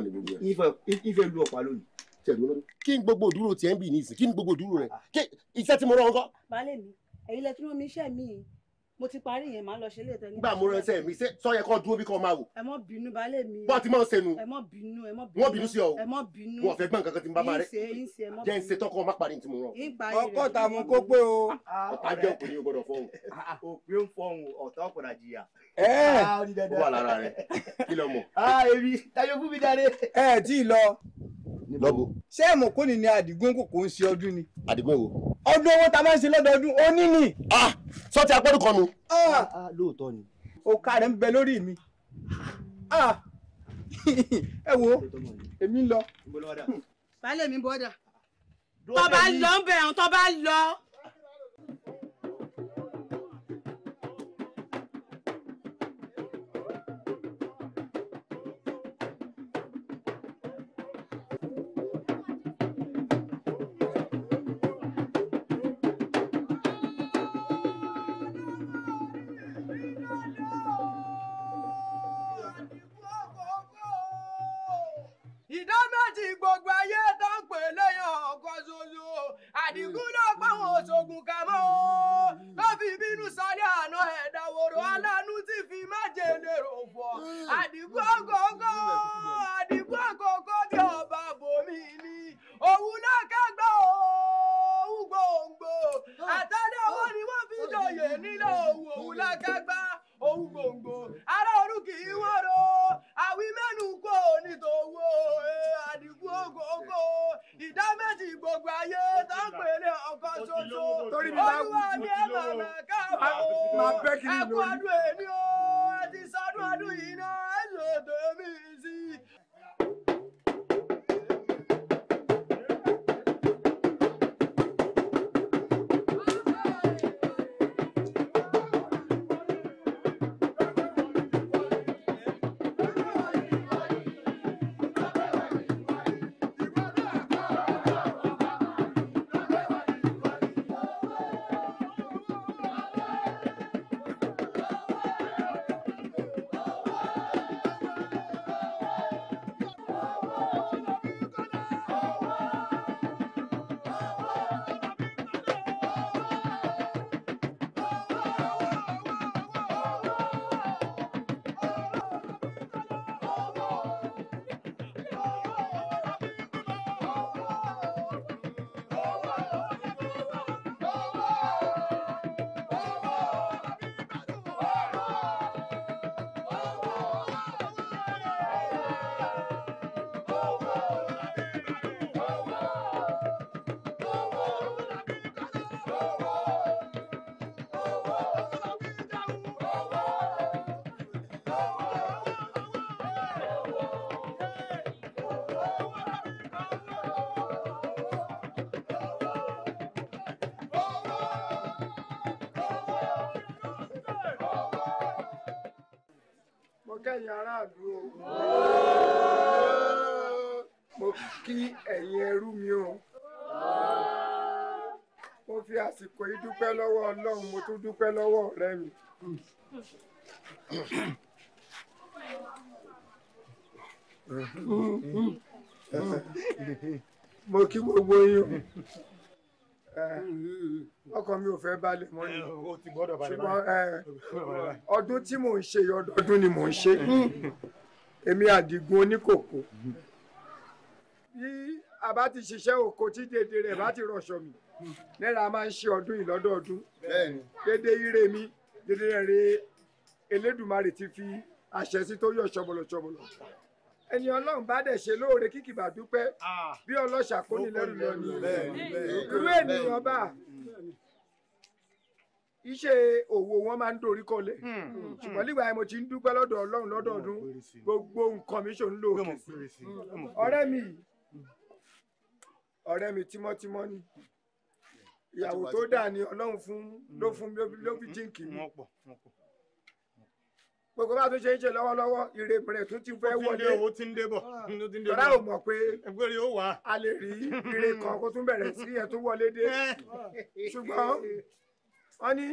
náà ni gbogbo ẹ̀ ife lu ọ̀pá lónìí tẹ̀lé lọ́dún. kí n gbogbo òdúró tiẹ̀ ń bì ní ìsìn kí n gbogbo òdúró rẹ̀ iṣẹ́ tí mo rán ọ mo ti parí yẹn máa lọ ṣe ilé ìtọ́ gbà mo ránṣẹ́ mi ṣe sọyẹ kó dúró bí kò máa wò. ẹ mọ bínú balẹ̀ mi. bọ́ọ̀ ti máa ń sẹnu. ẹ mọ bínú ẹ mọ bínú. wọ́n bínú sí ọ o. ẹ mọ bínú. wọn fẹ́ gbọ́n kankan tí n bá ma rẹ. ìṣe ìṣe ẹ mọ bínú. jẹ́ ń ṣe tọkọ má parí ti mo rán. ọkọ ta mo kó pé o. ọ̀tá jẹ́ òkú ni o gbọ́dọ̀ fọ́hùn. òpè ń fọ́hùn ọ̀tá ọ̀pọ̀dà jìyà. ẹ ah, ó wà lára rẹ kí lọ mọ. Ah, èmi tayo fún mi dáre. ẹ tí ì lọ. lọ́bù. ṣé ẹ̀mọ̀kóni ni àdìgún kòkó ọdún owó ta máa ń ṣe lọ́dọọdún ó ní ni. Ah, sọ ti apọ́dún kan nu. Ah. Ah, lóòótọ́ ni. òkà rẹ̀ ń bẹ lórí mi. ẹ wo èmi ń lọ. baálé mi bọ́dà tó bá lọ ń bẹ̀ ọ́n bá lọ. kẹ́yìn aráàlú o mo kí ẹ̀yin ẹrú mi o mo fi àsìkò yìí dúpẹ́ lọ́wọ́ ọlọ́run mo tún dúpẹ́ lọ́wọ́ ọ̀rẹ́ mi. mo kí gbogbo yín o ọkàn mi ò fẹ́ balẹ̀ mọ́ ni ṣùgbọ́n ọdún tí mò ń ṣe ọdọọdún ni mò ń ṣe èmi àdìgún oníkòkò bí a bá ti ṣiṣẹ́ oko tí dédé rẹ̀ bá ti rọ̀ṣọ mi náírà máa ń ṣe ọdún yìí lọ́dọọdún dédé ire mi dédé rẹ̀ rẹ̀ Elédùmarè ti fi àṣẹ sí tó yọ ṣọbọlọ ṣọbọlọ ẹni ọlọ́run bá dẹ̀ ṣe lóore kíkì bá dúpẹ́ ah. bí ọlọ́ṣà kónilẹ́rù lọ ni irú ènìyàn bá iṣẹ́ òwò wọn máa ń dorí kọlẹ̀ hmm. hmm. ṣùgbọ́n nígbà yẹn mo ti ń dúpẹ́ lọ́dọ̀ ọlọ́run lọ́dọọdún gbogbo nǹkan mi ṣò ń lò òkè hmm. ọ̀rẹ́ mi ọ̀rẹ́ mi tímọ́tímọ́ ni ìyàwó tó dà ní ọlọ́run fún ló fún ló fi jíǹkì mi gbogbo bá tún ṣe ń ṣe lọ́wọ́lọ́wọ́ ìrèbìrè tún ti fẹ́ wọlé owó tí ń débọ̀ ah. tọ́lá ò mọ̀ pé a lè rí ire kan kó tún bẹ̀rẹ̀ sí ẹ̀ tún wọlé dé ṣùgbọ́n wọ́n ní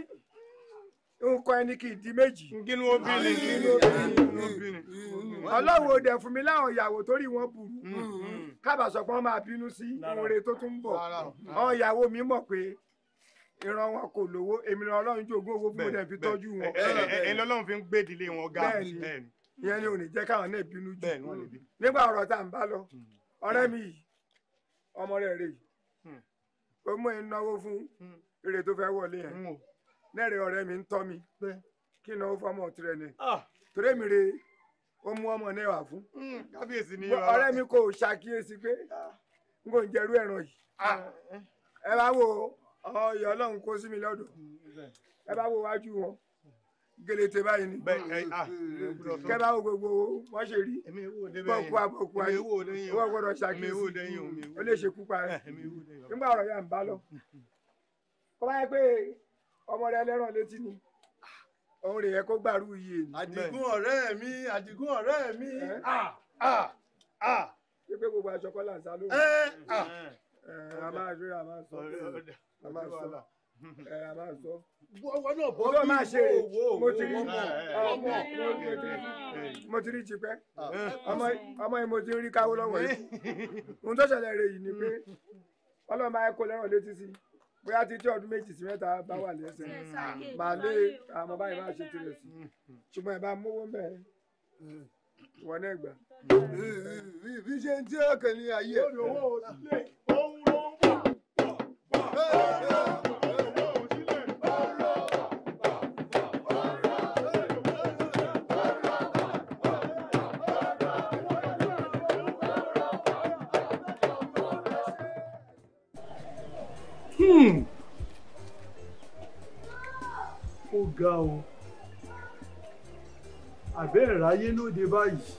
nǹkan ẹni kì í di méjì. nkínú obìnrin nkínú obìnrin. ọlọ́run ò dẹ̀ fún mi láwọn ìyàwó torí wọn burú. kábà sọ pé wọ́n máa bínú sí oore tó tún ń bọ̀. àwọn ìyàwó mi mọ̀ pé ìran wọn kò lówó èmi ni ọlọ́run jogún owó fún mi fi tọ́jú wọn. ẹ lọ́lọ́run fi ń gbé ìdílé wọn ga. bẹ́ẹ̀ni ìyẹn ni ò ní jẹ́ káwọn náà bínú jù. nígbà ọ̀rọ̀ tá à ń bá lọ ọ̀rẹ́ mi yìí ọmọ rẹ̀ rèé hmm. ó mú ìnáwó fún ire tó fẹ́ wọlé yẹn mm. lẹ́rìí ọ̀rẹ́ mi ń tọ́ mi kí ni ó fọmọ tirẹ̀ ni ah. torí mi re ó mú ọmọ náà wà fún mm, kábíyèsí ni yọrọ ọ̀rẹ́ mi kò ṣàkíyèsí pé ah. n kò ń jẹrú ẹran yìí ah. ẹ bá wo ọyọ Ọlọ́run kó sí mi lọ́dọ̀ mm, ẹ bá wo wájú wọn gẹlẹtẹ báyìí ni kẹ bá wo gbogbo wọn ṣe rí bọkú abọkú ayé wọn gbọ́dọ̀ ṣàkíyèsí ó lè ṣekú pa rẹ eh, nígbà ọ̀rọ̀ yà ń bá lọ. kọ́ báyẹn pé ọmọ rẹ lẹ́ràn létí ni òun rèé kó gbàrú iye ni. àdìgún ọ̀rẹ́ mi àdìgún ọ̀rẹ́ mi ah ah ah. pípé gbogbo aṣọ kọ́ là ń sá lóhùn. ẹ ẹ a máa rí a máa sọ a máa sọ ẹ a máa sọ. ọwọ́ náà bọ́ bí máa mo ti rí ọmọ mo ti rí tipẹ́ ọmọ yìí mo ti rí káwọ́ lọ́wọ́ yìí ohun tó ṣẹlẹ̀ rẹ̀ yìí ni pé ọlọ́run máa kó lẹ́ràn létí sí i bóyá títí ọdún méjì sí mẹ́ta bá wà lẹ́sẹ̀ màá lé àmọ́ báyìí máa ṣe tirẹ̀ sí ṣùgbọ́n ẹ̀ bá mówó mẹ́ wọn náà gbà. bí ṣe ń tí ọkàn ní ayé ẹ̀. òun ló ń bọ̀ bọ̀ bọ̀. ga o àbẹ́ ìráyé lóde báyìí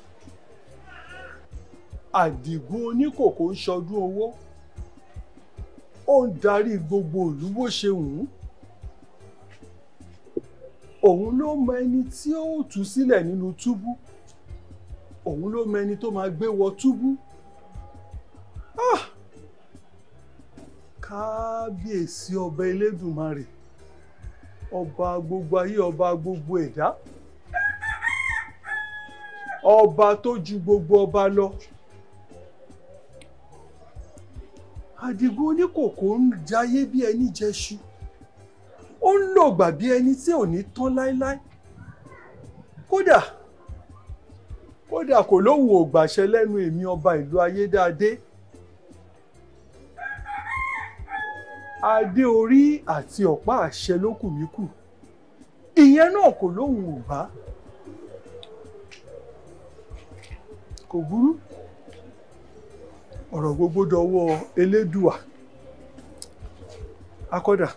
àdìgún oníkòkò ń ṣọdún owó ó ń darí gbogbo ìlú bó ṣe wù ú òun ló mọ ẹni tí ó tú sílẹ̀ nínú túbú òun ló mọ ẹni tó máa gbé wọ túbú ah! kábíyèsí ọba Elédùmarè ọba gbogbo ayé ọba gbogbo ẹ̀dá ọba tó ju gbogbo ọba lọ Àdìgún oníkòkò ń jayé bí ẹni jẹṣu ó ń lògbà bí ẹni tí ò ní tán láéláé kódà kò lóhùn ògbàṣẹ lẹ́nu èmi ọba ìlú ayédáadé adé orí àti ọ̀pá àṣẹ ló kù mí kù ìyẹn náà kò lóhùn ò bá kò burú ọ̀rọ̀ gbogbo dọwọ́ elédùà akọ́dà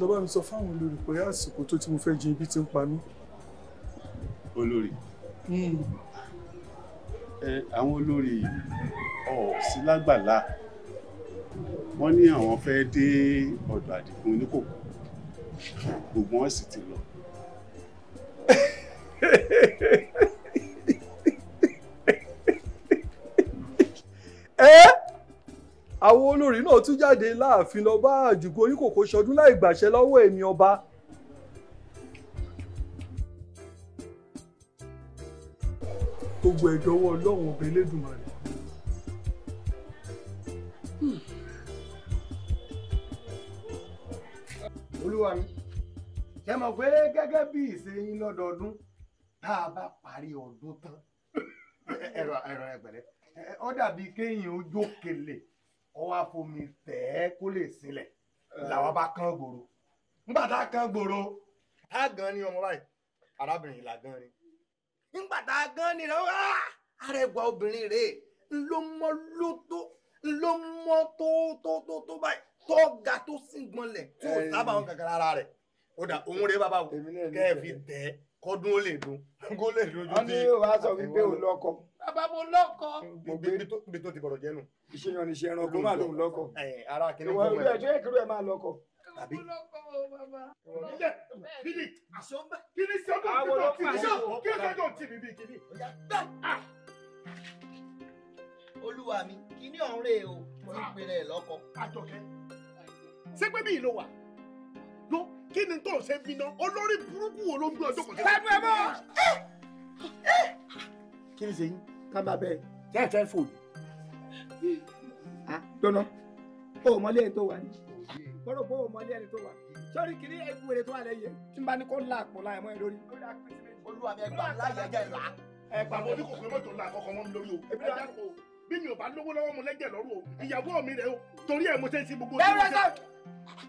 lọ bá mi sọ fáwọn olórí pé àsìkò tó ti mo fẹ́ jẹ ibi tí ń pa mí. olórí hmm. àwọn olórí ọ̀ sí lágbàlá wọ́n ní àwọn fẹ́ dé ọ̀dọ̀ Àdìgún oníkòkò gbogbo wọn sì ti lọ. ẹ àwọn olórí náà tún jáde láàfin lọ bá Àdìgún oníkòkò ṣọdún láì gbàṣẹ lọ́wọ́ èmi ọba. gbogbo ẹ̀dọ́wọ́ ọlọ́run ọba Elédùmarè. olúwa mi ṣe mọ̀ pé gẹ́gẹ́ bí ìṣe lọ́dọọdún tá a bá parí ọdún tán ẹ̀rọ ẹ̀rọ ẹ̀gbẹ̀rẹ̀ ó dàbí kéèyàn ó jókèlè ó wá tẹ̀ ẹ́ kó lè sílẹ̀ làwọn bá kán gbòòrò nígbà tá a kán gbòòrò tá a gan ni ọmọ báyìí arábìnrin là gan ni nígbà tá a gan ni rẹ̀ ah, arẹwà obìnrin rèé ńlọmọ lótó ńlọmọ tó tó tó tó báyìí tó ga tó sì gbọ́nlẹ̀ tó sábà wọn kankan rárá rẹ̀ ó dà òun rẹ̀ bàbá kẹ́ẹ̀fì tẹ̀ kọ́dún ó lè dùn kó lè dùn ojú tí. wọ́n ní wàá sọ wípé ò lọ́kọ. bàbá mo lọ́kọ. bí tó ti bọ̀rọ̀ jẹ́ nù. ìṣèyàn ní ìṣẹ̀ràn ogun máa lòun lọ́kọ. ara kìíní kò mọ̀ ẹ̀. ìwọ ìjọ ìkírò ẹ̀ máa lọ́kọ. tàbí. kíni kíni sọ́dọ̀ tí mo ti sọ kíni sọ́dọ̀ tí mi bí kíni. olúwa mi kíni ọ̀rẹ́ o mo ń pèrè ẹ̀ lọ́kọ. àjọkẹ́ ṣé pé bí ìlò wà ló kí ni tó ṣe fi ná olórí burúkú wo ló ń gbé ọjọ́ kan. ṣẹ́nu ẹ bọ́. kí ni sèyí ká máa bẹ jẹ́ ẹ̀fẹ́ fòlù. Ah, dọ́nà o ò mọlé ẹni tó wà ní. gbọ́dọ̀ pé o ò mọlé ẹni tó wà. sọ́ọ́rì kìíní ẹ̀kú wèrè tó wà lẹ́yìn tí n bá ní kó ńlá àpò láì mọ́ ẹ lórí. olúwa mi ẹgbàá láyé ẹjẹ ìlà. ẹgbàá mo ní kòkòrò mọ́tò ńlá àkọ́kọ́ mọ́ mi lórí o. ẹbí lọ́wọ́ bí mi ò bá lówó lọ́wọ́ mo lẹ́jẹ̀ lọ́rùn o ìyàwó mi rẹ̀ o torí ẹ̀ mo ṣe ń sin gbogbo. bẹ́ẹ̀ rẹ̀ sọ́ọ̀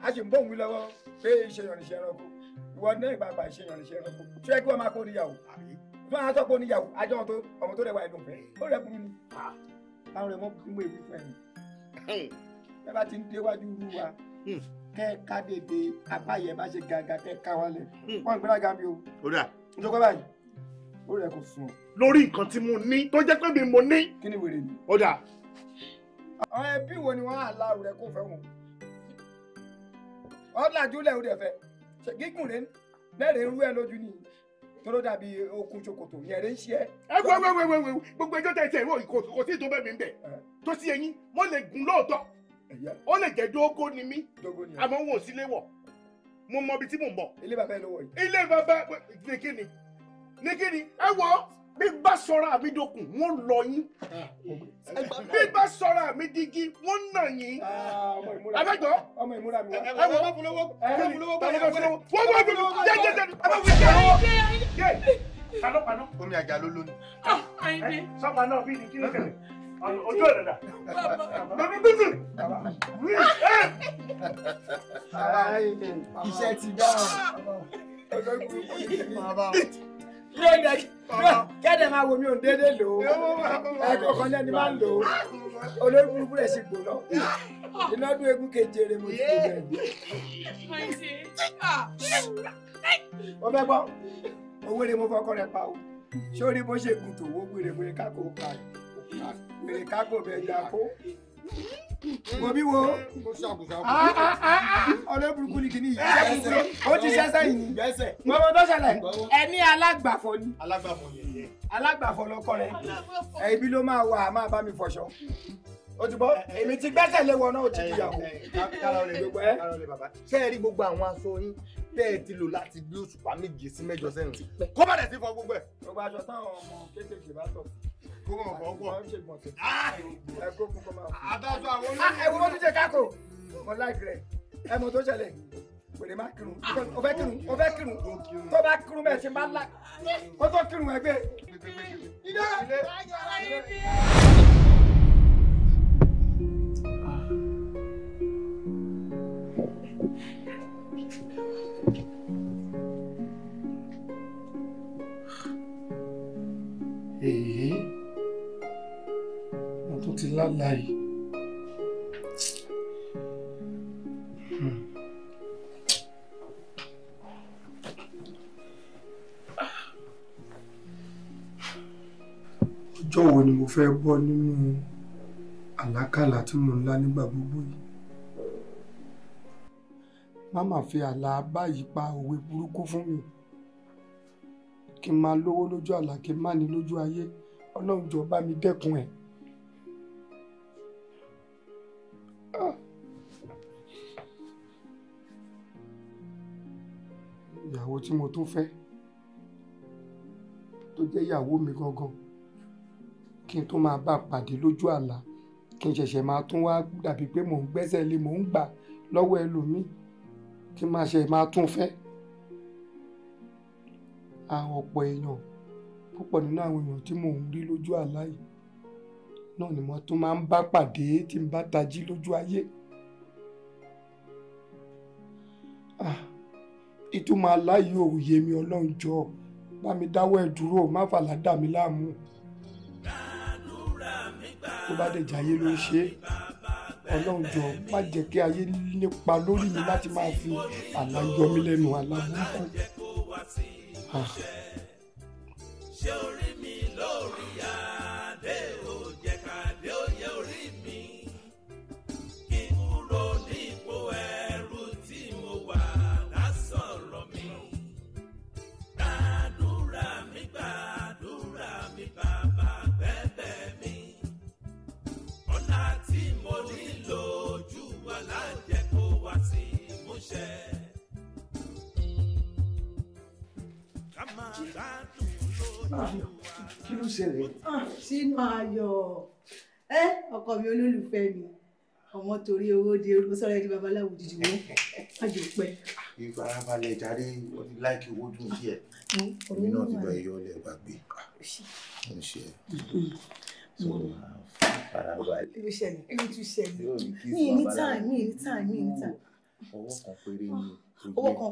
a sì ń bọ̀ òun lọ́wọ́ pé ṣe ẹranko ìwọ náà ìbàgbà ṣe ẹranko ṣé ẹ kí wọ́n máa kó níyàwó fún àwọn atọ́kọ níyàwó ajọ́ wọn tó ọmọ tó rẹwà ẹ̀dùn fẹ́ ó rẹ burú ni àwọn rẹ mọ́ mú èmi fún ẹ̀mí ẹ bá ti ń déwájú rú wa kẹ́ ká dèdè apá yẹn bá ṣe gàgà kẹ́ ká wálẹ̀ wọ́n ń ga mi o. ó dà. ìjọba báyìí ó rẹ kò sùn. lórí nǹkan tí mo ní tó jẹ́ pé mi mo ní. kí ni wèrè ni. ó dà. àwọn ẹbí wo ni wọ́n á la rẹ̀ kó fẹ́ wọn ọ̀làjú lẹ̀ ó dẹ̀ fẹ́ gígùn rẹ̀ lẹ́rìí rú ẹ lójú nìyí tọ́lọ́ dàbí okun ṣòkòtò yẹn rẹ̀ ń ṣe ẹ́. ẹ wo wo wo wo gbogbo ẹjọ́ tẹ̀ tẹ̀ ìwọ kò sí tó bẹ́ẹ̀ mi ń bẹ̀ tó sí ẹyin mo lè gùn lóòótọ́ ó lè jẹ́ dógó ni mí àmọ́ wọn ò sí léwọ̀ mo mọ ibi tí mò ń bọ̀. ilé bàbá ẹ ló wọ̀ yìí. ilé bàbá ní kíni ní kíni ẹ wọ̀ ọ́ bí bá sọ̀rọ̀ àmì wọ́n lọ yín bí bá digi wọ́n nà yín ah, abẹ́jọ́ ẹ wọ́n wọ́n wọ́n wọ́n jẹ́ jẹ́ jẹ́ abẹ́wọ́n jẹ́ panọ́panọ́. omi àjà ló lónìí. Ah, ah, àìní. náà bí ni kí ló tẹ̀lé ojú ẹ̀ dada. bàbá bíbí. iṣẹ́ ti dáhùn kẹ́dẹ̀ máa wo mi ò déédé lò ó ẹ̀kọ̀ọ̀kan lẹ́ni máa ń lò ó olórí burúkú rẹ̀ sì gbò lọ iná dún egún kejì èrè mo ti dé bẹ́ẹ̀. o fẹ́ gbọ́ owó ni mo fọkọ rẹ pa o sórí bó ṣe gùn tó wó wèrè wèrè kákò pa wèrè kákò bẹ̀ gbà kó wọ́n bí wo ọ̀rẹ́ burúkú ni kìíní yìí ó ti ṣẹ́ṣẹ́ yìí wọ́n bọ́ tó ṣẹlẹ̀ ẹni alágbàfọ̀ ni alágbàfọ̀ lọkọ rẹ̀ ẹbí ló máa wà á máa bá mi fọṣọ o ti bọ èmi ti gbẹ́sẹ̀ lé wọn náà ó ti dìyàwó ṣé ẹ rí gbogbo àwọn aṣọ yín tẹ́ ti lò láti bí òṣùpá méje sí mẹ́jọ sẹ́yìn kó bá dẹ̀ sí fọ gbogbo ẹ̀. gbogbo aṣọ táwọn ọmọ kéékèèké bá tọ̀ kó mọ̀ bọ́ pọ̀. àtàtà ah! àwọn ah, olóyè. ẹ wo bó tún mo láìpẹ́ rẹ̀ ẹ tó ṣẹlẹ̀ pèrè má kírun o fẹ́ kírun o fẹ́ kírun tó bá kírun bẹ́ẹ̀ ṣe má la kó tó kírun ẹgbẹ́. ilé ilé ilé. fẹ́ bọ́ nínú àlákàlà tí mò ń lá nígbà gbogbo yìí má mà fi àlá báyìí pa òwe burúkú fún mi kí n máa lówó lójú àlá kí n má ní lójú ayé ọlọ́run jọ̀ọ́ bá mi dẹ́kun ẹ̀. Ah. ìyàwó tí mo tún fẹ́ tó jẹ́ ìyàwó mi gangan kí n tó máa bá pàdé lójú àlá kí n ṣẹ̀ṣẹ̀ máa tún wá dàbí pé mò ń gbẹ́sẹ̀ lé mò ń gbà lọ́wọ́ ẹlòmíì kí n máa ṣe máa tún fẹ́. àwọn ọ̀pọ̀ èèyàn púpọ̀ nínú àwọn èèyàn tí mò ń rí lójú àlá yìí náà ni mo tún máa ń bá pàdé tí n bá tají lójú ayé. ìtumọ̀ àlá yìí mi ọlọ́run jọ̀ọ́ bá mi dáwọ́ ẹ̀ dúró má fàlà dà mí láàmú tó bá dẹ̀ jẹ́ ayé ló ń ṣe é ọlọ́run jọ má jẹ́ kí ayé nípa lórí mi láti máa fi àlá yọ mí lẹ́nu àlá burúkú. ṣé orí mi. jẹ. ká máa gbádùn lójú wa. kí ló ṣẹlẹ̀. Ah, sínú ayọ̀ ẹ ọkọ mi olólùfẹ́ mi ọmọ torí owó di orúkọ sọ̀rọ̀ ẹni babaláwo dídì wọn àjò pẹ́. ìfarabalẹ̀ jàre wọ́n ti láìkí owó dùn díẹ̀ hmm, èmi náà ti bá iyọ̀ ọlẹ́ gbàgbé mo ah, ṣe é hmm. so hmm. farabalẹ̀. ibi ṣẹlẹ̀ mi ní time mi ní time mi ní time ọwọ́ kan péré ah, ni gbogbo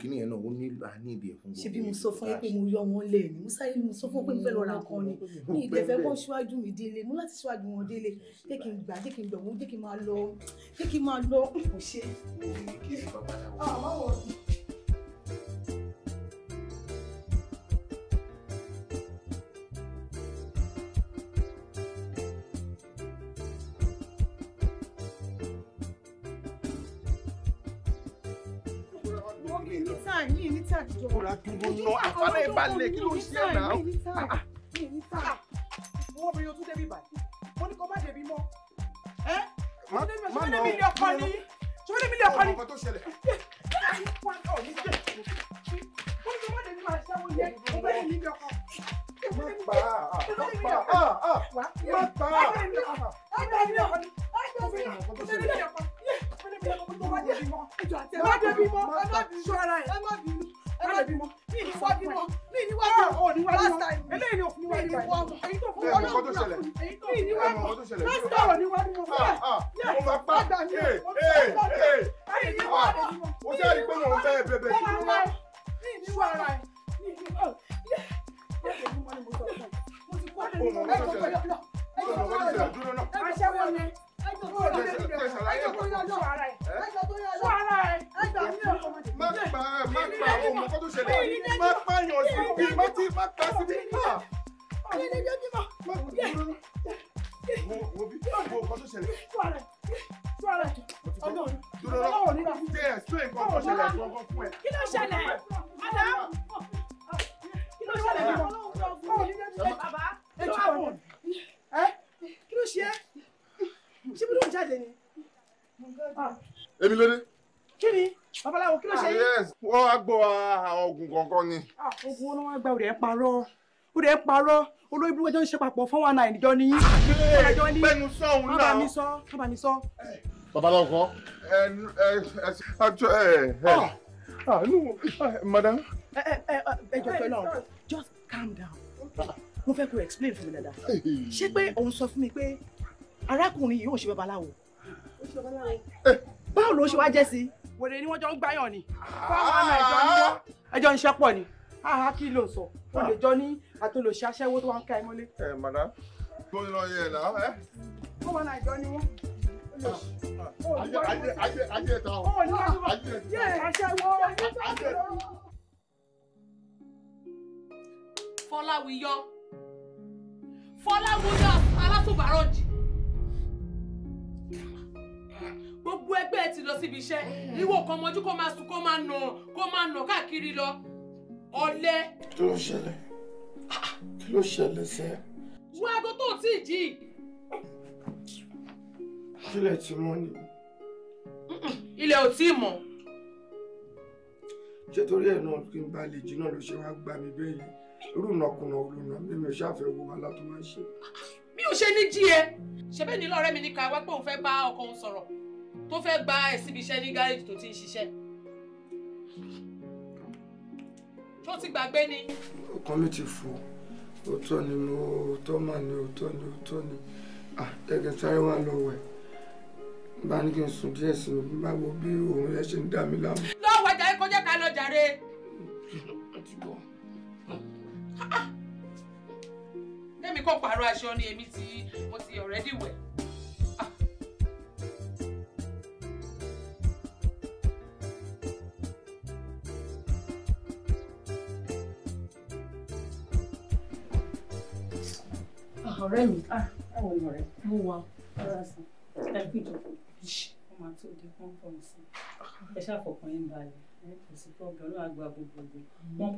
kìnìún yẹn náà ó ní à ní ìdí ẹ̀fún gbogbo ṣe bí mo sọ fún yín pé mo yọ wọn lẹ ni mo sáré mo sọ fún pé mo fẹ́ lọ ra nǹkan ni ní ìdẹ̀fẹ́ kọ́ síwájú mi délé mo láti síwájú wọn délé jẹ́ kí n gbà jẹ́ kí n dọ̀wọ́ jẹ́ kí n máa lọ jẹ́ kí n máa lọ kò ṣe. mo ní kí n dúró ná àfàlẹ́ ìbàlẹ̀ kí ló ń ṣe náà. wọ́n bẹ̀rẹ̀ ojú débi báyìí wọ́n ní kọ́ má débi mọ́ ẹ́ wọ́n débi mọ́ sọ́dọ̀ mi ilé ọkọ ni sọ́dọ̀ mi ilé ọkọ ni. ọmọ tó ṣẹlẹ̀. wọ́n ní kọ́ má débi máa ṣẹ́wó yẹ mo bẹ́ẹ̀ ní ilé ọkọ. má pa má pa má pa. ọ̀dọ̀ mi ọkọ ni ọ̀dọ̀ mi ọkọ ni ọ̀dọ̀ mi ọkọ ni ọ̀dọ̀ mi ọkọ ni ọ̀dọ̀ mi ọkọ ni ọ̀dọ̀ mi ọkọ ni ọ̀dọ̀ mi ọkọ ni ọ̀dọ̀ mi ọkọ ni ọ̀dọ̀ mi ọkọ ni ọ̀dọ̀ mi ọkọ ni ọ̀dọ̀ mi ọkọ ni ọ̀dọ̀ mi ọkọ ni ọ̀dọ̀ mi ọkọ ni ọ̀dọ̀ mi ọkọ ni ọ̀dọ̀ mi ọkọ ni ọ̀dọ̀ mi ọkọ ni ọ̀dọ̀ mi ọkọ ni ọ̀dọ̀ mi ọkọ ni ọ̀dọ̀ ẹ má bímọ ní ìníwá bímọ ní ìníwá bímọ ah, last time eléyìí ni òfin níwá bímọ èyí tó fún ọlọ́run tó ṣẹlẹ̀ èyí tó fún níwá bímọ last time ò níwá bímọ fún ẹ yẹ ọgbà mi ò ní ìníwá bímọ ó ṣe àyè pé mo bẹ́ẹ̀ bẹ̀bẹ̀ sí i wá ní ìníwá ara ẹ ní ìníwá mo ti kú ọdún ní ọjọ́ ìṣẹ̀lẹ̀ dúró náà má pa má pa ọmọ kó tó ṣẹlẹ̀ má pa yàn síbi má ti má pa síbi náà. má wo wo bí wo kó tó ṣẹlẹ̀. dúró lọ jẹ explain kó tó ṣẹlẹ̀ gbọ̀ngàn fún ẹ. kí ló ṣẹlẹ̀ madam kí ló ṣẹlẹ̀ bàbá kí ló ṣe é ṣé bí ló ń jáde ni. èmi ló dé. kí ni babaláwo kí ló ṣe yín. Ah, wọ́n wá gbọ́ àwọn ah, ah, oògùn kankan ni. oògùn wọn wá gba òde ẹ̀ parọ́ òde ẹ̀ parọ́ olórí burúkú ẹjọ́ ń ṣe papọ̀ fún wa náà ìjọ ni yín. pẹ́ẹ́nu sọ̀hún náà. bàbá mi sọ bàbá mi sọ. babaláwo kọ. ẹ ẹ ẹ àjọ ẹ ẹ. ah no madam. ẹ ẹ ẹ ẹ jọ pẹ̀lú àwọn just calm down mo fẹ́ kó explain fún mi dáadáa ṣé pé òun sọ fún mi pé arákùnrin yìí ò ṣe babaláwo eh, báwo ló ṣe wá jẹ́ sí. wèrè ni wọ́n jọ ń gbáyàn ni ah. fáwọn àna ìjọ níjọ́ ẹjọ́ ń ṣẹ́ pọ̀ ni àhá kí ló sọ o lè jọ ní àtolòṣì aṣẹ́wó tó wá ń ká ẹ mọ́lé. ẹ màdá tó ń lọ yẹ ẹ náà ẹ. ó wà náà ìjọ ni wọn. Ah, ah, ajé ajé ajé ajé ta o. ajé yẹ aṣẹ́wó. fọláwíyọ fọláwíyọ alátùbárọ̀jì. gbogbo ẹgbẹ́ ẹ ti lọ síbi iṣẹ́ mm. ìwọ kan mọ́jú kó máa sùn kó máa nà kó máa nà káàkiri lọ ọ̀lẹ. kí ló ṣẹlẹ̀ kí ló ṣẹlẹ̀ sẹ́. wo aago tó tí ì jí. ilẹ̀ ti mọ́ ni. ilẹ̀ ò tí ì mọ́. ṣé torí ẹ̀ náà kí n bá lè jí náà ló ṣe wá gbà mí bẹ́ẹ̀ yẹn irú ìnàkùnà olùnà mímí ò ṣàfẹ́ owó wa látọ̀ máa ń ṣe. mi ò ṣe ní jí ẹ ṣebí ní lọ́rẹ́ mi ní ká pé òun fẹ́ bá ọkọ òun sọ̀rọ̀ tó fẹ́ gba ẹ̀ síbi iṣẹ́ ní gáréjì tó ti ń ṣiṣẹ́. tó ti gbàgbé ni. ọkàn mi ti fò òótọ́ ni mo òótọ́ mà ní òótọ́ ni òótọ́ ni àtẹ̀gẹ̀ sáré wà lọ́wọ́ ẹ̀ bá ní kí n sùn díẹ̀ sí i bá wo bí òun yẹn ṣe ń dà mí láàmú. lọ́wọ́ jàre kọjá ká lọ jàre. èmi kò pààrọ̀ aṣọ ni èmi ti mo ti already wẹ̀. ọ̀rẹ́ mi. Ah, báwo ni ọ̀rẹ́. mo máa tó di pọ́npọ́n sí i ẹ ṣàfọkàn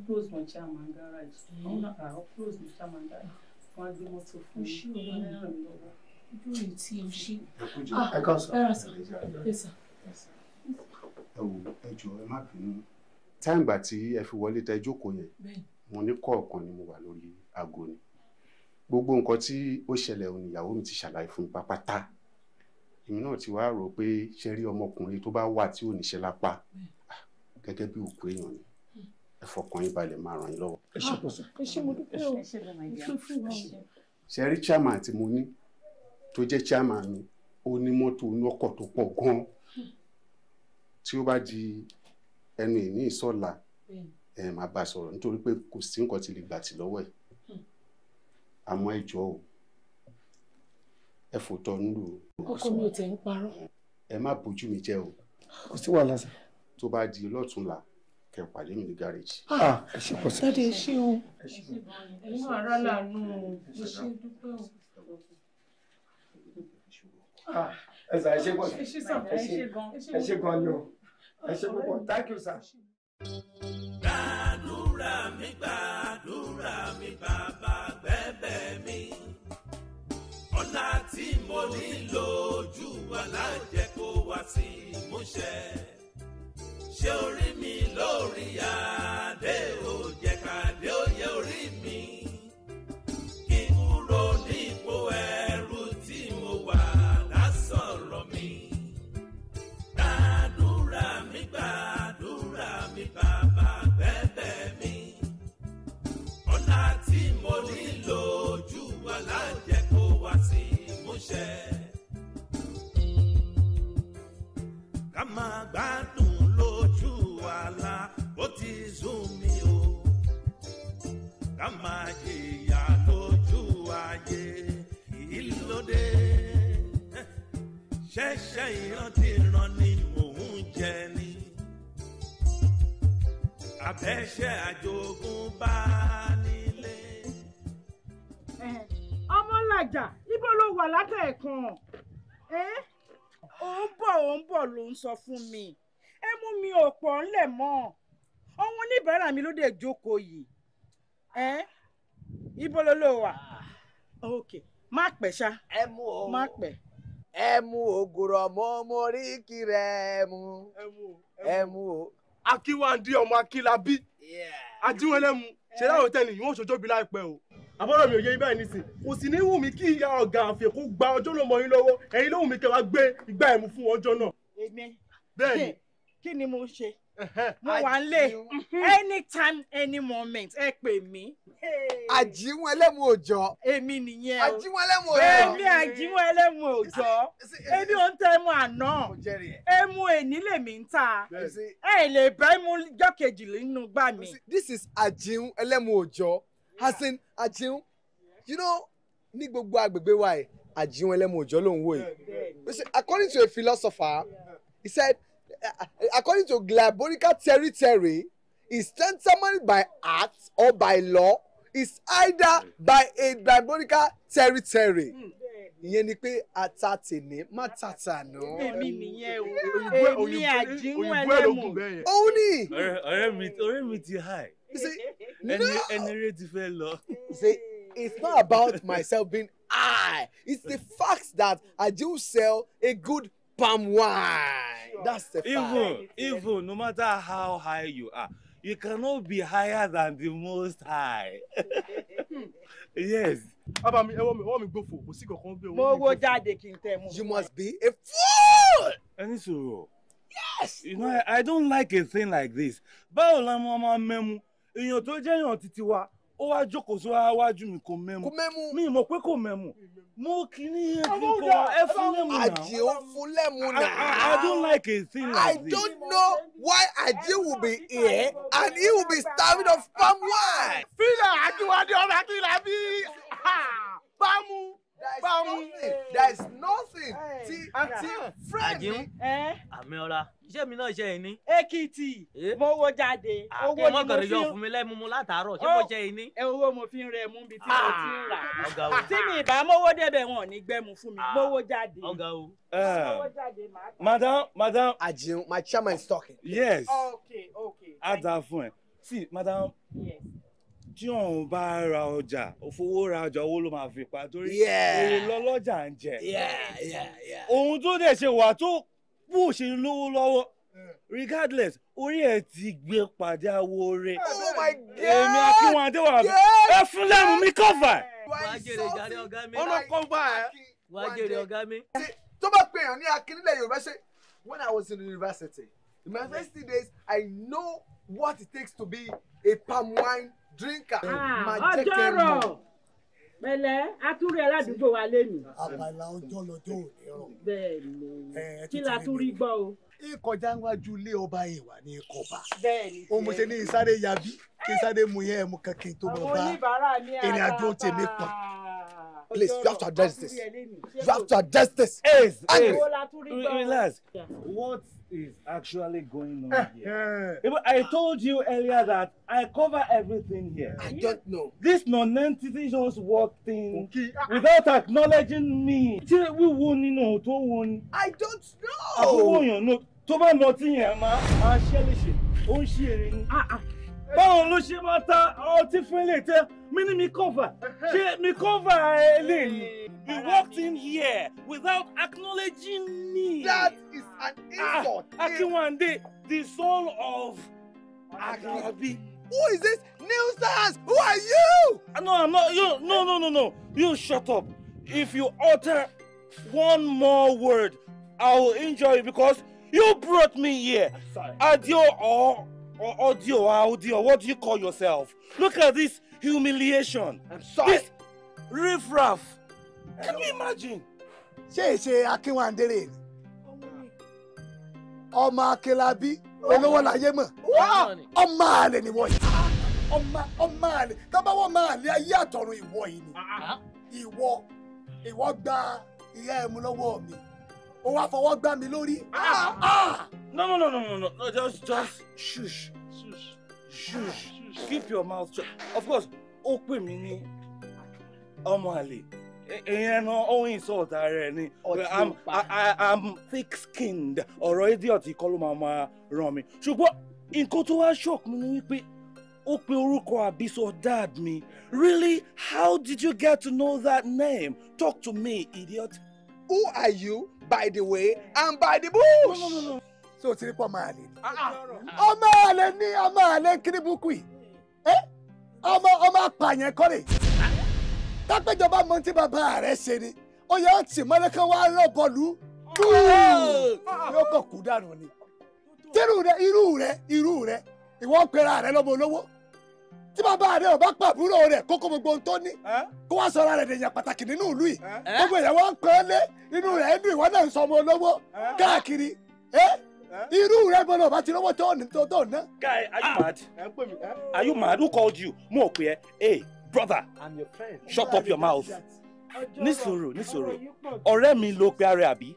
close wọn chairman garage wọn náà àwọn á gbé mọ́tò fún mi ṣé òun náà ràn mí lọ́wọ́ ojú rẹ̀ tí o ṣe. ẹ wò ẹ jọ ẹ má bínú táìgbà tí ẹ fi wọlé tẹ jókòó yẹn mo ní kọ̀ọ̀kan ni mo wà lórí aago ni gbogbo nǹkan tí ó ṣẹlẹ̀ òun ìyàwó mi ti ṣàlàyé fún mi pápátá èmi náà ti wá rò pé ṣe rí ọmọkùnrin tó bá wà tí ò níṣẹ́ lápá ah, gẹ́gẹ́ bí òkú èèyàn ni ẹ fọkàn yín balẹ̀ máa ràn yín lọ́wọ́. ẹ ṣe mo dúpẹ́ o ẹ ṣe fún wa ṣe rí chairman tí mo ní tó jẹ́ chairman mi ó ní tó pọ̀ gan-an tí ó bá di ẹnu ìní ìsọ̀la ẹ̀ máa bá a sọ̀rọ̀ nítorí pé kò sí nǹkan tí lè gbà tì lọ́wọ́ ẹ̀ àmọ́ ẹ jọ̀ọ́ o ẹ fòótọ́ ń lò ó. ọkọ mi ò tẹ̀ ń parọ́. ẹ má bójú mi jẹ́ o. kò sí wàhálà sá. tó bá di lọ́túnla kẹ pàdé mi ní gárèjì. Ah, ẹ ṣe pọ̀ sí. dáadé ẹ ṣe o. ẹ̀yin ará làánú o ẹ ṣe dúpẹ́ o. Ah, ẹ sà ẹ ṣe pọ̀ sí. ẹ ṣe gan ni o ẹ ṣe púpọ̀ thank you sir. gbàdúrà mi gbàdúrà mi bàbá. ńlá tí mo nílò ojú wa láìjẹ́ kó wá sí ìmúṣẹ ṣé orí mi lórí adé ò jẹ́ ṣe. ká máa gbádùn lójú àlá bó ti sún mi o. ká máa jìyà lójú ayé ìlódé. ṣẹ́ṣẹ́ ìrántí ràn ní òun jẹ ni. àbẹ́ṣẹ́ àjogúnbá nílé. ọmọlàjà. Eh, níbo ló wà látẹ̀ẹ̀kan ò ń bọ̀ ò ń bọ̀ ló ń sọ fún mi ẹ mú mi ò ńlẹ̀ mọ́ ọ̀hún oníbàárà mi ló dé jókòó yìí ibo ló ló wà ok má pẹ́ ṣá má pẹ́ ẹmu ògùrọ̀ mọ́ mo rí kiri ẹmu ẹmu o. akínwáńdí ọmọ akínlábí ajíwẹlẹmu ṣẹlẹ òtẹ́ẹ̀lì yìí wọn ò ṣojú obìnrin o àbọ̀rọ̀ mi ò yẹ ibà yìí nísìn kò sì ní wù mí kí ìyá ọ̀gá àfẹ́ gba ọjọ́ ló mọ yín lọ́wọ́ ẹ̀yin ló wù mí kẹwàá gbé igbá ẹ̀mú fún ọjọ́ náà. èmi bẹ́ẹ̀ kí ni mo ṣe mo wà ń lè anytime any moment ẹ pè mí. àjíwọn ẹlẹ́mu òòjọ́. èmi nìyẹn o àjíwọn ẹlẹ́mu òòjọ́. èmi àjíwọn ẹlẹ́mu òòjọ́ èmi ò ń tẹ ẹmu àná ẹmu èní lèmi ń ta ẹ lè bá ẹmu jọ́kejì nínú gbà mí. this is àjíwọn ẹlẹ́mu òòjọ́ hasan ajiun you know ní gbogbo agbègbè wa yìí ajiun ẹlẹ́mu òjọ́ ló ń wò yìí according to a philosopher he said according to glaborica territory is determined by act or by law is either by a glaborica territory. Mm ìyẹn ni pé ata tèmi má tata nù. èmi nìyẹn o èmi àjínwó ẹlẹ́mù. òun ni. ọ̀rẹ́ mi ti high. ẹni eré ti fẹ́ lọ. It's not about myself being high. It's the fact that I do sell a good palm wine. That's the fact. Even, even no matter how high you are you cannot be higher than the most high. yes. bàbá mi ẹwọ́ mi ọwọ́ mi gbófò kò sí kankan bí owó mi mo wo jáde kí n tẹ mú. you must be a fool. ẹni sọ̀rọ̀. yes. you know I, don't like a thing like this. báwo la mo máa mẹ́mu èèyàn tó jẹ́ èèyàn títí wa ó wá jókòó sí wájú mi kò mẹ́mu mi mọ̀ pé kò mẹ́mu mo kì í ní ẹ̀fọ́ ẹ̀fún lẹ́mu náà. àjẹ́ ó fún lẹ́mu náà. I don't like a thing like this. I don't know why Ajay will be here and he will be starving of palm wine. fílà àjùwádìí ọ̀rọ̀ àti ìlàbí bámu bámu there is nothing ti ti friend mi. àmì ọ̀ra iṣẹ́ mi náà ṣe é ní. èkìtì eh? mo wo jáde ah, owó ni mo fi ń. àkẹ́mọ̀kànrin yọ fún mi lẹ́mu mu látàárọ̀ ṣé oh. mo ṣe é ní. ẹ owó mo fi ń rẹ mú bi tí mo ah, ti ń rà tí mi ìbá mówó débẹ̀ wọn ò ní gbẹ́mu fún mi ah, mówó jáde. ọ̀gá o. Eh. madam madam. Àjìún my chairman is talking. yes. okay okay. a dáa fún ẹ see madam. yes tí òun bá ra ọjà òfowó ra ọjà owó ló máa fi pa torí èrè lọ́lọ́jà ń jẹ ohun tó dẹ̀ ṣe wà tó bù ṣe lówó lọ́wọ́ hmm. regardless orí ẹ ti gbé pàdé awo re èmi akínwándé wà bí ẹ fún lẹ́nu mi kọ́fà. wàá ọ̀gá mi ọ̀nà kọ́fà ẹ̀. wàá jèrè ọ̀gá mi. tó bá pè yàn ní akin yorùbá ṣe when i was in university in my first three days i know what it takes to be a palm wine drinker ah, máa jẹ́ kẹ́ mọ̀. pẹ̀lẹ́ atúrí ẹ ládùúgbò wa lẹ́nu. abala ọjọ́ lọ́jọ́ òní rọ̀. bẹ́ẹ̀ni kí la tún rí gbọ́ o. ìkọjá wájú ilé ọba ìwà ní ìkọba. bẹ́ẹ̀ni o mo ṣe ní ìsáré yabi kí sáré mu yẹn mu kankan tó mọ bá ìrìn àjò tèmi pọ̀. Please, you have to address this. You have to address this. Hey, hey, relax. What is actually going on eh, here. Even eh. I told you earlier that I cover everything here. I don't know. This non-entity just walked in okay. Ah, ah. without acknowledging me. Ṣé we nínú tó to ni? I don't know. Àbúrò yàn ló tó bá mọtí yẹn máa ṣẹ́lẹ̀ṣẹ̀ ó ń ṣe Ah ni. Ah báwo ló ṣe máa ta ọtí fún ilé tẹ mi ní mi cover ṣé mi cover eléyìí. You walked in here without acknowledging me. That is an ah, insult. Ah, Akinwande, the son of Akarabi. Who is this new stars? Who are you? Ah, no, I'm not. You, no, no, no, no. You shut up. If you utter one more word, I will injure you because you brought me here. Sorry. Adio or or audio ah, audio, what do you call yourself? Look at this humiliation. I'm sorry. This riffraff. Can you imagine? ṣé ṣe akínwándéré ni ọmọ akínlábí olówó láyé mọ̀ ọmọ àlè ni wọ́n yìí ọmọ ọmọ àlè tábàwọ̀ ọmọ àlè ayé àtọ̀run ìwọ yìí ni ah, ah. ìwọ ìwọ gba ìyá ẹ̀mú lọ́wọ́ mi ó wá fọwọ́ gbá mi lórí. No, no, no, no, no, no, no, just, just, shush, shush, shush, keep your mouth shut. Of course, ó pè mí you know àlè. Ìyẹn náà ó insult I'm I I'm thick skinned. Ọ̀rọ̀ idiot you call máa máa ràn mí. Ṣùgbọ́n nǹkan tó wá shock mi ni wípé be, pe orúkọ àbísọ dad me. Really? How did you get to know that name? Talk to me, idiot. Who are you, by the way, and by the bush? No, no, no, no tó ti rí pọ̀ máa lè ní. ọmọ àlè ní ah, ah. ọmọ àlè kiribuku yìí ọmọ ọmọ apààyàn kọ́rè tápẹ́jọba mọ tí bàbá rẹ̀ ṣe ni ó yẹ ó tì mọ́lẹ́ kan wá rán bọ́ọ̀lù ah, yóò kàn kú dànù ni tírù rẹ irú rẹ irú rẹ ìwọ pera rẹ lọ́mọ olówó tí bàbá rẹ ọba pàbúrò rẹ kókó gbogbo ohun tó ní eh? kó wá sọra rẹ dèèyàn pàtàkì nínú ìlú yìí eh? gbogbo ìyàwó ń pẹ́ lé inú rẹ̀ ń dùn ìwọ náà ń sọ ọmọ olówó eh? káàkiri Eh? irú rẹ gbọ́dọ̀ bá ti lọ́wọ́ tó tó ná. guy are you ah. mad are you mad who called you mo pe ẹ hey brother shut up your mouth ní sùúrù ní sùúrù ọ̀rẹ́ mi ló pe ara àbí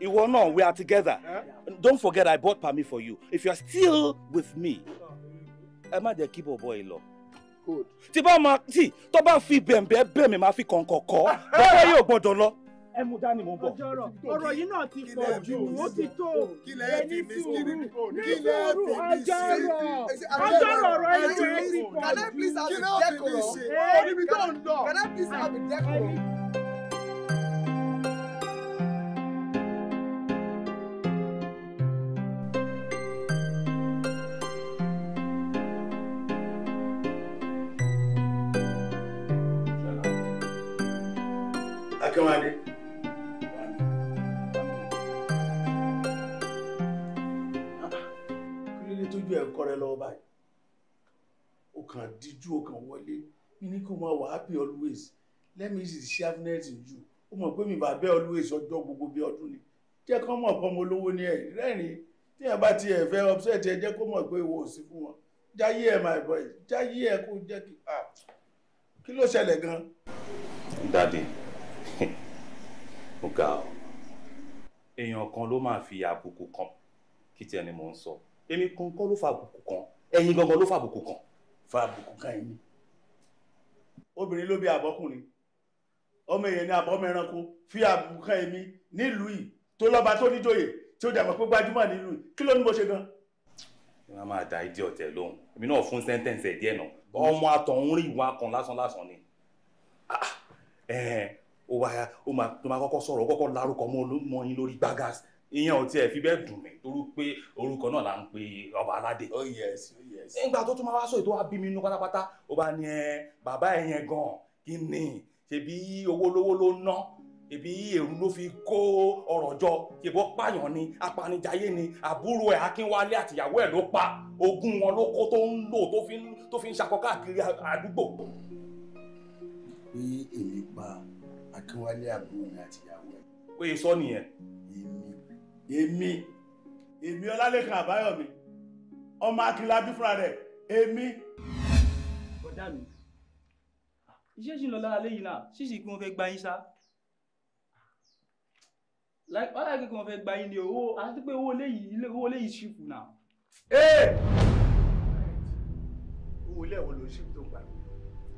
ìwọ náà we are together don't forget i bought palmi for you if you are still with me ẹ má jẹ́ kí bọ̀bọ̀ yìí lọ tí bá máa tí tó bá fi bẹ̀m̀bẹ̀ bẹ̀mí máa fi kọ̀ǹkọ̀ kọ́ bọ́bọ́ yóò gbọ́dọ̀ lọ ẹ mú dání mò ń ọ̀rọ̀ yìí náà ti pọ̀ jù ó ti tó ẹni sùúrù ní sùúrù ọjọ́rọ̀ ọjọ́rọ̀ ọ̀rọ̀ ẹni tó ti pọ̀ jù. can I please have a decorah? oníbi tó ń lọ can I please have a decorah? kàn díjú o kàn wọlé mi ní kó máa wà happy always let me see the sharpness in you ó mọ̀ pé mi bá bẹ́ always ọjọ́ gbogbo bí ọdún ni jẹ́ kán mọ̀ pọ́n mo lówó ní ẹ̀ rẹ́rìn tí ẹ bá ti ẹ̀ fẹ́ upset ẹ jẹ́ kó mọ̀ pé ìwọ ò sí fún wọn jáyé ẹ my boy jáyé ẹ kó jẹ́ kí ah, kí ló ṣẹlẹ̀ gan. dadi mo ga ọ èèyàn kan ló máa fi àbùkù kan kí tiẹ̀ ni mò ń sọ èmi kan kọ́ ló fa àbùkù kan ẹ̀yin gangan ló fa àbùkù kan fa àbùkù kan yìí obìnrin ló bí àbọ́kùnrin ọmọ èèyàn ní àbọ́mọ ẹranko fi àbùkù kan èmi nílùú yìí tó lọ́ba tó níjòyè tí ó dàgbà pé gbajúmọ̀ nílùú yìí kí ló ní mo ṣe gan. ìwọ máa da ìdí ọ̀tẹ̀ lóhùn èmi náà fún sẹ́ńtẹ̀ǹsì ẹ̀ díẹ̀ náà ọmọ àtọ̀hún rí ìwọ̀n akàn lásán lásán ni ah, eh, ó máa kọ́kọ́ sọ̀rọ̀ kọ́kọ́ lárúkọ mọ́ yín lórí gbágásì ìyẹn ò tiẹ̀ fi bẹ́ẹ̀ dùn mí torí pé orúkọ náà là ń pe ọba aládé. oh yes oh yes. nígbà tó tún máa wá sọ ètò wa bí mi inú pátápátá ó bá ní ẹ bàbá ẹ yẹn gan kí ni ṣebí owó lówó ló ná ṣebí èrú ló fi kó ọrọ̀ jọ ṣebí ó pààyàn ni apanijayé ni àbúrò ẹ̀ akínwálé àtìyàwó ẹ̀ ló pa ogún wọn ló kó tó ń lò tó fi ń ṣakọ káàkiri àdúgbò. pé èmi pa akínwálé àbúrò mi àtìyàwó ẹ̀. pé sọ nìyẹn èmi èmi ọlálẹ́kan àbáyọ̀mí ọmọ akínlábí fúnra rẹ̀ èmi. ọ̀dà mi iṣẹ́ sì ń lọ lára lẹ́yìn náà ṣíṣì kí wọ́n fẹ́ gba yín sá wọ́n láì kí wọ́n fẹ́ gba yín ní owó àti pé owó lẹ́yìn owó lẹ́yìn ṣìfù náà. ee eh! owó ilé ẹ̀wọ̀n ló ṣìfù tó ń parí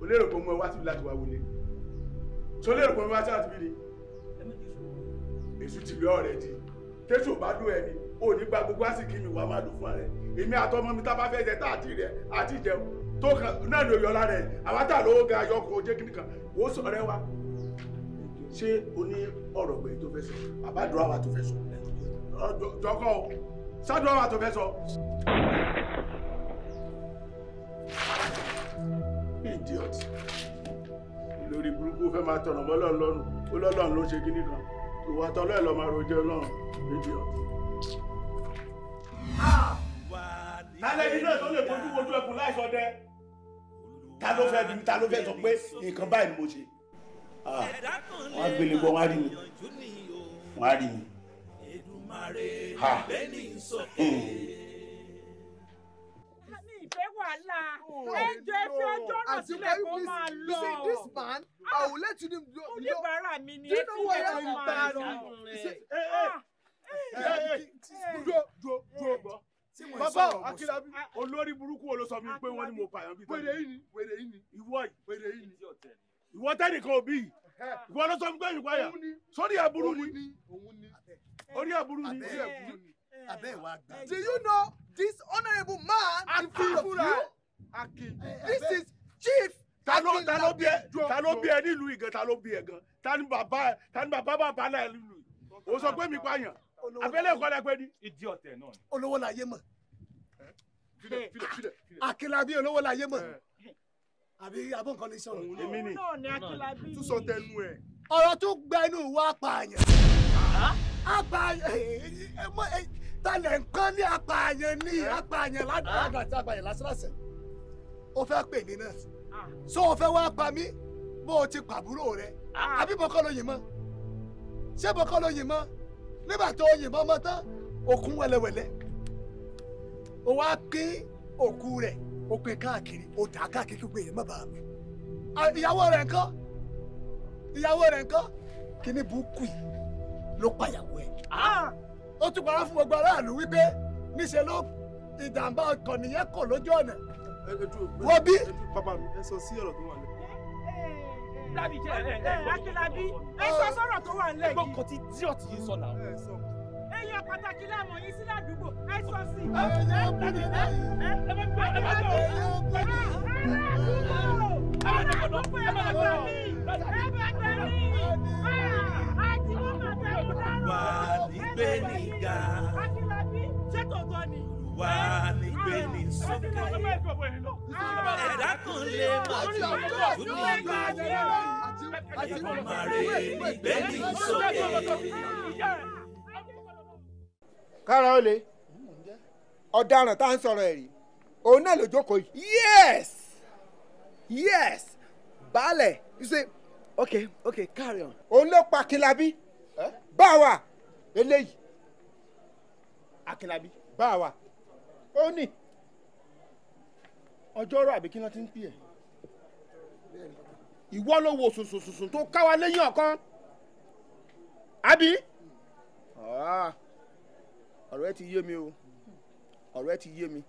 o lérò pé mo wá síbi láti wá wọlé so lérò pé mo wá síbi láti bí ni èṣù ti lé ọ̀rẹ́ di. tẹ́sù bá dún ẹni ò ní gba gbogbo àsìkí mi wà má lò fún ẹ èmi àtọmọ mi tá bá jẹ tá àti rẹ àti jẹun tó kàn náà àwa lówó ga ayọkọ ojé kìnnì kan wò ó wa ṣé o ní tó sọ àbádùn àwa tó fẹ́ sọ jọkọ sádùn àwa tó fẹ́ sọ. lórí kan. ìwà àtọ́lọ́ ẹ̀ lọ máa rojọ́ náà níbi ọ̀. lálẹ́ yìí náà tó lè fojú wojú ẹkùn láìsọ dẹ ta ló fẹ́ ta ló fẹ́ sọ pé nǹkan báyìí mo ṣe ah! wọ́n á gbélé bọ́ wọ́n á rí mi wọ́n á rí mi wàhálà oh, ẹjọ́ fi ọjọ́ náà sílẹ̀ kó máa lọ. i ah, will let you know. oníbàárà mi ni ẹ fi ẹ kó máa lọ. dúró dúró dúró eh. bàbá akínábí olórí burúkú wo ah. pé wọ́n ní mo pààyàn bíi tẹ́lẹ̀ wèrè yìí ni ìwọ yìí wèrè yìí ni ìwọ tẹ́nìkan òbí yìí ìwọ ló pé ìpààyàn sórí aburú ni do you know this honourable man Akin. in front of you? this is chief ta ló ta ló bí ẹ ta ló bí ẹ nílùú ìgàn ta ló bí mi pààyàn abẹ́lé ẹ̀kọ́ la pé ní. ìdí ọ̀tẹ̀ náà. olówó la yé mọ̀ eh, eh, akínlábí olówó la yé mọ̀ eh. àbí abọ́ nǹkan ní sọ̀rọ̀. èmi ni tún sọ tẹnu ẹ. ọ̀rọ̀ tún gbẹnu wa pààyàn. apààyàn ah talẹ̀ nǹkan ní apààyàn ní apààyàn ládàádà àti apààyàn lásìlásì o fẹ́ pè mí náà so ó fẹ́ wá pa mí bó o ti pàbúrò rẹ àbí bọ́kọ́ ló yìn mọ́ ṣé bọ́kọ́ ló yìn mọ́ nígbà tó yìn mọ́ mọ́ tán òkun wẹ̀lẹ̀wẹ̀lẹ̀ ó wá kín òkú rẹ̀ ó pín káàkiri ó dà á káàkiri gbogbo èèyàn má bàa mi ìyàwó rẹ̀ ńkọ́ ìyàwó rẹ̀ ńkọ́ kíní bukui ló pa ìyàwó ẹ̀ ó tún parọ́ fún gbogbo aráàlú wípé níṣẹ́ ló ìjàmbá ọkọ̀ nìyẹn kò lójú ọ̀nà. wọ́n bí. bàbá mi ẹ sọ sí ọ̀rọ̀ tó wà lẹ́yìn. Lábí ẹ sọ sọ̀rọ̀ tó wà nílẹ̀ yìí. Gbọ́kàn ti díọ̀tì yìí sọ náà. Èèyàn pàtàkì láàmọ̀ yín sí ládùúgbò, ẹ sọ sí. Èèyàn pàtàkì láàmọ̀ yín sí ládùúgbò, ẹ sọ sí. Èèyàn pàtàkì láàmọ̀ yín sí ládùúgbò, ẹ sọ sí wà nígbè níga wà nígbè ní sókè ah, ẹ̀dá kan lè má ju ìlú nígbà ìmọ̀ràn nígbè ní sókè. kára ó ọ̀daràn tá à ń sọ̀rọ̀ ẹ̀rí òun náà ló jókòó yes yes baálẹ̀ you say okay okay carry on. òun ló pa Kílábí báwa eléyìí akínlábí báwa ó ní ọjọ́rọ̀ àbí kí wọ́n ti ń pè ẹ́ ìwọ ló wo sùnsùnsùn tó káwa lẹ́yìn ọ̀kan àbí ah, ọ̀rọ̀ ẹ ti yé mi o ọ̀rọ̀ ẹ ti yé mi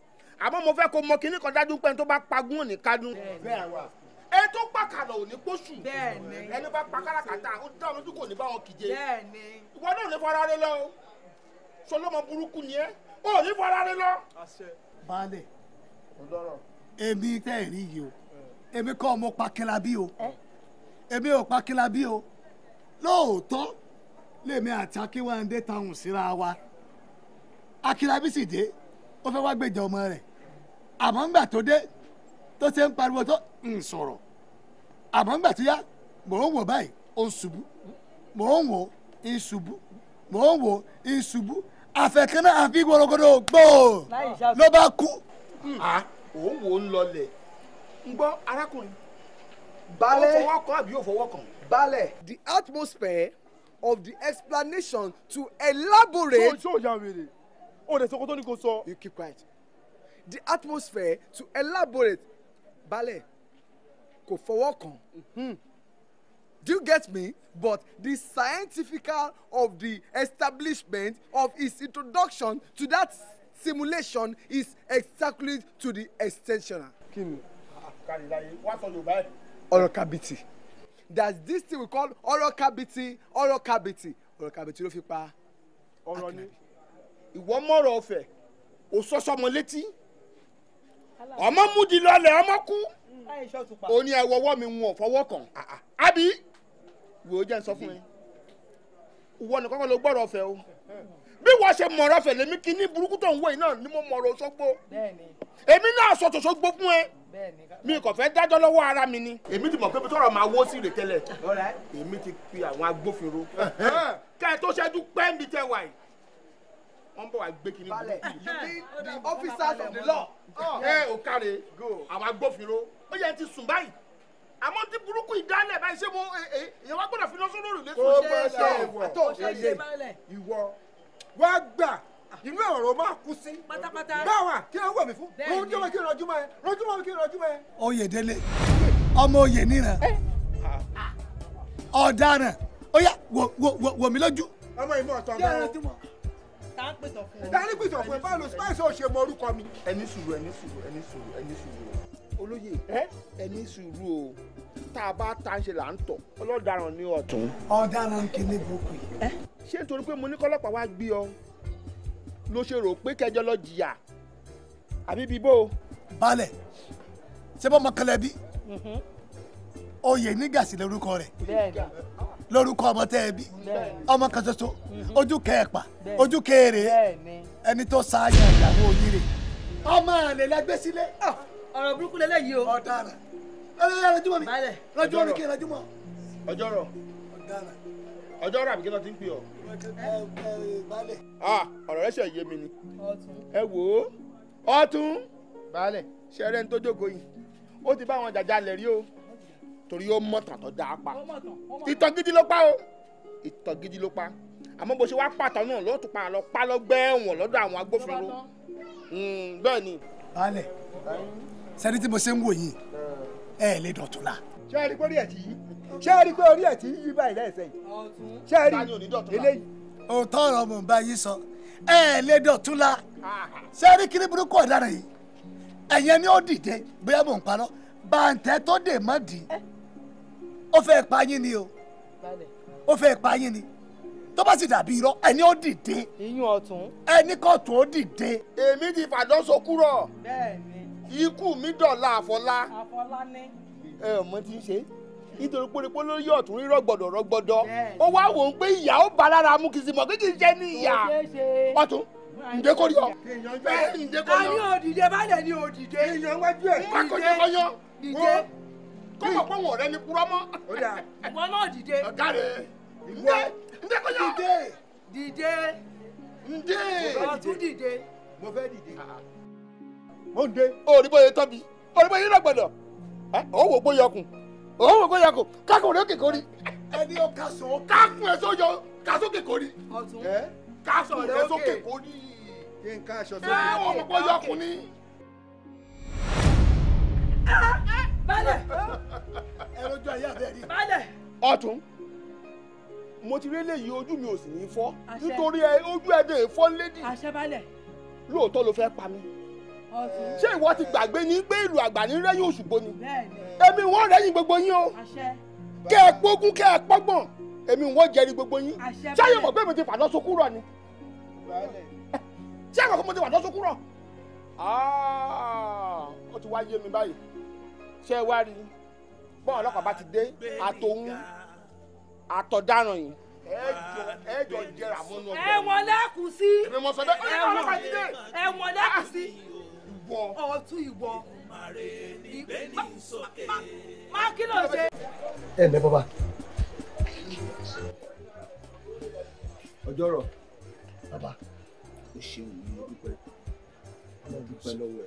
àmọ́ mo fẹ́ kó mọ kinní kan dájú pé tó bá pagún òní kádùn. bẹ́ẹ̀ wà ẹ tó pàkàlà ò ní pósù ẹni bá pa káràkátà ó dá ọmọdún kò ní bá wọn kìje ìwọ náà ò ní fara rẹ lọ o sọlọmọ burúkú ni ẹ ò ní fara rẹ lọ. baálẹ̀ èmi tẹ́ ẹ̀ rí yìí o èmi kọ́ mo pa kílábí o èmi ò pa kílábí o lóòótọ́ lèmi àti akínwáńdé táwọn síra wa akílábí sì dé ó fẹ́ wá gbèjà ọmọ rẹ̀ àmọ́ ńgbà tó dé tó ṣe ń pariwo tó ń sọ̀rọ̀ àmọ́ ńgbà tí mò ń wò báyìí ó ń ṣubú mò ń wò ń ṣubú mò ń wò ń ṣubú àfẹ̀kẹ́nà àfi gbọ́dọ̀gbọ́dọ̀ gbòò ló bá kú. òun wò ń lọlẹ̀ ń gbọ́ arákùnrin balẹ̀ ó fọwọ́ kan àbí ó fọwọ́ kan. balẹ̀ the atmosphere of the explanation to elaborate. ṣé o ya wèrè o lè sọ kó tó ní kó sọ. you keep quiet the atmosphere to elaborate baálẹ̀ kò fọwọ́ kàn hmm. do you get me but the scientifical of the establishment of his introduction to that simulation is exactly to the extensioner. kí ni ọ̀rọ̀ kabiti that's this thing we call ọ̀rọ̀ kabiti ọ̀rọ̀ kabiti ọ̀rọ̀ kabiti ló fi pa. ọ̀rọ̀ ni ìwọ mọ̀rọ̀ ọ̀fẹ́ ò sọ́sọ́ mọ létí ọmọ múdi lọlẹ ọmọ kú ó ní ẹwọwọ mi wọn fọwọ́ kàn Abi, wò ó jẹ́ n sọ fún ẹ ìwọ nìkan kan ló gbọ́dọ̀ ọ̀fẹ́ o bí wọ́n ṣe mọ̀rọ̀ ọ̀fẹ́ lèmi kí ní burúkú tó ń wé yìí náà ni mo mọ̀rọ̀ Òṣogbo èmi náà sọ tòṣogbo fún ẹ mi kò fẹ́ dájọ́ lọ́wọ́ ara mi ni. èmi ti mọ̀ pé tọrọ máa wó sí ìrètẹ́lẹ̀ èmi ti pe àwọn agbófinró kẹ́ ẹ tó ṣẹ́jú pẹ́ńbì tẹ wáyé wọ́n bọ̀ wá gbé kinní burúkú yìí. you mean ah, the officers of the law. ẹ ah. eh, ò káre àwọn agbófinró ó yẹ ti sùn báyìí àmọ́ tí burúkú ìdálẹ̀ báyìí ṣé mo eh, eh, èèyàn wá gbọ́dọ̀ fi lọ́sọ́ lórí ilé tó ṣe é ṣe ìwọ àtọ̀ òṣèlè ìwọ wá gbà inú ọ̀rọ̀ máa kú sí. pátápátá báwa kí ló wọ̀ mí fún rojúmọ́ kí rojúmọ́ ẹ rojúmọ́ kí rojúmọ́ ẹ. oyèdélé ọmọ oyè níran ọ̀daràn ó yá wò wò wò mí lójú. ọmọ ìmọ̀ ọ̀tọ̀ ọ̀daràn tá ń pèsè fún ọ. dání pèsè spice ò ṣe mọ orúkọ mi. ẹni sùúrù ẹni sùúrù ẹni sùúrù ẹni sùúrù o. olóyè ẹni sùúrù o tá a bá ta ń ṣe là ń tọ̀ ọlọ́daràn ní ọ̀tún. ọ̀daràn kìíní burúkú yìí. ṣé nítorí pé mo ní kọ́lọ́pàá wá gbé ọ ló ṣe rò pé kẹjọ lọ jìyà àbí bíbó. balẹ̀ ṣé bọ́ mọ kẹlẹ́ bí mhm. oyè nígàsí lórúkọ rẹ̀. bẹ́ẹ̀ lórúkọ ọmọ tẹ́ ẹ bí ọmọ kan ṣoṣo mm-hmm. ojú kẹẹ̀pà ojú kẹẹ̀rẹ̀ ẹni tó ṣáájú ìyàwó yìí ọmọ àlè lẹgbẹ́ sílé. Ah, ọ̀rọ̀ burúkú lélẹ́yìí o. ọ̀daràn ẹlẹ́yà lọ́júmọ́ mi lọ́júmọ́ mi kí n lọ́júmọ́. ọjọ́rọ̀ ọjọ́rọ̀ àbíkí náà ti ń pè ọ́. Ah, ọ̀rọ̀ rẹ̀ ṣe yé mi ni ẹ wò ó ọ̀tún ṣẹ̀rẹ̀ ń tó jókòó yìí ó ti bá àwọn jàjà lẹ̀ rí o torí ó mọ̀tàn tó dáa pa ìtàn gidi ló pa o ìtàn gidi ló pa àmọ́ bó ṣe wá pàtàn náà ló tún padà lọ pa lọ́gbẹ́ ẹ̀wọ̀n lọ́dọ̀ àwọn agbófinró hmm, bẹ́ẹ̀ ni. baálẹ̀ sẹ́ni tí mo ṣe ń wò yìí ẹ lè dọ̀tún la. ṣé ẹ rí pé orí ẹ̀ ti yí ṣé ẹ rí pé orí ẹ̀ ti yí báyìí lẹ́sẹ̀ yìí ṣé ẹ rí eléyìí. òótọ́ ọ̀rọ̀ mò ń bá yín sọ ẹ lè dọ̀tún la ṣé ẹ rí kiri burúkú ọ̀daràn yìí ẹ̀yẹn ni ó dìde bóyá mò ń parọ́ bàǹtẹ́ tó dè mọ́ dì í. ó fẹ́ pa yín ni o ó fẹ́ pa yín ni tó bá sì dàbí irọ́ ẹni ó dìde. iyún ọ̀tún. ẹni kan tó dìde. èmi ti fàdọ́sọ kúrọ̀. ikú mi dọ̀la àfọlá. ti ń ṣe nítorí pólípó ló yọ ọ̀tún rírọ̀ gbọ̀dọ̀ rọ̀ gbọ̀dọ̀ ó wá wò ó pé ìyá ó lára mú kìí a kó mọ̀ pé wọn rẹ ni kúrọ́ mọ́. ìwọ náà dìde. ọ̀gá rẹ̀ ǹdé ǹdé kọjá. dìde dìde. ǹdé. ọ̀rọ̀ tún dìde. mo fẹ́ dìde. mo ah. ń dé. òrìbóye tóbi òrìbóye náà gbọ́dọ̀ ọ̀wọ̀ gbóyè ọkùn ọ̀wọ̀ gbóyè ọkùn kákùn rẹ̀ kékeré. ẹni o ká sọ kákùn ẹ sóyọ ká sókè kórì. ọ̀tún kákùn rẹ̀ sókè kórì. kí n ká aṣọ sókè. ẹ ọmọ gbóyè ọkùn ni. Ah! balẹ̀. ẹ lójú ayé àbẹ́ rí. balẹ̀. ọ̀tún mo ti rí eléyìí ojú mi ò sì ní fọ́ nítorí ojú ẹ̀ dé fọ́ lédì. àṣẹ balẹ̀. lóòótọ́ ló fẹ́ pa mí. ṣé ìwọ ti gbàgbé ní pé ìlú àgbà ní rẹ́yìn Òṣùgbó ni. èmi wọ́n rẹ́yìn gbogbo yín o. kẹ́ ẹ pógún kẹ́ ẹ pọ́gbọ̀n èmi wọ́n jẹ́rìí gbogbo yín. ṣé àyè mọ̀ pé mi ti fà lọ́sọ kúrò ni. ṣé àkọ́kọ́ mo ti fà lọ́sọ kúrò. Ah. ó ti wá yé mi báyìí ṣé ẹ wá rí i bọ́ọ̀ ọlọ́pàá bá ti dé àtòun àtọ̀daràn yìí ẹjọ jẹra mọnú ọgbẹ. ẹ̀wọ̀n lẹkùn sí. èmi mọ sọ bẹ́ẹ̀ ọyọ ọlọ́pàá ti dé. ẹ̀wọ̀n lẹkùn sí. ìwọ ọtún ìwọ. má kí ló ṣe. ẹ ǹdẹ bàbá ọjọ́rọ̀ bàbá o ṣeun ní ọdún pẹ́ ọdún pẹ́ lọ́wọ́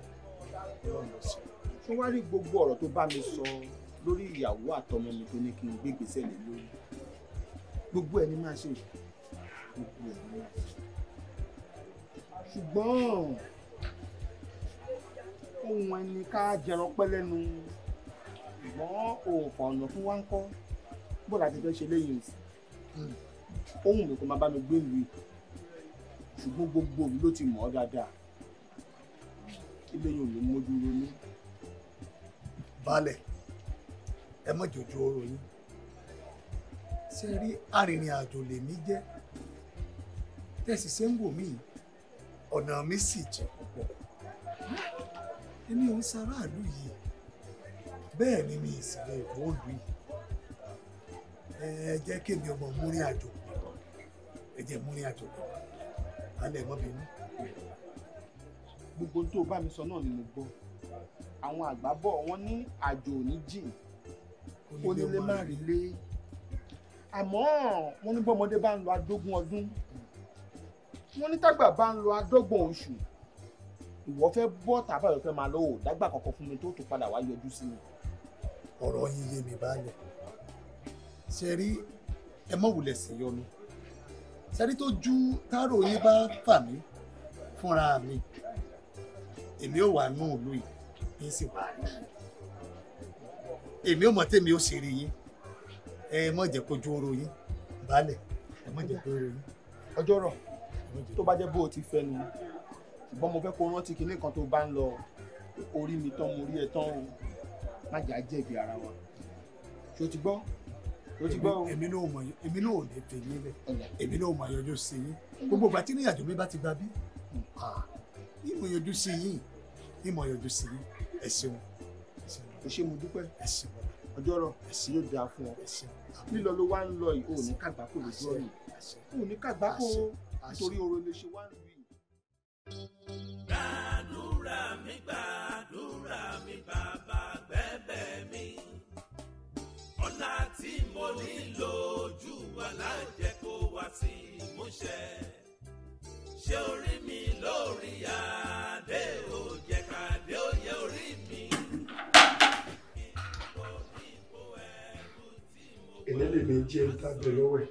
ẹ̀ ọlọ́run ọ̀sẹ̀ tó wá rí gbogbo ọ̀rọ̀ tó bá mi sọ lórí ìyàwó àtọmọ mi tó ní kí n gbé gbèsè lé lórí gbogbo ẹni máa ṣe gbogbo ẹni máa ṣe ṣùgbọ́n ohun ẹni ká jẹrọ pẹ́ lẹ́nu ṣùgbọ́n òòfà ọ̀nà fún wa ń kọ́ bọ́dà ti fẹ́ ṣe lẹ́yìn òsì ohun mi kò máa bá mi gbé ìlú ṣùgbọ́n gbogbo òbí ló ti mọ̀ ọ́ dáadáa ilé ò ní mójú ronú baálẹ̀ ẹ má jòjò ọ̀rọ̀ yín ṣe rí arìnrìn àjò lèmi jẹ́ tẹ̀sí ṣe ń wò mí ọ̀nà mi sì jẹ́ púpọ̀ èmi ò ń ṣaráàlú yìí bẹ́ẹ̀ ni mi ìsìlẹ̀ ìfowólu yìí ẹ jẹ́ kémi ọmọ múrí àjò ẹ jẹ́ múrí àjò alẹ́ mọ́bìnrin. gbogbo tó o bá mi sọ náà ni mo gbọ́ àwọn àgbà bọ̀ wọ́n ní àjò òní jìn onílé má rí lé àmọ́ wọ́n ní bọ́mọdé bá ń lọ adógún ọdún wọ́n ní tágbà bá ń lọ adọ́gbọ̀n oṣù ìwọ fẹ́ bọ́ tàbá ìwọ fẹ́ máa lọ ò dágbà kankan fún mi tó tó padà wá yọjú sí mi. ọ̀rọ̀ yín yé mi báyọ̀ ṣe rí ẹ mọ̀ wulẹ̀ sí yọnu sẹ́rí tó ju táró yín bá fà mí fúnra mi èmi ò wà nù ìlú yìí yín sì wà ní èmi ò mọ̀ tèmi ó ṣe rí yín ẹ mọ̀ jẹ́ kojú oró yín balẹ̀ ẹ mọ̀ jẹ́ kojú oró yín. ọjọ́ rọ̀ tó bá jẹ́ bó o ti fẹ́ nu ṣùgbọ́n mo fẹ́ kó rántí kinní kan tó bá ń lọ orí mi tán mo rí ẹ tán o má jà jẹ̀bi ara wa ṣó ti gbọ́ ṣó ti gbọ́ o. èmi náà mọ̀ èmi náà ò lè fẹ́ yín lẹ̀ èmi náà mọ̀ àyànjú sí yín gbogbo ìgbà tí ìrìnàjò mi bá ti gba bí ìmọ̀ àyànjú sí yín ìmọ̀ àyànjú sí yín ẹ ṣeun ẹ ṣe mo dúpẹ́ ẹ ṣeun ọjọ́ rọ̀ yóò dáa fún ọ lílọ ló wá ń lọ yìí òní kàgbákò lójú ọ̀rọ̀ yìí òní kàgbákò nítorí oore lè ṣe wá ń lu yìí. gbàdúrà mi gbàdúrà mi bàbá gbẹ́bẹ̀ mi ọ̀la tí mo nílò ojú wa láì jẹ́ kó wá sí ìmúṣẹ ṣé orí mi lórí adé ò jẹ́ ká dé òye orí mi. èyí lè mi jẹ́ tàbí lọ́wọ́ ẹ̀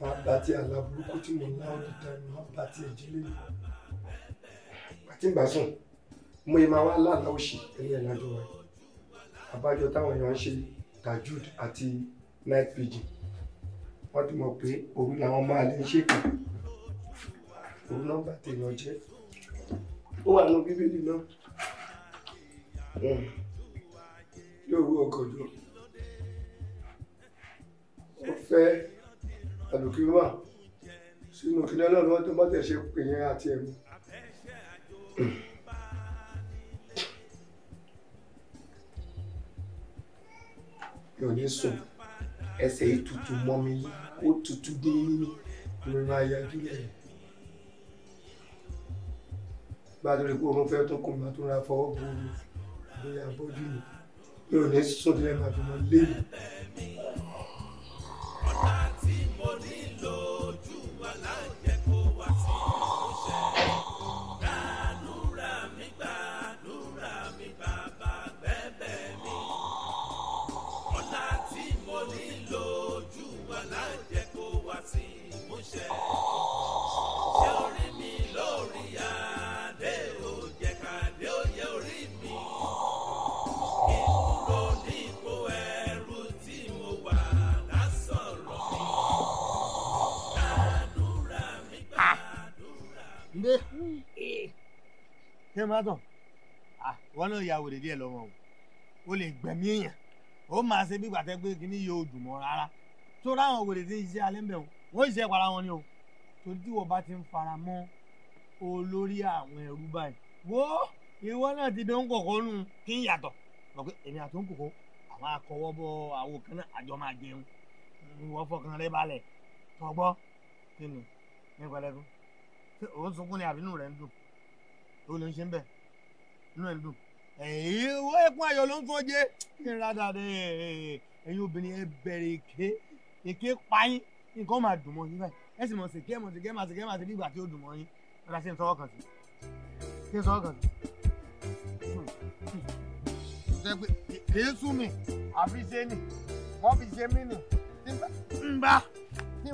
máa bá tí aláburúkú tí mo ná ọdún tán máa bá tí ìdílé mi àti ìgbà sùn mo yẹ máa wá lálàá òṣì ẹni ìrìnàjò wa àbájọ táwọn èèyàn ń ṣe tajud àti night pidgin wọ́n ti mọ̀ pé òru làwọn máa lè ń ṣèkà òun náà bá tèèyàn jẹ́ ó wà nínú bíbélì náà yóò wú ọ̀gànjọ́ ó fẹ́ àlùkìrúmà sínú kílẹ̀ ọlọ́run tó bá tẹ̀ ṣe pè yẹn àti ẹ̀mú. yóò ní sùn ẹsẹ̀ yìí tutù mọ́ mi ó tutù dé mi nínú ayé abílẹ̀ yìí bá a tó rí pé òun fẹ́ tún kùn máa tún ra mi mi ò ní sùn tí lẹ́nu wọn náà ya wèrè díẹ̀ lọ́wọ́ o o lè gbẹ̀mí èèyàn ó máa ṣe bí gbàtẹ́ pé kí ni yóò dùn rárá tó ráwọn wèrè tí ń ṣe alẹ́ ń bẹ̀ wọ́n ṣiṣẹ́ para wọn ni o torí tí wọ́n bá ti ń fara mọ́ olórí àwọn ẹrú báyìí wo ìwọ náà ti dán kòkó nù kí n yàtọ̀ lọ pé èmi àti òǹkòkó àwọn akọwọ́ bọ àwọn òkan náà àjọ máa jẹun ìwọ fọkàn rẹ balẹ̀ tọgbọ́ kí ni nípa lẹ́kún òun sunkún ni àbínú rẹ̀ ń dùn ó lè ń ṣe ń bẹ̀ inú ẹ̀ ń dùn. ẹ̀yin ẹkún ayọ̀ ló ń fojé kí n ra dáadé ẹ̀yin obìnrin ẹ bẹ̀rẹ̀ èké èké payín nǹkan máa dùn mọ́ yín báyìí ẹ sì mọ̀ sí kí ẹ mọ̀ sí kí ẹ máa sí kí ẹ máa sí bí ìgbà tí ó dùn mọ́ yín ọ̀dà sí ń sọ́wọ́ kan sí sí hmm. ń sọ́wọ́ kan sí. kì í sún mi àfi ṣe nì wọ́n fi ṣe mí nì ń bá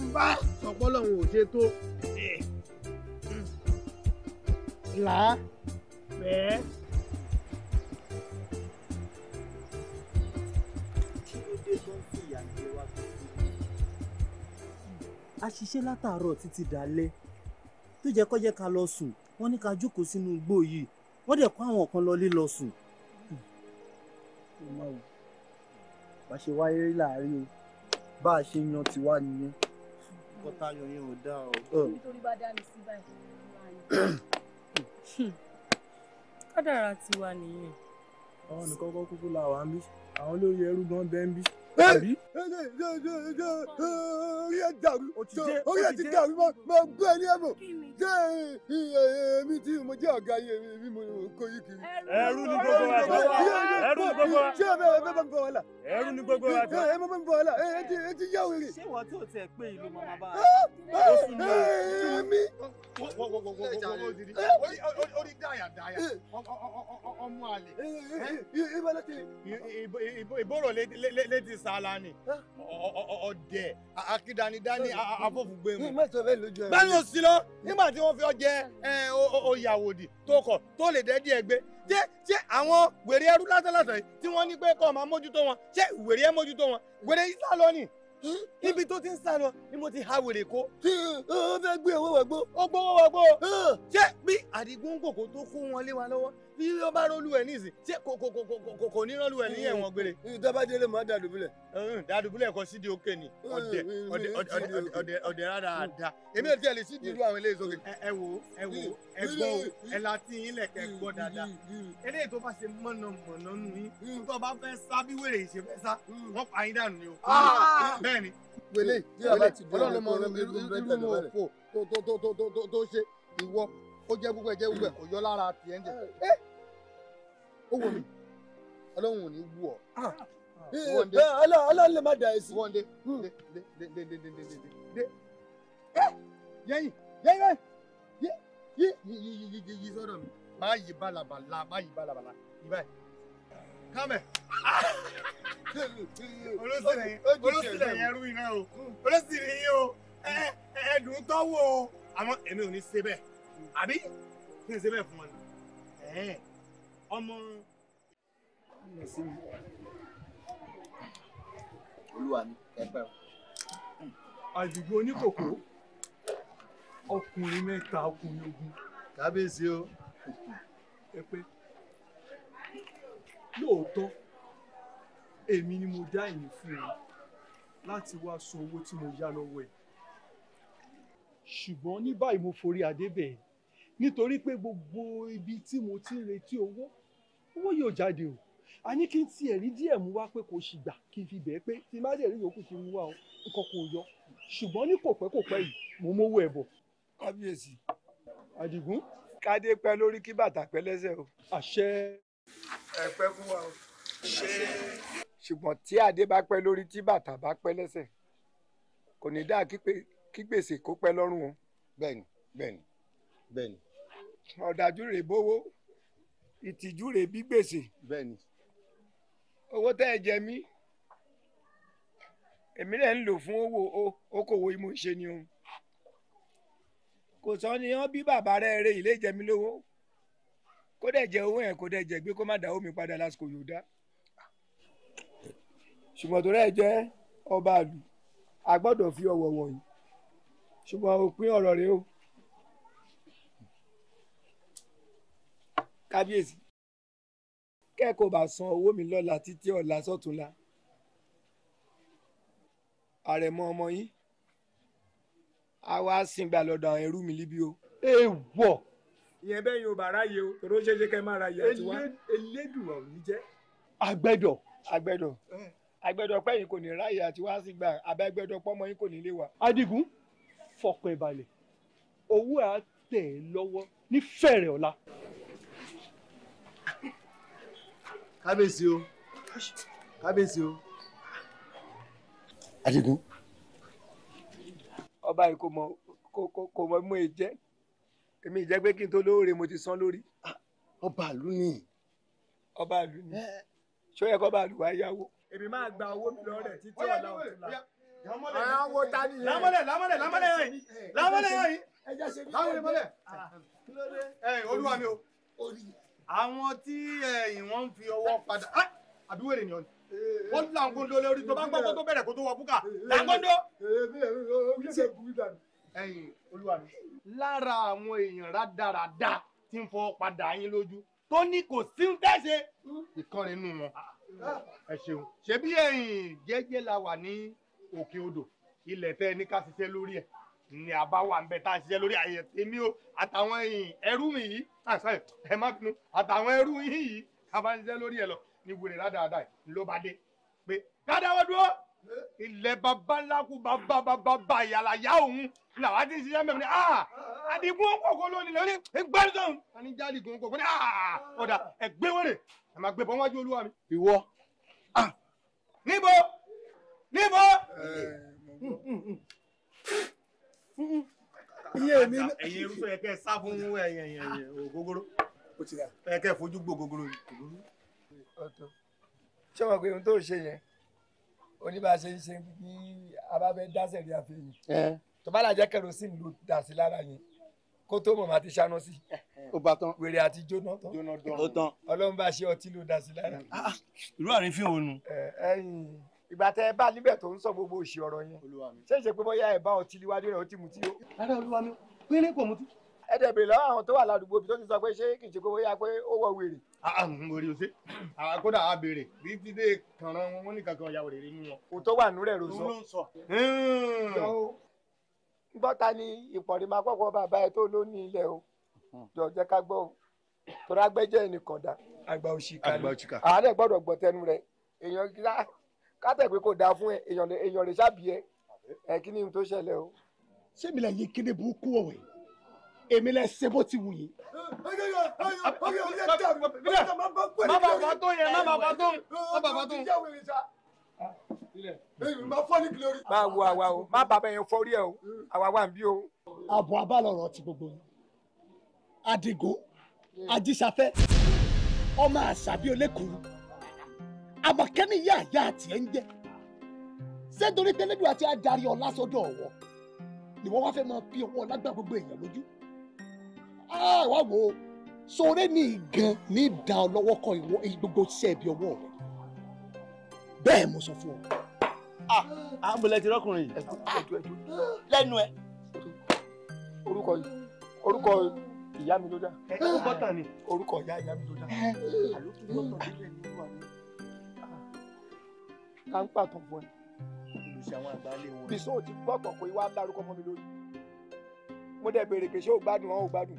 ń bá ọ̀pọ̀lọ̀ òun hmm. bẹ́ẹ̀. a ṣiṣẹ́ látàárọ̀ títí dalẹ́ tó jẹ́ kó jẹ́ ká lọ sùn wọ́n ní ká jókòó sínú igbó yìí wọ́n dẹ̀ kó àwọn kan lọlé lọ sùn. bá a ṣe wáyé láàárín o bá a ṣe yan tiwa nìyẹn kọta yan yẹn ò dáa o. nítorí bá dá mi sí báyìí kádàrá tiwa nìyẹn. àwọn nìkan kọ́ kúkú la wà ń bí àwọn olórí ẹrú gan bẹ́ẹ̀ ń bí orí ẹ dàrú orí ẹ ti dàrú máa gbé ẹni ẹ mọ ṣé èmi tí mo jẹ ọgá yìí èmi mo kó yìí kiri. ẹrú ni gbogbo wa tó ẹrú ni gbogbo wa. ṣé ẹ bẹ bẹ bọ wàhálà. ẹrú ni gbogbo wa tó. ẹ bẹ bẹ bọ wàhálà ẹ ti ẹ ti yá wèrè. ṣé wọ́n tó tẹ̀ pé ìlú màmá bá a. èmi. orí dáyà dáyà ọmọ àlè. ìbọn ló ti. ìbọn ló ti sálánì ọ̀dẹ̀ akídanidání afọ́fùgbẹ́mu. mẹ́sàn-án bẹ́ẹ̀ lójú ẹ̀. báyọ̀ sí lọ nígbà tí wọ́n fi ọjẹ́ oyàwòdì tó kọ̀ tó lè dẹ́dí ẹgbẹ́ ṣé ṣé àwọn wèrè ẹrú lásánlásán yìí tí wọ́n ní pé kọ́ máa mójútó wọn ṣé wèrè ẹ mójútó wọn wèrè yìí sá lọ nìí níbi tó ti ń sá lọ ni mo ti ha wèrè kó. ó fẹ́ gbé owó wọ̀gbó. ó gbówó wọ̀gbó. ṣé bí àdìgún kòkó tó kó wọn lé wa lọ́wọ́ bí wọ́n bá rọ́lù ẹ̀ nísìn ṣé kò ní rọ́lù ẹ̀ ní ẹ̀wọ̀n gbére. dábàjẹ́lẹ̀ máa dàdúbúlẹ̀. dàdúbúlẹ̀ kọ sídìí òkè ni ọ̀dẹ̀ ọ̀dẹ̀ ọ̀dẹ̀ rárá da. èmi ò tiẹ̀ lè sídìí irú àwọn eléyìí sókè. ẹ wo ẹ wo ẹ gbọ́ o ẹ la ti yín lẹ̀kẹ́ gbọ́ dáadáa. eléyìí tó bá ṣe mọ̀nàmọ̀nà nù yín tó bá fẹ́ sá bí wèrè ìṣe fẹ́ sá wọ́n pa yín dànù ni o. Ah! bẹ́ẹ̀ ni. wèlé wèlé ọlọ́run mọ̀ ọ́n irú mọ̀ ọ́ tó tó tó tó tó ṣe ìwọ ó jẹ́ gbogbo ẹ̀ jẹ́ gbogbo ẹ̀ kò yọ lára tiẹ̀ ń jẹ ẹ́ eh! ó wò mí ọlọ́run ò ní wú ọ. Ah! ọlọ́run lè má dà ẹ́ sí. wọ́n hmm. dé dé dé dé dé dé dé dé dé ẹ́ eh! yẹ́yìn yẹ́yìn bẹ́ẹ̀ yí yí yí yí yí yí sọ́dọ̀ mi má yí balabala má yí balabala yí báyìí kámẹ́ olóṣèlè yẹn rú iná o hmm. olóṣèlè yẹn o ẹ̀ẹ́dùn tọ́wọ́ o àmọ́ èmi ò ní ṣe bẹ́ẹ̀ àbí kí n ṣe bẹ́ẹ̀ fún wọn ni ọmọ. olúwa mi ẹ pẹ́ o. àdìgún oníkòkò ọkùnrin mẹ́ta ọkùnrin ogun. kábíyèsí o. ẹ pé lóòótọ́ èmi ni mo dá ìyìn fún ọ láti wá san owó tí mo yá lọ́wọ́ ẹ̀ ṣùgbọ́n ní báyìí mo forí adé bẹ̀ẹ́ nítorí pé gbogbo ibi tí mo ti ń retí owó owó yóò jáde o a ní kí n tiẹ̀ rí díẹ̀ mú wá pé kò sì gbà kí n fi bẹ̀ẹ́ pé tí má dẹ̀ rí yòókù ti mú wá o nǹkan kò yọ ṣùgbọ́n ní kò pẹ́ kò pẹ́ yìí mo mówó ẹ̀ bọ̀. kábíyèsí. àdìgún. kádé pẹ́ lórí kí bàtà pẹ́ lẹ́sẹ̀ o. àṣẹ. ẹ pẹ́ fún wa o. ṣé. ṣùgbọ́n tí adé bá pẹ́ lórí tí bàtà bá pẹ́ lẹ́sẹ̀ kò ní dáa kí gbèsè kó pẹ́ lọ́rùn o. bẹ́ẹ̀ni bẹ́ẹ̀ni bẹ́ẹ̀ni ọ̀dájú rèé bówó ìtìjú rèé bí gbèsè. bẹ́ẹ̀ni. owó tẹ́ ẹ jẹ mí èmi rẹ̀ ń lò fún owó okòwò ìmọ̀ ni o kò sọ ni wọn bí bàbá rẹ rẹ ilé jẹ mí lówó kó dẹ̀ jẹ owó yẹn kó dẹ̀ jẹ gbé kó má dáwó mi padà lásìkò yóò dá ṣùgbọ́n tó rẹ̀ jẹ́ ọba àlù a fi ọ̀wọ̀ wọ̀nyí ṣùgbọ́n òpin ọ̀rọ̀ rẹ o. kábíyèsí kẹ́kọ̀ọ́ bá san owó mi lọ́la títí ọ̀la sọ́túnla àrẹ̀mọ ọmọ yín a wá sìngbà lọ́dọ̀ àwọn ẹrú mi líbi o. ẹ wọ. ìyẹn bẹ́ẹ̀ yóò bá ráyè o tòró ṣeé ṣe kẹ́ máa ráyè àti wá. elédùn ọ̀hún jẹ́. àgbẹ̀dọ̀. àgbẹ̀dọ̀ àgbẹ̀dọ̀ eh. pẹ́ yìí kò ní ráyè àti wá sìngbà àbẹ́ àgbẹ̀dọ̀ pọ́mọ yín kò ní lè wà. adigun fọkàn ìbàlẹ̀ owó àtẹ̀ lọ́wọ́ ní fẹ̀rẹ̀ ọ̀la. kábíyèsí o kábíyèsí o. adigun. ọba yìí kò mọ kò mọ mú e jẹ èmi ìjẹ pé kí n tó lóore mo ti san lórí. ọba àlú ni. ọba àlú ni eh. ṣó yẹ kó ọba àlú wá yáwó. èmi máa gba owó mi lọ títí ọ̀la ọ̀túnla àwọn ta ni. lamọlẹ lamọlẹ lamọlẹ yọ yìí lamọlẹ ẹ jẹ́ ṣe bí ẹ jẹ́ ẹ olúwa mi o àwọn tí ẹ̀yìn wọn ń fi ọwọ́ padà ah! àbí wèrè ni ọ̀nà ó ń làǹkóńdó lórí tó bá ń gbọ́ tó bẹ̀rẹ̀ kó tó wọ búkà làǹkóńdó. ẹ̀yin olúwa mi. lára àwọn èèyàn rádaràda tí ń fọ padà yín lójú tó ní kò sí ń tẹ̀sẹ̀ ìkànnì inú wọn ẹ ṣeun ṣebí ẹ̀yin jẹ́jẹ́ la wà ní òkè odò ilẹ̀ tẹ́ ẹ ní ká ṣiṣẹ́ lórí ẹ̀ ni a bá wà nbẹ tá a ṣiṣẹ́ lórí ayẹ tèmi o àtàwọn ẹrú mi yìí ah, ẹ má bínú àtàwọn ẹrú yìí yìí a bá ń ṣiṣẹ́ lórí ẹ lọ ní wèrè rádaràdà ló bá dé pé dáadáa dúró ilẹ̀ bàbá ńlá kú bàbá bàbá ìyàlá yá òun làwọn àti ṣiṣẹ́ mẹ́rin ni ah, àdìgún òkòkò lónìí lórí gbẹ́rùsọ̀n àní jáde gún òkòkò ní ah, ọ̀dà ẹ̀gbẹ́ wèrè ẹ̀ máa gbé bọ́ wájú olúwa mi. ìwọ. níbo níbo iye mi. ẹ̀yin irúfẹ́ ẹ̀kẹ́ sá fún ògógóró ẹ̀kẹ́ fojú gbó ògógóró ni. ṣé wọn pe ohun tó ṣe yẹn oníbàṣe ń ṣe bí abáfẹ́ dáṣẹ̀ rí àfihàn tó bá lajẹ́ kẹrosin ló dà sí lára yẹn kó tó mọ̀ máa ti ṣáná sí. ó bá tán wèrè àti jóná tán jóná tán ọlọ́run bá ṣe ọtí ló dà sí lára. Ah, irú àrífín òun nu ìgbà tẹ ẹ bá níbẹ̀ tó ń sọ gbogbo òṣì ọ̀rọ̀ yẹn ṣé ṣe pé bóyá ẹ bá ọtí liwájú rẹ̀ ó ti mutí o. rárá olúwa mi péré kò mutí. ẹ dẹ̀ bèrè lọ́wọ́ àwọn tó wà ládùúgbò bí tó ti sọ pé ṣé kì í ṣe pé bóyá pé ó wọ wèrè. Ah, ah, orí òsè àkódà ah, á béèrè bí dídé kànrán wọn nìkan kan ya wèrè nínú wọn. kò tó wà núrẹ̀ ló sọ. Hmm. bọ́ta ni ìpọ̀nrín máa kọ́kọ́ bàbá ẹ tó ló ní ilẹ̀ o hmm. jọ jẹ́ ká gbọ́ o torí agbẹ́jẹ́ ẹnì kọ̀dá àgbà kátẹ̀ pé kò dáa fún ẹ èèyàn lè ṣàbí ẹ ẹ kí ni tó ṣẹlẹ̀ o. ṣé mi lè yí kéde burúkú ọ̀wẹ̀ èmi lè ṣe bó ti wù yín. má bàbá tó yẹ má bàbá tó má bàbá tó. máa wo àwa o má bàbá yẹn fọ́rí ẹ o àwa wà ń bí o. àbọ̀ abálọ̀rọ̀ ti gbogbo yín Adigun Ajíṣafẹ́ ọmọ àṣàbí olékùnrin àbàkẹ́ ni ìyá àyá àti ẹ̀ ń jẹ́ ṣé torí tẹ́lẹ́dùn àti adarí ọlá sọ́dọ̀ ọ̀wọ́ ni wọ́n wá fẹ́ máa fi ọwọ́ ọlá gbà gbogbo èèyàn lójú wá wo sọ̀rẹ́ ní ìgan ní ìdá ọlọ́wọ́ kan ìwọ gbogbo iṣẹ́ ibi ọwọ́ rẹ bẹ́ẹ̀ mo sọ fún ọ. àmúlẹ̀ ti rọ́kùnrin yìí ah, ah. lẹ́nu ẹ̀ orúkọ yìí orúkọ ìyá mi ló dá orúkọ ìyá ìyá mi ló dá eh. àlọ́ tó gbọ́dọ̀ nílẹ̀ nínú àná ká ń pàtàn fún ẹ. olùsí àwọn àgbálẹ̀ bisọ ti gbọ́ tọ̀kọ̀ ìwà dárúkọ mọ́ mi lórí. mo dẹ̀ béèrè pé ṣé o gbádùn wọn ò gbádùn.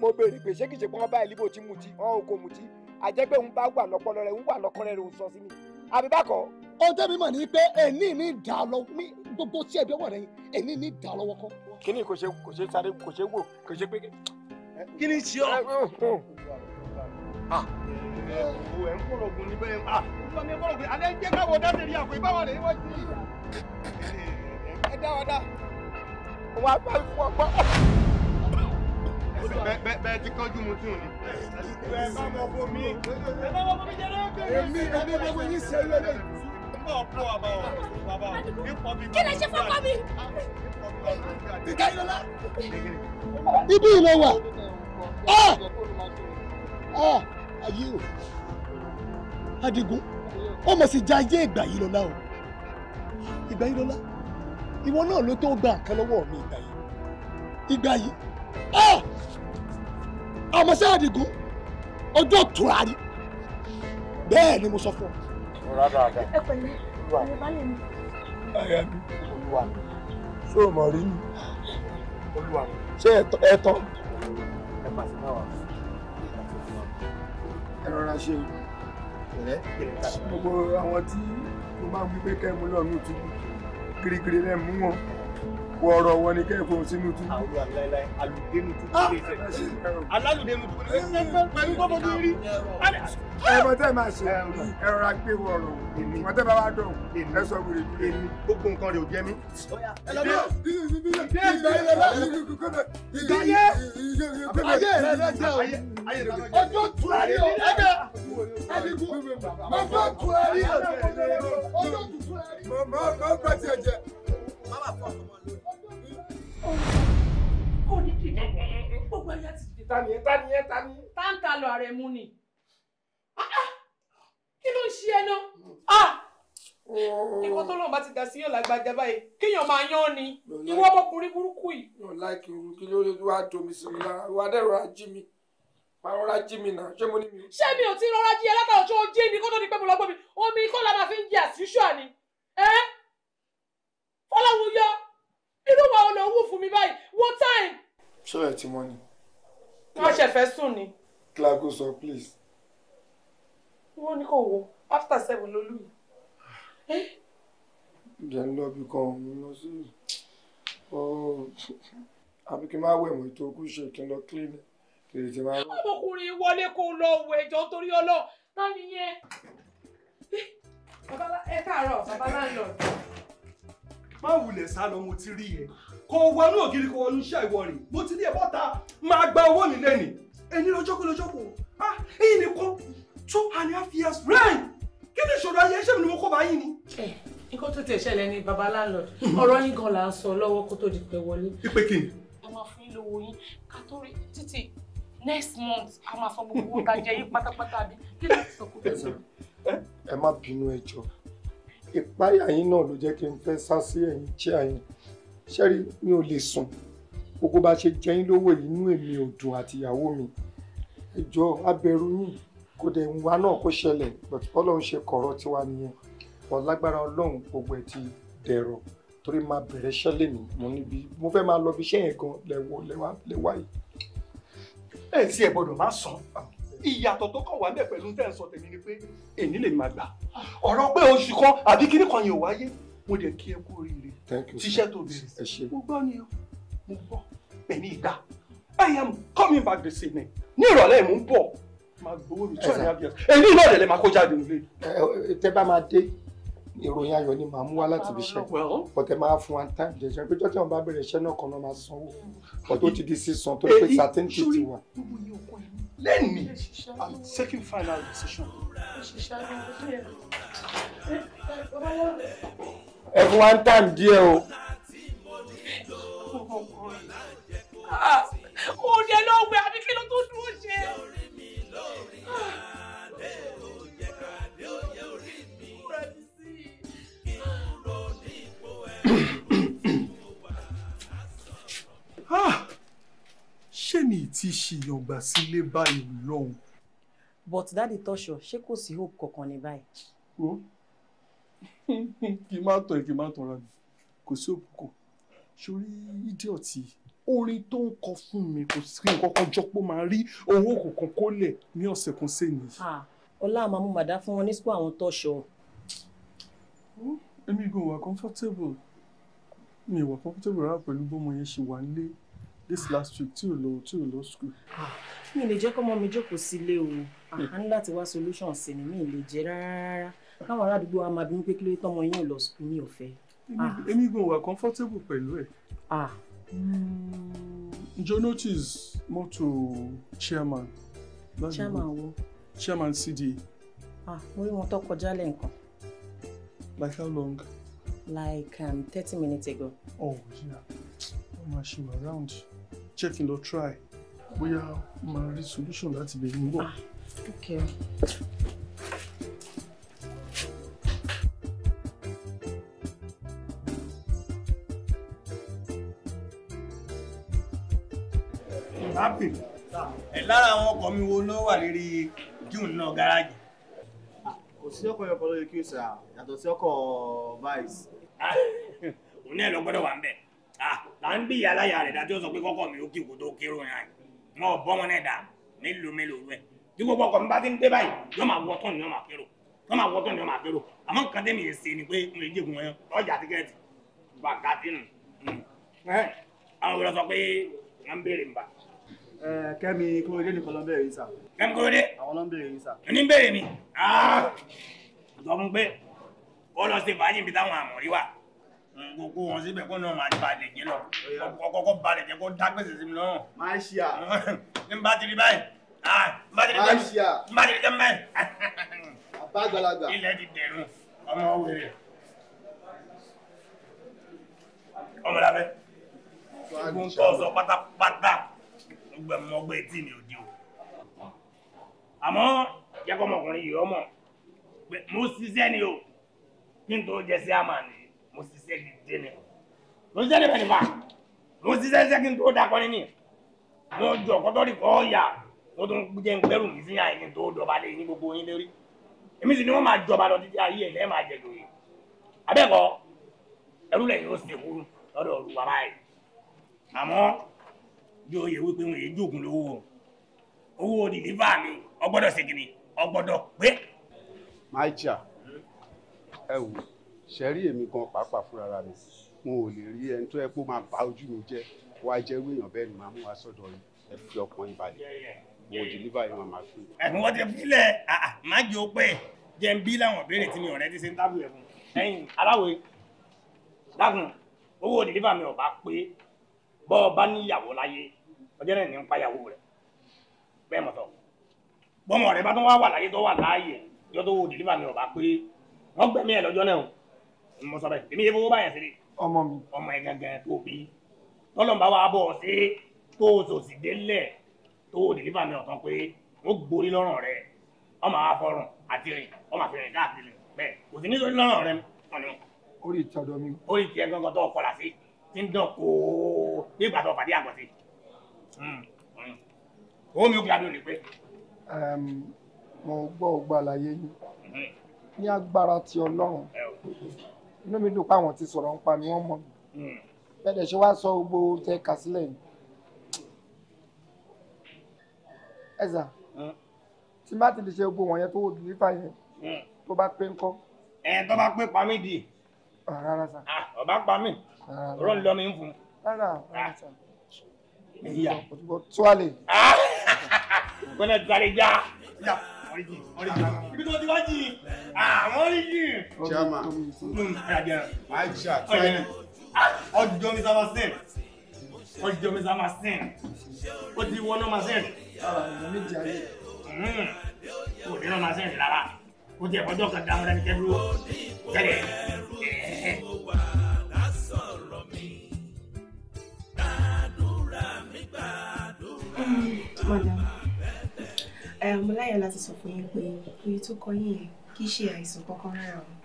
mo béèrè pé ṣé kì í ṣe pé wọ́n bá ìlíbò tí mutí wọn ò kò mutí. àjẹgbẹ́ ń bá wà lọ́pọlọ rẹ̀ ń wà lọ́kọ́ rẹ̀ ń sọ sí mi. àbí bákọ̀. ohun tẹ́mi mọ̀ ní pé èní ní ìdá lọ ní gbogbo tí ẹbí ọwọ́ rẹ̀ èní ní ìdá lọ́wọ́ kọ́. kíni kò ṣe kò ṣe sáré kò ṣe wò kò ṣe pé. kíni ṣe ọ ẹ ń kọ̀rọ̀ ògùn níbẹ̀ ẹ̀ ah nígbà mi ń kọ̀rọ̀ ògùn alẹ́ ń jẹ́ káwọ́ dáṣẹ́ rí àpò ìbáwọ̀ rẹ̀ wọ́n ti ẹ dá wa dá wọn bá wọn bá. bẹ́ẹ̀ bẹ́ẹ̀ ti kánjú mu tí ò ní. ẹ bá mọ bó mi ẹ bá mọ bó mi jẹrẹ bẹ́ẹ̀. èmi èmi gbogbo yín ṣe lóde. nígbà ọkọ bàbá ọ bàbá ipò mi. kí lè ṣe fọkọ mi. ìka ìlọlá ibi ìlọ wà. Ah! Ah! ayé o Adigun ọmọ sì já ayé ìgbà yìí lọ́la o ìgbà yìí lọ́la ìwọ náà ló tó gba nǹkan lọ́wọ́ mi ìgbà yìí ìgbà yìí àmọ́ sẹ́ Adigun ọjọ́ tùràrí bẹ́ẹ̀ ni mo sọ fún ọ. rárá rárá ẹ pẹ̀lẹ́ ẹ bá lè mi. àyà mi olúwa mi ṣé o mọ̀ rí mi olúwa mi ṣé ẹ tán. ẹ pàṣẹ náà wà ẹ rọra ṣe gbogbo àwọn tí mo máa ń gbé kẹ́ mu lọ́nà túbú kirikiri lẹ́mú wọn ọ̀rọ̀ wọn ni kẹ́ẹ̀ fún sínú túbú. àwọn aláìláì alùdénú túbú lè tẹ̀. alálùdénú túbú lè tẹ̀. pẹ̀lú bọ́bọ́ tó rí. ẹ̀rọ tẹ́ máa ṣe ẹ̀rọ agbé wọ̀rọ̀ èmi wọ́n tẹ́ bá wá dọ̀ ẹ sọ wèrè ju èmi. gbogbo nǹkan rẹ̀ ò jẹ́ mí. ọjọ́ tu ẹ̀rí o ẹgbẹ́ adigun ọjọ́ tu ẹ̀rí o ọjọ́ tu ẹ̀rí o. mọ̀ mọ̀ gbàtí ẹ̀jẹ̀ má bà fọ ọmọ lórí. kò ní kí gbogbo ẹyà ti dìde. ta ni ẹ ta ni ẹ ta ni. táǹtà lọ ààrẹ mú ni kí ló ń ṣe ẹ náà nǹkan tó lóun bá ti dà sí yàn lágbájá báyìí kéèyàn máa yán ni ìwọ ọmọkùnrin burúkú yìí. yóò láìkí irú kí ló lè wá domi sí mi lára wà á dẹ̀ rọra jí mi máa rọra jí mi náà ṣé mo ní mi. ṣé mi ò ti rọra jí ẹ látàwọn tó ń jí ni kó tó di pé mo lọ gbọ́ mi omi kọ́ la máa fi ń jẹ àṣìṣọ́ ni. Ọláwùyọ irú wa ló wù fún mi báyìí wo time. ṣé ẹ ti mọ ni. wọ́n ṣe fẹ́ sùn ni. clago sọ please. wọ́n ní kò wo after seven lolú yìí. ǹjẹ́ ń lọ bí kan mo lọ sí àbí kí n máa wẹ̀ mọ́ ètò ogún ṣe kí n lọ clean kiri ti máa. ọmọkùnrin wọlé kó lọ wọ ẹjọ torí ọlọ náà nìyẹn. ẹ káàárọ̀ bàbá láńlọ́ọ̀dù má wulẹ̀ sá lọ mo ti rí ẹ kò wọnú ògiri kò wọnú iṣẹ́ ìwọ rìn mo ti rí ẹ bọ́ta máa gba owó mi lẹ́nì ẹni lọ́jọ́kú lọ́jọ́kú ah èyí nìkan two and a half years rain kí ni ìṣòro ayé iṣẹ́ mi ni mo kó bá yín ni. ẹ nǹkan tó ti ṣẹlẹ̀ ni baba landlord ọ̀rọ̀ yín gan la ń sọ lọ́wọ́ kó tó di pé wọlé. ìpè kí ni. ẹ máa fún yín lówó yín ká tó rí títí next month a máa fọ gbogbo owó tá a jẹ yín pátápátá bí kí ni àti sọkúrò ẹ sọ. ẹ má bínú ẹ ìpáyà yín náà ló jẹ́ kí n fẹ́ sá sí ẹ̀yìn chair yín ṣẹ́rí mi ò lè sùn gbogbo bá ṣe jẹ yín lówó inú èmi ò dùn àtìyàwó mi ẹjọ́ abẹ̀rù yín kò dẹ̀ ń wa náà kó ṣẹlẹ̀ but ọlọ́run ṣe kọ̀rọ̀ tiwa nìyẹn ọ̀lágbára ọlọ́run gbogbo ẹ̀ ti dẹ̀rọ̀ torí máa bẹ̀rẹ̀ iṣẹ́ lèmi mo níbi mo fẹ́ máa lọ bí iṣẹ́ yẹn gan lẹ́wọ́ lẹ́wà yìí ìyàtọ̀ tó kàn wá ń bẹ̀ pẹ̀lú tẹ́ sọ tèmi ni pé èmi lè máa gbà ọ̀rọ̀ pé oṣù kan àbí kíní kan yẹn wáyé mo dẹ̀ kí ẹ kú oríire tíṣẹ́ tó bẹ̀rẹ̀ mo gbọ́ ni o mo gbọ́ pẹ̀lú ìgbà I am coming back this evening ní ìrọ̀lẹ́ ìmú ń bọ̀ máa gbowó mi tún ẹ̀ ní abiyẹn náà dẹ̀ máa kó jáde nílé. tẹ bá máa dé ìròyìn ayọ̀ ni màá mú wá láti ibi iṣẹ́ ọ̀tẹ̀ máa fún wa time jẹ́ ṣe pé jọ́tí wọn bá bẹ̀rẹ̀ iṣẹ́ náà kan náà máa sanwó ọ̀tọ̀ ti di sísan tó pé certainty ti wà. ṣùgbọ́n iye òkú ẹ̀mí Let me. i'm taking final decision. ẹ fún one time dear. o. òde ló wẹ àbí kí ló tó dúró ṣé mi ti ṣìyàngbà sílé báyìí lọ́hùn. but dáàdi tọ́ṣọ ṣé kò sí hope kankan ní báyìí. o kì í má tọ̀ ẹ́ kì í má tọ̀ra mi kò sí hope kan sórí ídíọ̀tì orin tó ń kọ fún mi kò sí nǹkan jọ pé máa rí owó kankan kó lẹ̀ ní ọ̀sẹ̀ kan sẹ́yìn. Ah, ọlá àmọ́ mú màdá fún wọn ní sùkúl àwọn tọ́ṣọ. èmi gan wà comfortable mi wà comfortable rárá pẹ̀lú bọ́mọ yẹn ṣe wà nílé this last week too low, too low school. Ah, mi ì lè jẹ́ kọ́mọ mi jókòó sílé o ah, a ní láti wá solution sí ni mi ì lè jẹ́ rárá káwọn ará wa máa bínú pé kí ló yẹ tọmọ yín ò lọ school ní ọ̀fẹ́. èmi ah. gan wà comfortable pẹ̀lú ẹ̀. Hmm. ǹjọ́ notice mọ́tò chairman. chairman wo. chairman CDA. ah mo rí wọn tó kọjá lẹ́ǹkan. like how long. like um, thirty minutes ago. Oh, yeah. Oh, she was around jẹ́ kí n lọ try bóyá máa rí solution láti lè mú bọ̀. Ah, okay. happy ẹ lára àwọn ọkọ mi wo ló wà lérí june náà gáràjì. kò sí ọkọ yẹn kan lórí kí n yàtọ̀ sí ọkọ vice. Ah, òun náà lọ gbọ́dọ̀ wà ń bẹ̀. là ń bí aláya rẹ̀ dá tí ó sọ pé kọ́kọ́ mi ó kí kò tó kérò yẹn àyè wọn ò bọ́ wọn náà dà mélòó mélòó rẹ̀ tí gbogbo ọkọ̀ mi bá ti ń dé báyìí yóò máa ni máa kérò yóò máa wọ́ tán ni máa kérò àmọ́ nǹkan tẹ́mi yẹn ṣe ni pé mo lè tíkẹ́ẹ̀tì sọ pé wọ́n ń béèrè kẹ́mi kúròdé ni yìí sà. kẹ́mi kúròdé. àwọn ló ń béèrè yìí gbogbo wọn síbẹ̀ kó náà máa balẹ̀ jẹ́ lọ kọ́kọ́ balẹ̀ jẹ́ kó dágbèsè sí mi lọ́rùn. máa ṣe à. n bá ti rí báyìí n bá ti rí báyìí n bá ti rí jẹ́ mẹ́. bàbá àgbàlagbà. ilẹ̀ ti dẹ̀rù ọmọ wèrè ọmọ labẹ́ gbogbo nǹkan ọ̀sọ̀ pátápátá gbẹ̀mọ́ ọgbẹ́ etí mi ò o. àmọ́ yẹ́kọ́ ọmọkùnrin yìí ọmọ mo ṣiṣẹ́ ni o kí n tó jẹ sí àmà ni délé mo ṣiṣẹ́ níbẹ̀ nípa mo ṣiṣẹ́ ṣẹ́ kí n tó dakọ́ mo jọ kọ́tọ́ rí kọ́ ya mo tún jẹ́ nkẹ́rù mi sí àyè kí n tó dọ̀ba lé ní gbogbo yín lórí èmi sì ni wọ́n máa jọba lọ títí ayé ẹ̀ lẹ́ẹ̀ máa jẹ lóye abẹ́kọ̀ ẹrú lẹ́yìn ó ṣe kúrú lọ́dọ̀ ọ̀rù bàbá yìí àmọ́ bí oyè wípé wọn èyí jòògùn lówó owó dìlífà mi ọgbọ́dọ̀ ṣèkìní ọgbọ́dọ̀ pé. máa ń ṣà ẹ wò ṣẹ́rí èmi gan pàápàá fúnra mi mo ò lè rí ẹni tó yẹ kó máa bà ojú mi jẹ́ wá jẹ́ wéèyàn bẹ́ẹ̀ ni màá mú wá sọ́dọ̀ yìí ẹ fi ọkàn ìbàlẹ̀ mo ò dìlíbà yìí màmá fún mi. ẹ̀mí wọ́n ti filẹ̀ má jẹ́ o pé jẹ́ ń bí láwọn béèrè tí mi ọ̀rẹ́ ti ṣe ń tábìlẹ̀ fún ẹ̀yin aláwòye dákun owó dìlíbà mi ò bá pé bọ́ ọ bá níyàwó láyé ọjọ́ náà ní ń payàwó rẹ̀ bẹ́ẹ̀ mọ̀tọ́ bọ́mọ rẹ̀ bá tún wá wà láyé tó wà láàyè ọjọ́ tó mo sọ bẹ́ẹ̀ èmi yẹ fowó báyà sílẹ̀. ọmọ mi. ọmọ ẹ gangan tó bí tọ́lọ́mbà wa bọ̀ ṣe tó o sòsì délẹ̀ tó o dìlífà mi ọ̀kan pé ó gborí lọ́rùn rẹ̀ ọmọ àwọn afọrùn àti rìn ọmọ àfihàn káàkiri bẹ́ẹ̀ kò sí nítorí lọ́rùn rẹ̀ wọn ni. orí ìtọ́dọ̀ mi. orí ìtì ẹ̀gángan tó o kọlà sí ti ń dán kó o bí ìgbà tó o pàdé àgbọ̀n sí. òun mi ò gbàdúrà ní pé. mo gbọ́ ògbà àlàyé yín hmm. ní agbára ti Ọlọ́run inú mi dùn pé àwọn ti sọ̀rọ̀ nípa mi wọ́n mọ̀ mi hmm. bẹ́ẹ̀ ṣe wá sọ gbogbo tẹ kà sílẹ̀ yìí ẹ̀sà hmm. tí má ti lè ṣe gbogbo wọ̀nyẹn tó wò dìlífà yẹn hmm. tó bá pé ńkọ́. ẹ tó bá pé pamí di. Ah, rárá sa. Ah, ọba pamí rọ lọ mi ń fún. rárá rárá sa. ìyá òtúbọ̀ tó wà lè. kọ́nà tí a lè já. Origin. ibi tó ti wá jìn àwọn origin. jama aisha twenty. ọjọ́ mr masin ọjọ́ mr masin ó ti wọ́n masin. kò dé masin rárá kò tiẹ̀ fọjọ́ kan dáhùn dání kẹ́rù tẹ́lẹ̀. Gbàdúrà mi gbàdúrà. Hmm mo láyọ̀ láti sọ fún yín pé oye tó kọ yín yẹn kì í ṣe àìsàn kankan rárá o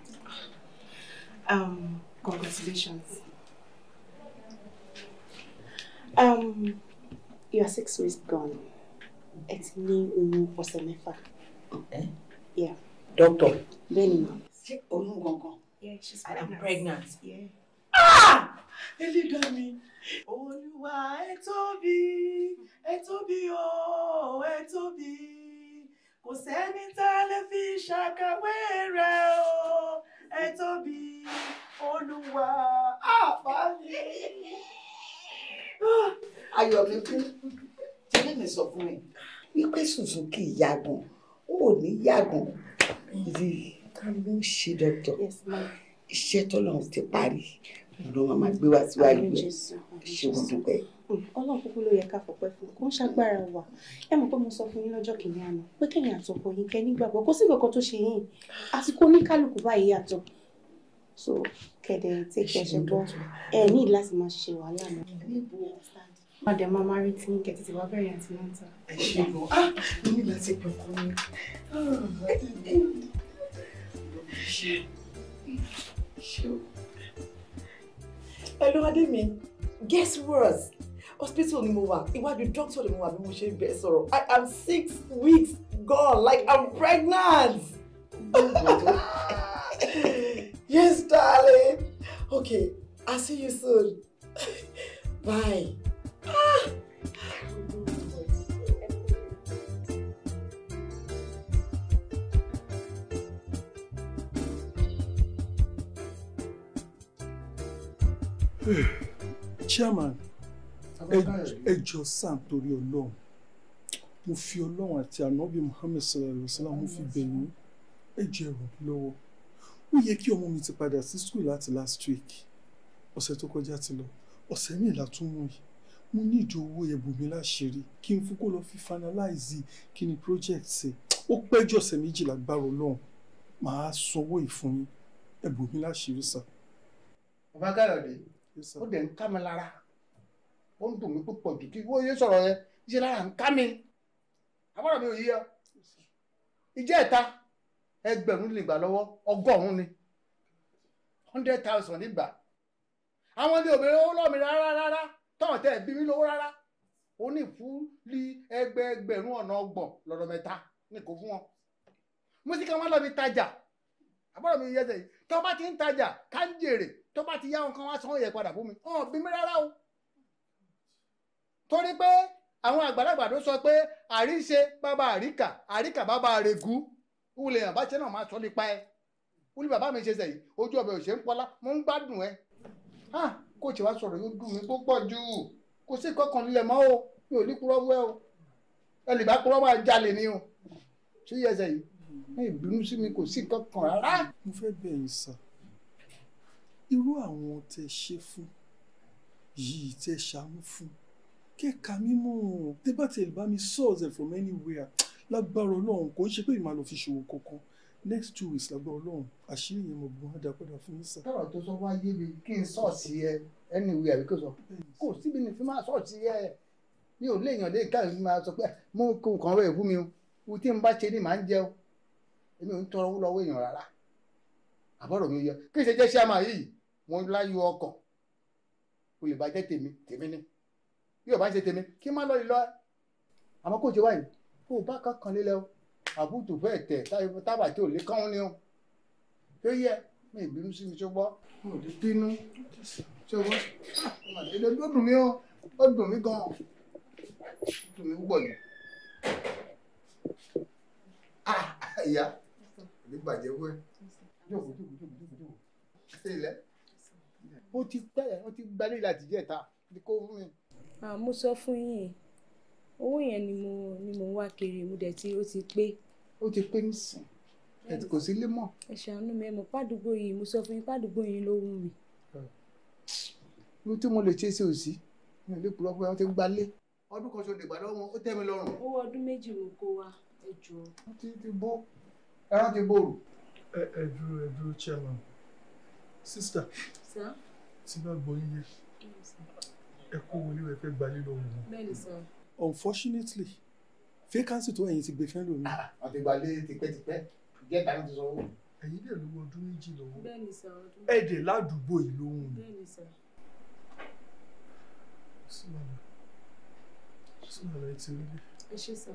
um, congratulations um, you are six weeks gone ẹ ti ní oyún ọ̀sẹ̀ mẹ́fà. doctor. bẹ́ẹ̀ni ma. ṣé oyún gangan. yeah she's pregnant. i pregnant. Yeah. Ah! Ẹlẹ́dàá mi. Olúwa ẹ tóbi, ẹ tóbi o, ẹ tóbi kò sẹ́ni tá a lè fi ṣàkàwé rẹ̀ o ẹ tóbi olúwa àbá mi. ayọ̀ mi kú jẹ́lẹ̀ mi sọ fún mi wípé Suzuki yàgùn ó ní yàgùn rí ká ló ń ṣe dọ́tọ̀ iṣẹ́ tọ́lọ́run ti parí ọ̀rọ̀ wọn máa gbé wá síwájú ẹ̀ ṣé wọ́n dúpẹ́ ọlọ́run kúkú ló yẹ ká fọpẹ́ fún kó ń ṣàgbára wa ẹ mọ̀ pé mo sọ fún yín lọ́jọ́ kìíní àná pé kẹ́yìn àtọkọ yín kẹ́ nígbàgbọ́ kó sì kankan tó ṣe yín àsìkò oníkálukú báyìí yàtọ̀ so kẹ̀dẹ̀ tí kẹ̀ ṣe gbọ́ ẹ ní láti máa ṣe wàhálà mọ́. Mọ̀dẹ̀ máa máa rí tí ń kẹ̀ títí wá bẹ̀rẹ̀ àti máa ń ta. Ẹ ṣe bọ̀, á mo ní láti pẹ̀ fún mi. Ṣé ṣé o? Hello, Ademi, guess worse hospital ni mo wà iwájú doctor ni mo wà bí mo ṣe ń bẹ́ẹ̀ sọ̀rọ̀ i am six weeks gone like i'm pregnant. Oh yes darling okay i'll see you soon bye. Ah. Chairman, ẹjọ sàn torí Ọlọ́run mo fi Ọlọ́run àti ànábì Muhammad sallallahu alayhi wa sallam mo fi bẹ̀ ẹjọ ẹrù mi ó yẹ kí ọmọ mi ti padà sí skul láti last week ọ̀sẹ̀ tó kọjá ti lọ ọ̀sẹ̀ mi là tún mú yìí mo ní ìdí owó ẹ̀bùn mi láṣìírí kí n fún lọ fi finalize kí ni project ṣe ó pẹ́ jù ọ̀sẹ̀ méjìlá gbára Ọlọ́run màá sanwó ìfún yín ẹ̀bùn mi láṣìírí sà. ọba gáyọ̀dé ó dẹ̀ ń ká lára ó ń dùn mí púpọ̀ jù kí wọ́n yé sọ̀rọ̀ yẹn ṣe lára ń ká mi àbọ̀rọ̀ mi ò yíyọ ìjẹ́ ẹ̀ta ẹgbẹ̀rún lè gbà lọ́wọ́ ọgọ́rùn-ún ni hundred thousand nígbà àwọn ilé obìnrin ó lọ́ọ̀mí rárá rárá tọ́wọ̀n tẹ́ ẹ̀ bí mi lówó rárá ó ní ìfúnlí ẹgbẹẹgbẹ̀rún ọ̀nà ọgbọ̀n lọ́dọ̀ mẹ́ta ní kò fún wọn músíkà wọn lọ́ọ́ fi tajà àbọ̀rọ̀ mi yẹ sẹ́yìn tọ́ bá ti ń tajà ká ń jèrè tọ́ bá ti yá wọn kan wá sanwó yẹ padà fún mi ọ̀n bí mi rárá o torí pé àwọn àgbàlagbà ló sọ pé àríṣe bàbá àríkà àríkà bàbá àrègù wúlẹ̀ bàbá tiẹ̀ náà máa sọ nípa ẹ̀ wúlẹ̀ bàbá mi ṣe sẹ̀ ojú ọbẹ̀ ò ń pọ́lá mo ń gbádùn ẹ̀ kó tiwa sọ̀rọ̀ yóò dùn mí púpọ̀ jù kò sí kankan nílẹ̀ mọ́ o mi ò ní kúrọ́ wẹ́ o ẹlẹ́bàá kúrọ́ máa jalè ni o ṣé yẹ ẹsẹ̀ yìí ẹ ìbínú sí mi kò sí kankan rárá. mo fẹ́ bẹ̀ yín irú àwọn tẹ ṣe fún yìí tẹ ṣàánú fún kẹ́ka mímọ́ tẹ́ bá tẹ̀ bá mi source ẹ̀ from anywhere lágbára ọlọ́run kò ń ṣe pé ìmọ̀ àlọ́ fi ṣòwò kankan next two weeks lágbára ọlọ́run àṣírí yẹn mo gbọ́n á dá padà fún yín sà. tọ́rọ̀ tó sọ wá yé mi kí n sọ́ọ̀sì ẹ anywhere àbí kò sọ kò síbi ni fi máa sọ́ọ̀sì ẹ mi ò léèyàn lè ká mi máa sọ pé mo kò kàn wẹ̀ fún mi o ohun tí n bá ṣe ni màá ń jẹ o èmi ò ń tọrọ lọ́wọ́ èèyàn rárá àbọ̀rọ̀ mi yọ kí n ṣe jẹ́ ṣé àmà yìí wọ́n láyọ̀ ọkàn olè tèmi tèmi ni bí ọba ń ṣe tèmi kí má lọ ìlọ ẹ àmọ́ kò ti wáyé kó o bá kankan lélẹ̀ o àbútù fẹ́ẹ̀ tẹ̀ tábà tí ò lè kán ni o tó yẹ mi ìbínú sí mi tó gbọ́ mi ò lè bínú tó gbọ́ màdédé ah, ló dùn mí o ó dùn mí gan ó dùn mí gbọ̀ ni. Ah, ìyá ìdí bàjẹ́ wẹ́ jókòó jókòó jókòó jókòó ṣe ilẹ̀ ó ti gbẹ́rẹ̀ ó ti gbẹ́rẹ̀ láti jẹ́ ta kó fún mi ah, mo sọ fún yín owó yẹn ni mo ni mo wá kiri mo dẹ̀ tí ó ti pé. ó ti pé nísìn ẹ kò sí lé mọ́. ẹ ṣàánú mi ẹ mọ̀ pàdúgbò yìí mo sọ fún yín pàdúgbò yìí ló wù mí. ibi tí mo lè ṣe é ṣe ò sí mi ò lè purọ́ pé wọ́n ti gbalé ọdún kan ṣoṣo ìgbàdàn wọn ó tẹ́ mi lọ́rùn. owó ọdún méjì mo kó wa ẹ jọ̀ọ́. ti ti bó ẹran ti bòrò. ẹ ẹ dúró ẹ dúró chairman sista tí bá gbọ́ yín yé ẹ kó wọlé ẹ fẹ́ gbalé lọ́wọ́ wọn. bẹ́ẹ̀ni sọ. unfortunately vacancy tó ẹ̀yin ti gbé fẹ́ lómi. Ah, àtìgbàlè tipẹ́tipẹ́ jẹ́ ìdáná ti sọ owó. ẹ̀yin dẹ̀ lówó ọdún méjì lọ́wọ́. bẹ́ẹ̀ni sọ ọdún. ẹ dẹ̀ ládùúgbò yìí lóhùn. bẹ́ẹ̀ni sọ. sùnmọ̀lá sùnmọ̀lá ẹ ti rí mi. ẹ ṣe sọ.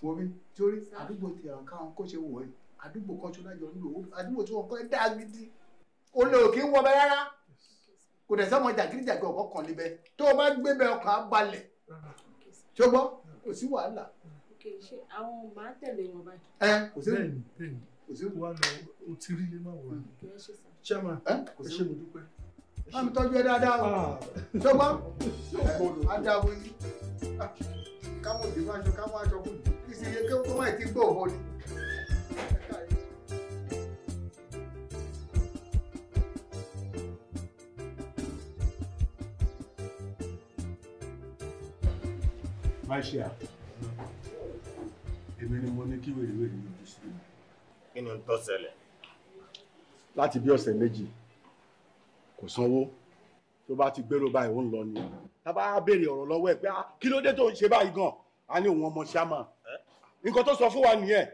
forí torí àdúgbò ti àwọn káwọn kó ṣe wọ̀ ẹ́ àdúgbò kan ṣọlá jọ ń lò ó àdúgbò tí wọ́n kọ́ ẹ dáa gidi olè òkè ń wọ bẹ́ẹ̀ rárá kò dẹ̀ sọ́mọ jàgídíjàgí ọ̀kọ́ kan níbẹ̀ tó o bá gbé bẹ́ẹ̀ ọkàn á balẹ̀ ṣùgbọ́n kò sí wàhálà. ṣé àwọn màá tẹ̀lé wọn báyìí. ẹ kò sí bẹ́ẹ̀ ni kò sí wàá o ti rí má wà ní. chairman ẹ kò sí mo dúpẹ́. má mi tọ́jú ẹ dáadáa o ṣùgbọ́n adáwo ni káwọn òdìbò aṣọ káwọn aṣọ kò dùn kí sì yẹ kó má ti gbọ́ ọ̀bọ ni. Maṣíà, èmi ni mo ní kí wèrèwèrè yọjú sí mi. Kí ni ń tó ṣẹlẹ̀? Láti bí ọ̀sẹ̀ méjì, kò sanwó. Tó bá ti gbèrò báyìí, ó ń lọ ni. Tábà á béèrè ọ̀rọ̀ lọ́wọ́ ẹ̀ pé ah, kí ló dé tó ń ṣe báyìí gan? A ní òun ọmọ ṣámà. Nǹkan tó sọ fún wa nìyẹn.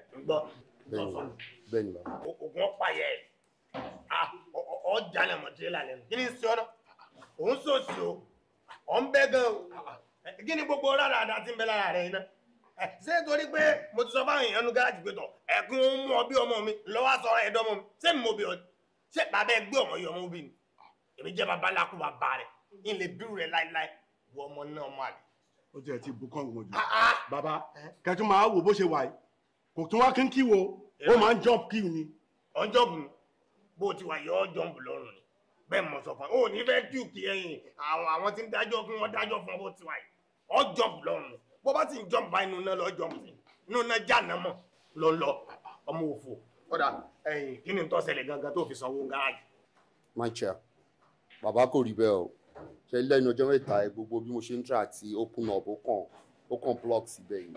Bẹ́ẹ̀ni ma. Ògùn ọ̀páyà ẹ̀. Ọ̀ọ́ jalè mọ̀ tirẹ̀là lẹ́nu. Kí ni sọ́nà? Òun sòsì Ọ̀ ń bẹ́ gan o kí ni gbogbo rárá àdá tí ń bẹ lára rẹ iná ṣé torí pé mo ti sọ fáwọn èèyàn nu gáràjì pé tọ ẹkún ń mú ọbí ọmọ mi lọ́wọ́ sọ ẹ dọmọ mi ṣé mi mo bí ọ ṣé bàbá ẹ gbé ọmọ yìí ọmọ bí mi èmi jẹ bàbá lakú bàbá rẹ ń lè bírù rẹ láíláí wọ ọmọ náà ọmọ àlè. ó ti ẹ̀ ti bukọ́ wọn jù ah, ah. bàbá kẹtù máa wò bó ṣe wà yìí kò tún wá kí n kí wo ó máa ń jump kí ni. ọ̀ ń jump ni bó ti wà yọ ọ́ jump lọ́rùn ni bẹ́ẹ̀ mọ̀ sọ fún ọ ò ní fẹ́ kí ò kí ẹ̀yìn àwọn àwọn tí ń dájọ́ ọ jọ̀bù lọ́rùn bó bá sì ń jọ̀bù bá inú náà lọ jọ̀bù sí inú náà já náà mọ̀ lọ lọ ọmọ òfò kódà ẹ̀yìn kí ni tó ṣẹlẹ̀ gangan tó fi sanwó gáàjì. my chair bàbá kò rí bẹ́ẹ̀ o ṣe lẹ́nu ọjọ́ mẹ́ta ẹ gbogbo bí mo ṣe ń tra àti open up ó kàn ó kàn block síbẹ̀ yìí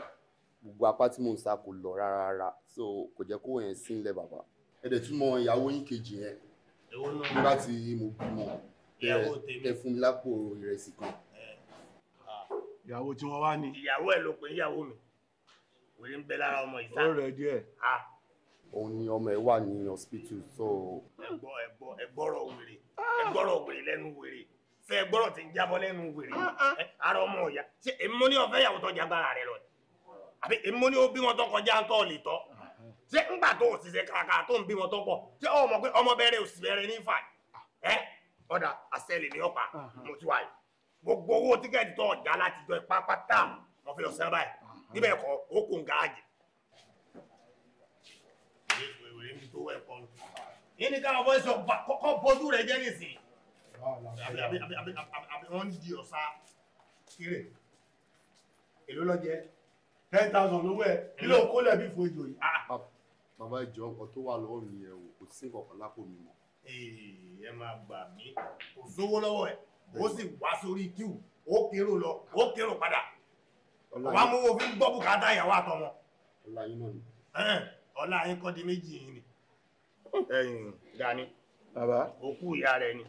gbogbo apá tí mò ń sá kò lọ rárá rárá so kò jẹ́ kó yẹn sí ńlẹ̀ bàbá ẹ dẹ̀ tún mọ ìyàwó yín kejì yẹn nígbà tí mo bímọ ẹ fún mi lápò ìrẹsì kan ìyàwó tí wọ́n wá ní. ìyàwó ẹ̀ ìyàwó mi wèrè ń bẹ lára ọmọ ìta. ó rẹ díẹ̀. òun ni ọmọ ẹ wà ní so. ẹgbọ ẹgbọ ẹgbọrọ wèrè ẹgbọrọ wèrè lẹnu wèrè fẹ ẹgbọrọ tí ń wèrè ara ọmọ ṣe ọfẹ ìyàwó tó jagbára rẹ lọ àbí ó bí wọn tó kọjá lè ńgbà tó ọmọ pé ọmọ ní fà àṣẹ lè ní mo ti gbogbo owó tíkẹ́ẹ̀tì tó ọ̀dá láti jọ ipá pátá lọ fi lọ sẹ́rà báyìí níbẹ̀ kọ́ ó kò ń gáàjì. yín ni káwọn bọ́ sọ kọ́kọ́ bójú rẹ̀ jẹ́ nìsín. àbí wọ́n ń di ọ̀sá kéré èló lọ jẹ ten thousand lówó ẹ nílò kó lẹ́bí fún ìjò yìí. Ah. bàbá ìjọ ọkọ tó wà lọ́wọ́ mi yẹn o kò sí nǹkan lápò mi mọ́. ẹ máa gbà mí kò sówó lọ́wọ́ ẹ̀ ó sì wá sórí kíw ó kérò lọ ó kérò padà wàá mú wo fi ń gbọ́ bùkátà ìyàwó àtọmọ. ọlá yín náà ni. ọlá yín kọ́ di méjì yìí ni. ẹ̀yin Gani bàbá òkú ìyá rẹ ni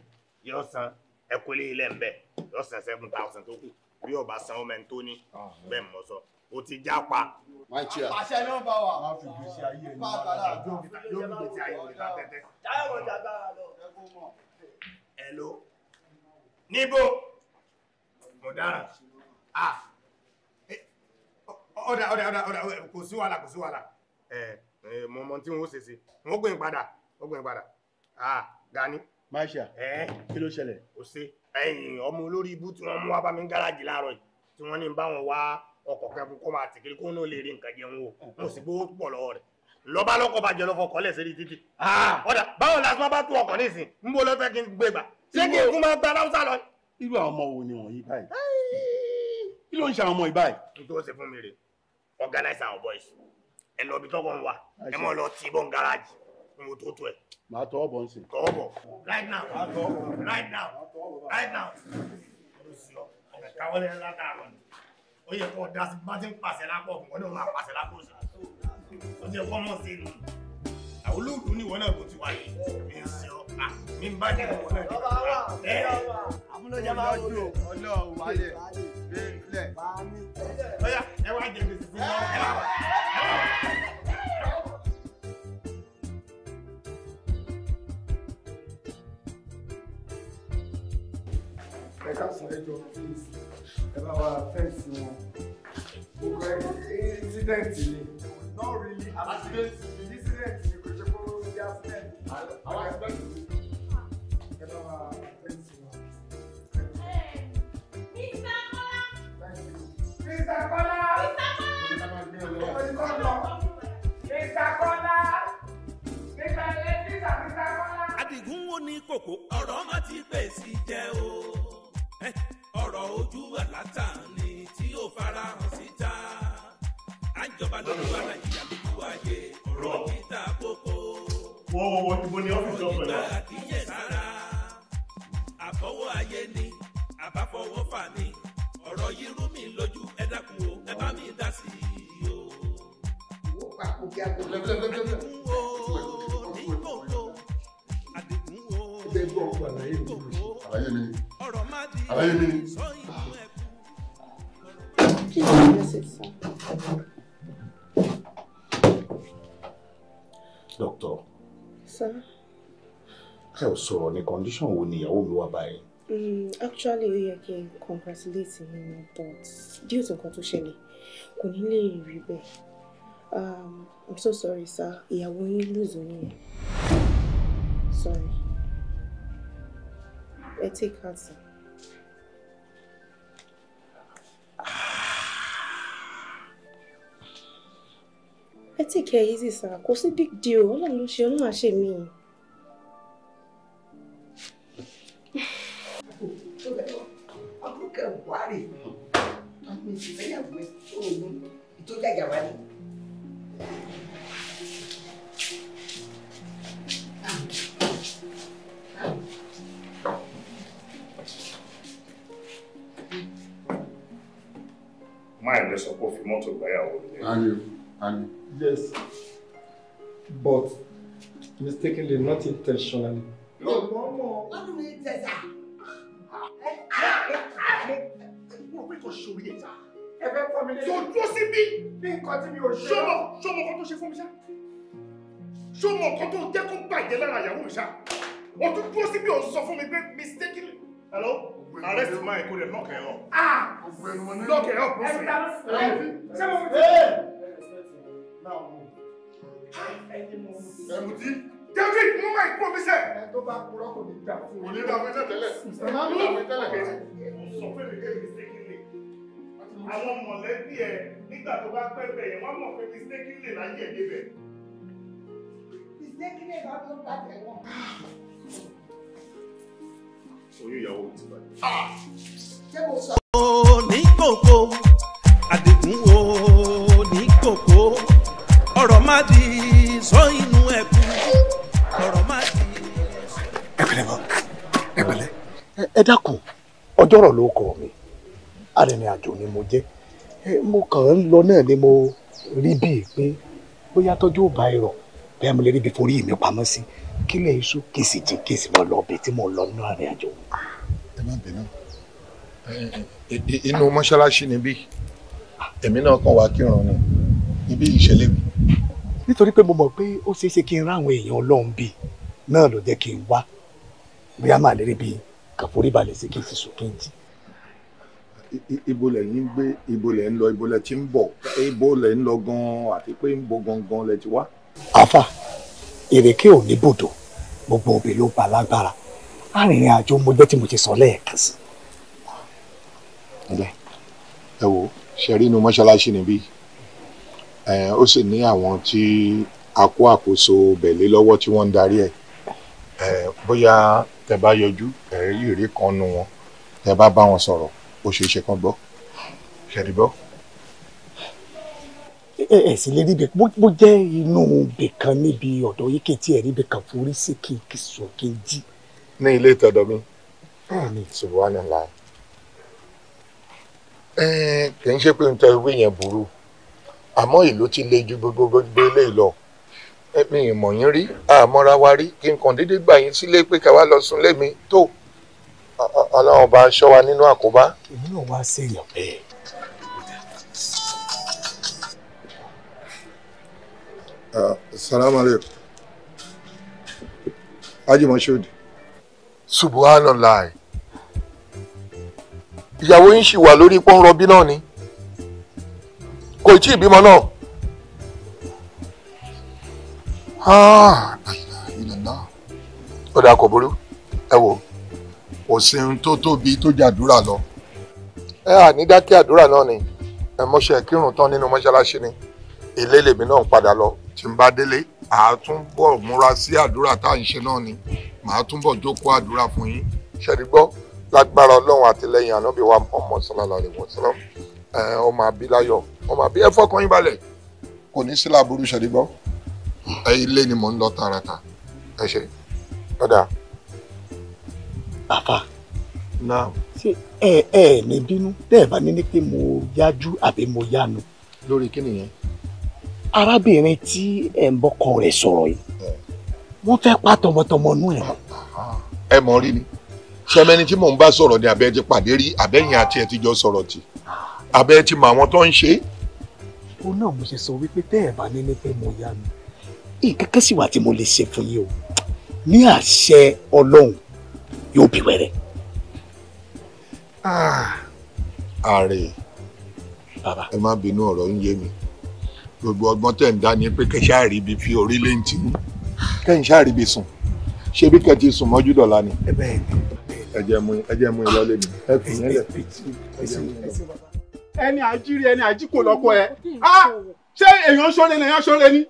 yóò san ẹkọlé ilẹ̀ ń bẹ̀ yóò san seven thousand tó kù bí ọba san ọmọ tó ní ah. bẹ́ẹ̀ mọ̀ sọ o ti já pa. àṣẹ náà bá wà. má fi gbèsè ayé ẹni máa tàlà yóò fi gbèsè ayé ẹni máa tẹ́tẹ́. táyọ̀ mọ̀ lọ. nibo ọ̀daràn ah eh, ọ̀dà ọ̀dà ọ̀dà ọ̀dà kò sí wàhálà kò sí wàhálà ẹ̀ mọ̀ mọ̀ tí wọ́n ṣe sí wọ́n gbìn padà gbìn padà Gani. kí ló ọmọ olórí ibú tí mú bá mi gáràjì yìí tí ní bá wọn wá kẹfún máa tìkiri kó náà lè rí nǹkan jẹun o mo sì títì. Ah. báwo la sọ bá ṣé kí ikú máa ta láwùsá lọ. irú àwọn ọmọ wo ni wọ̀nyí báyìí kí ló ń ṣe àwọn ọmọ yìí báyìí. n tó ṣe fún mi rè organize our boys ẹ lọ ibi tọ́kọ̀ ń wà ẹ mọ̀ lọ tí bọ́n gáràjì fún mo tó tó ẹ. màá tọwọ́ bọ̀ nsìn. tọwọ́ bọ̀ right now right now right now ọ̀rẹ́ káwọ́lẹ́ ńlá dàrọ̀ ni ó yẹ kó bá ti ń pàṣẹ lápò ọ̀gbìn wọn ni wọn máa pàṣẹ lápò ọ̀sẹ̀ ó yẹ sí i nù àwọn olóòdù ni ìwọ náà kò ti wáyé mi ń sọ à mi ń bá jẹ ìwọ náà ní ọba ẹ amúnájà máa ń lò Ọlọ́run wálé bẹẹlẹ ọyà ẹ wá jẹ gbèsè sí wọn ẹ wá. ẹ káàsán ẹ jọ fíìsì ẹ bá wa fẹ́ǹsì wọn gbogbo ẹ incident ni not really accident incident ni àwọn àti bẹ́ẹ̀ ẹ Mr. Kọ́lá. Mr. Kọ́lá. Mr. Mr. Kọ́lá. Àdìgún wo ni kòkó? Ọ̀rọ̀ má ti o. Ọ̀rọ̀ ojú àlátà ni tí ó farahàn síta. Àjọba lórí wa nàìjíríà lójú ayé wọ́n wọ́n wọ́n ibo ni ọ́fíìsì ọ̀pọ̀ náà. ìgbà sára àfọwọ́ ayé ni àbáfọwọ́ fà ni ọ̀rọ̀ yìí rú mi lójú ẹ dákun o ẹ bá mi dá sí i o. owó pàkó kí a kó lẹ́gbẹ̀lẹ́gbẹ̀. àdìgún o ní gbòòrò àdìgún o ní gbòòrò ọ̀rọ̀ má di sọ ìlú ẹ̀kú. kí ni ìyá ṣe fún. Doctor sir. ẹ ò sọ̀rọ̀ ní condition wo ni ìyàwó mi wà báyìí. Mm, actually ó yẹ kí n congratulate yín ni but due to nǹkan tó ṣẹlẹ̀ kò ní lè rí bẹ́ẹ̀ um, i'm so sorry sir ìyàwó yín lùzọ nìyẹn sorry ẹ take heart sir. ẹ tí kẹ yìí sì sàn kò sí big deal ọlọ́run ló ṣe ọlọ́run àṣẹ mi. ọkùnkẹ buhari ọmọ ìfẹyàwó òun ìtọ́jà jàmbá ni. máa ń lọ sọ pé ó fi mọ́tò gbáyàwó rẹ̀. And yes, but mistakenly, not intentionally. No, no, no. What do we say, ah. sir? Mo fẹ́ kọ sórí ẹ̀ sá. Ẹ fẹ́ kọ́ mi lẹ́yìn. Tó dúró sí bí. Bí nǹkan tí mi ò ṣe. Ṣọmọ ṣọmọ kan tó ṣe fún mi you, sir. kan tó jẹ́ kó bàjẹ́ lára ìyàwó mi mistakenly. Hello? Arrest my code and knock it up. Ah! Knock it up, bro. Ṣé náà wò. ẹ̀mùtí. David mú máa kú omi sẹ́. ẹ tó bá kúrọ́ kò ní gbà fún mi. kò ní gbà fún mi tẹ́lẹ̀. ìsàlámù sọ pé mi kéde mistakenly. àwọn mọ̀lẹ́bí ẹ nígbà tó bá pẹ́ bẹ̀ yẹn wọ́n mọ̀ pé mistakenly láyé ẹ̀ débẹ̀. mistakenly bá tó bá tẹ̀ wọ́n oyún ìyàwó ti bàjẹ́. Ah! oníkókó àdìgún oníkókó kọ̀rọ̀ má di sọ inú ẹkún kọ̀rọ̀ má di. ẹ pẹ̀lẹ́ bọ ẹ dákun ọjọ́rọ̀ ló kọ mi arìnrìn-àjò ni mo jẹ́ mo kàn ń lọ náà ni mo rí bíi pé bóyá tọ́jú ò bá irọ̀ bẹ́ẹ̀ mo lè rí ibi forí mi pamọ́ sí kílẹ̀ iṣu kìsì jí kìsì mọ́ lọ bíi tí mo lọ nínú arìnrìn-àjò. ẹ má bínú inú mọ́ṣáláṣí ni bí èmi náà kàn wá kírun ni ibi ìṣẹ̀lẹ̀ mi. nítorí pé mo mọ̀ pé ó ṣeé ṣe kí n rá àwọn èèyàn ọlọ́run bíi náà ló jẹ́ kí n wá bóyá màá lérí bíi kàforí balẹ̀ sí kí n fi sùkún tì. ibo lẹ̀ ń gbé ibo lẹ̀ ń lọ ibo lẹ̀ ti ń bọ̀ ibo lẹ̀ ń lọ gan-an àti pé ń bo gangan lẹ̀ ti wá. àfà ìrèké ò ní bòdò gbogbo òbí ló bá lágbára arìnrìn àjò mo gbé tí mo ti sọ lẹ́ẹ̀kan sí. ẹ wo ṣe rí inú mọ́ṣáláṣí níbí ó sì ní àwọn tí a kó àkóso bẹ̀lẹ́ lọ́wọ́ tí wọ́n ń darí ẹ̀ bóyá tẹ bá yọjú ẹ rí ìrí kan nu wọn tẹ bá bá wọn sọ̀rọ̀ ó ṣeé ṣe kán gbọ́ ṣẹ̀rí gbọ́. ẹ ẹ sì lè rí ibẹ̀ bó jẹ́ inú ibẹ̀ kan níbi ọ̀dọ̀ yìí kí n tiẹ̀ rí ibẹ̀ kan forí sí kí n kì sùn kí n jí. ní ilé ìtọ́dọ̀ mi ṣùgbọ́n àná la ẹ kì í ṣe pé n tẹ wí yẹn burú àmọ́ ìlú ti le ju gbogbo gbogbo eléyìí lọ mi ìmọ̀ yín rí àmọ́ra wa rí kí n kàn déédéé gbà yín sílé pé ká wá lọ sùn lémi tó ọlọ́run bá aṣọ wa nínú àkóbá. èmi náà wá sí èèyàn bẹ́ẹ̀. salaam aleykum haji moshood. subhanallah ìyàwó yín ṣì wà lórí pọ́nrọ́bí náà ni kò tí ì bímọ náà. Ah, ó dà kò burú ẹ wò kò sí ohun tó tóbi tó jàdúrà lọ. ẹ à ní dákẹ́ àdúrà náà ni ẹ mọ́ṣẹ́ kírun tán nínú mọ́ṣáláṣí ni ilé lèmi náà ń padà lọ tí n bá délé màá tún bọ̀ múra sí àdúrà tá à ń ṣe náà ni màá tún bọ̀ jókòó àdúrà fún yín ṣẹ́ni gbọ́ lágbára ọlọ́run àtìlẹ́yìn ànábì wa ọmọ sọlá lálẹ́ wọ́n sọlá ọmọ eh, àbí láyọ̀ ọmọ àbí ẹ fọkàn yín balẹ̀ kò ní sí láburú ṣẹlẹ̀ gbọ́ ẹ ilé ni mò ń lọ tààràtà ẹ ṣe ọ̀dà. àfà ṣé ẹ ẹ ní bínú bẹ́ẹ̀ bá ní ní pé mo yájú àbí mo yánu. lórí kí nìyẹn. arábìnrin tí ẹ ń bọ́kọ rẹ̀ sọ̀rọ̀ yìí wọ́n fẹ́ pa tọmọtọmọ nú ẹ̀. ẹ mọ̀ rí ni sẹ́mẹ́ni tí mò ń bá sọ̀rọ̀ ni àbẹ́ẹ́ ti pàdé rí àbẹ́yìn àti ẹ̀ ti jọ sọ̀rọ̀ tì abẹ́ ti mọ àwọn tó ń ṣe. ó náà mo ṣe sọ wípé tẹ́ ẹ̀ bá nílé pé mo yá mi ìkẹ́kẹ́ sì wà tí mo lè ṣe fún yín o ní àṣẹ ọlọ́run yóò bí wẹ́rẹ́. Ah, ààrẹ ẹ má bínú ọ̀rọ̀ ń yé mi gbogbo ọgbọ́n tẹ̀ ń dá ní pé kẹ́sà àríbi fi orílẹ̀ ń tì í kẹ́sà àríbi sùn ṣé bí kẹ́ ti sùn mọ́jú dọ̀la ni. ẹ jẹ́ mú ẹ lọ́lé mi ẹ fi yín lẹ̀ ẹni àjírí ẹni àjíkò lọ́kọ ẹ ah! ṣé èèyàn ṣọlẹ ni èèyàn ṣọlẹ ni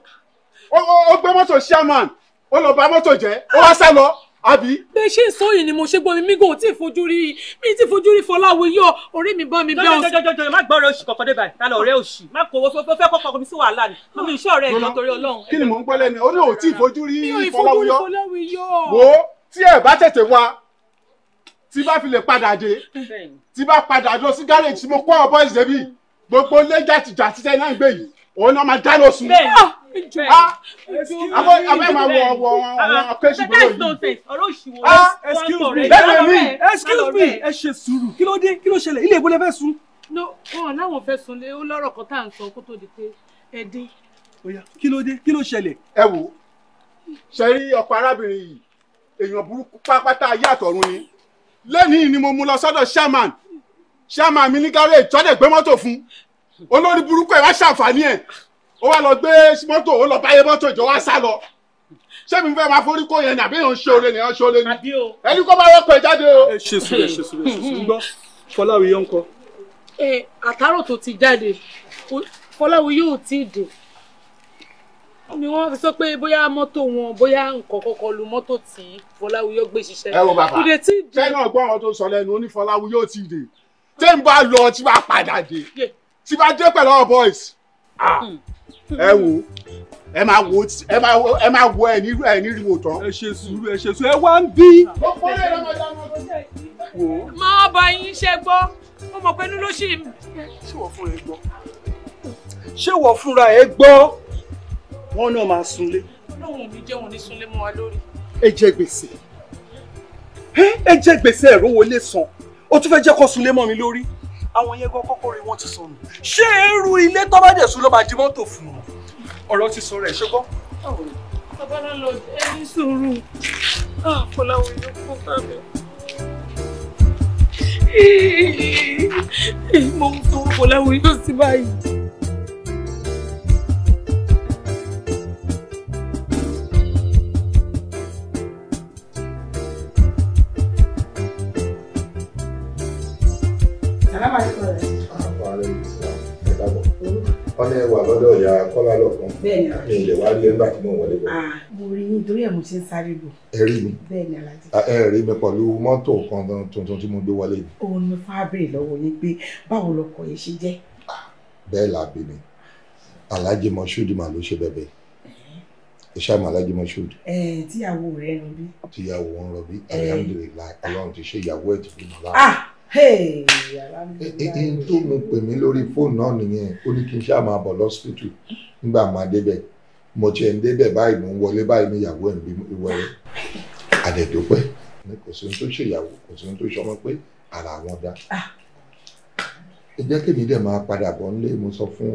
ó gbé mọ́tò chairman ó lọ bá mọ́tò jẹ́ ó wá sá lọ àbí. bẹ́ẹ̀ ṣe ń sọ yìí ni mo ṣe gbọ́ mi mi gò tí ì fojú rí mi tí ì fojú rí fọláwo yọ orí mi bá mi bẹ́ẹ̀ òsì. jọjọjọjọ má gbọ́ ọ̀rọ̀ oṣù kọ̀ọ̀kan dé báyìí tálọ̀ ọ̀rẹ́ oṣù má kó owó fẹ́ kọ́kọ́ mi sí wàhálà ni mo mi iṣẹ́ ọ̀rẹ́ ìjọ torí ọlọ́run. kí ni mò ń gbọ́ lẹ́nu ó ní òtí ìfojú rí fọláwo yọ tí bá fi lè padà dé tí bá padà lọ sí gárèjì tí mo kọ́ ọ bọ́ìsì débi gbogbo ilé jàtìjà títẹ náà gbé yìí òun náà máa dáná sùn. àbọ̀ àbẹ̀ máa wọ ọwọ́ àwọn akéṣù bọ́ọ̀lù yìí. Ah, excuse me bẹ́ẹ̀ mi excuse me ẹ ṣe sùúrù kí ló dé kí ló ṣẹlẹ̀ ilé ìbúlẹ̀ fẹ́ sùn. wọn làwọn fẹ́ sùn lé ó lọ́rọ̀ kan tá à ń sọ kó tó di pé ẹ dé. kí ló dé kí ló ṣẹlẹ̀. ẹ wo ṣe rí ọkọ arábìnrin yìí èèyàn burúkú pápátá ayé àtọ̀run ni lẹ́nìí ni mo mú lọ sọ́dọ̀ chairman chairman mi ní gárèjì tọ́lẹ̀ gbé mọ́tò fún olórí burúkú ẹ̀ wá ṣàǹfààní ẹ̀ ó wá lọ gbé mọ́tò ó lọ báyé mọ́tò ìjọ wá sá lọ ṣé mi fẹ́ máa forí kó yẹn nàbí yàn ṣoore ni yàn ṣoore ni ẹni kó bá rọ́pò ẹ̀ jáde o. ẹ ṣe sùúrù ṣe sùúrù ẹ ṣe ń kọ. ẹ eh, àtàrò tó ti jáde fọláwí yóò tí ì dé ni wọ́n sọ pé bóyá mọ́tò wọn bóyá nǹkan kọ́kọ́ lu mọ́tò tí Fọláwíyọ gbé ṣiṣẹ́. ẹ wo bàbá sẹ́yìn náà gbọ́ àwọn tó sọ lẹ́nu ó ní Fọláwíyọ ti dé tí n bá lọ tí bá padà dé tí bá dé pẹ̀lú àwọn boys hmm. ẹ wo ẹ máa wo ẹ máa wo ẹ máa ẹ ní ẹ tán. ẹ ṣe sùúrù ẹ ṣe sùúrù ẹ wá ń bí. máa bá yín ṣe gbọ́ ó mọ̀ pé inú ló ṣì ń. ṣé wọ́n fúnra ẹ gbọ́. ṣé wọ́n fúnra ẹ gbọ́ wọn náà máa sunlé. ọlọ́run ò ní jẹ́ wọn ní sunlé mọ́ wa lórí. ẹ jẹ gbèsè ẹ jẹ gbèsè ẹ̀rọ wo lè san o tún fẹ́ jẹ́ kó sunlé mọ́ mi lórí. àwọn yẹn gan kọ́kọ́ rí wọn ti sọnù ṣé irú ilé tó bá sùn ló máa di mọ́tò fún un ọ̀rọ̀ ti sọ̀rọ̀ ẹ̀ ṣùgbọ́n. bàbá náà lọ ẹni sùúrù àpòláwọ̀ ìlú kó tàbí mo ń tọwọ́ bọ̀ yóò sí báyìí. wọ́n ní ẹwà lọ́dọ̀ ìyá kọ́lá lọ́kàn ní ilẹ̀ wá rí ẹgbà tí mò ń wọlé bọ̀. mo rí yín torí ẹ̀ mo ṣe ń sáré bọ̀. ẹ rí mi ẹ rí mi pẹ̀lú mọ́tò kan tuntun tí mo gbé wọlé. òun ni fábírí lọ́wọ́ yín pé báwo lọkọ yẹn ṣe jẹ́. bẹ́ẹ̀ la bí mi alhaji moshood mà ló ṣe bẹ̀bẹ̀ iṣẹ́ àmọ́ alhaji moshood. tíyàwó rẹ ń rọbí. tíyàwó ń rọbí alhamdulilayi ọlọ́run ti ṣe ìyàwó ẹ̀ ti bímọ láàrín n tó mi pè mí lórí fóònù náà nìyẹn ó ní kí n ṣáà máa bọ̀ lọ́sítítù nígbà máa débẹ̀ mo tiẹ̀ ń débẹ̀ báyìí mo ń wọlé báyìí níyàwó ẹ̀ ń bí wọlé àdẹ̀dọ́pẹ́ kò sí ohun tó ṣèyàwó kò sí ohun tó ṣọmọ pé ara wọn dá ah. ẹ jẹ́ kí èmi dẹ̀ máa padà bọ̀ nílé mo sọ fún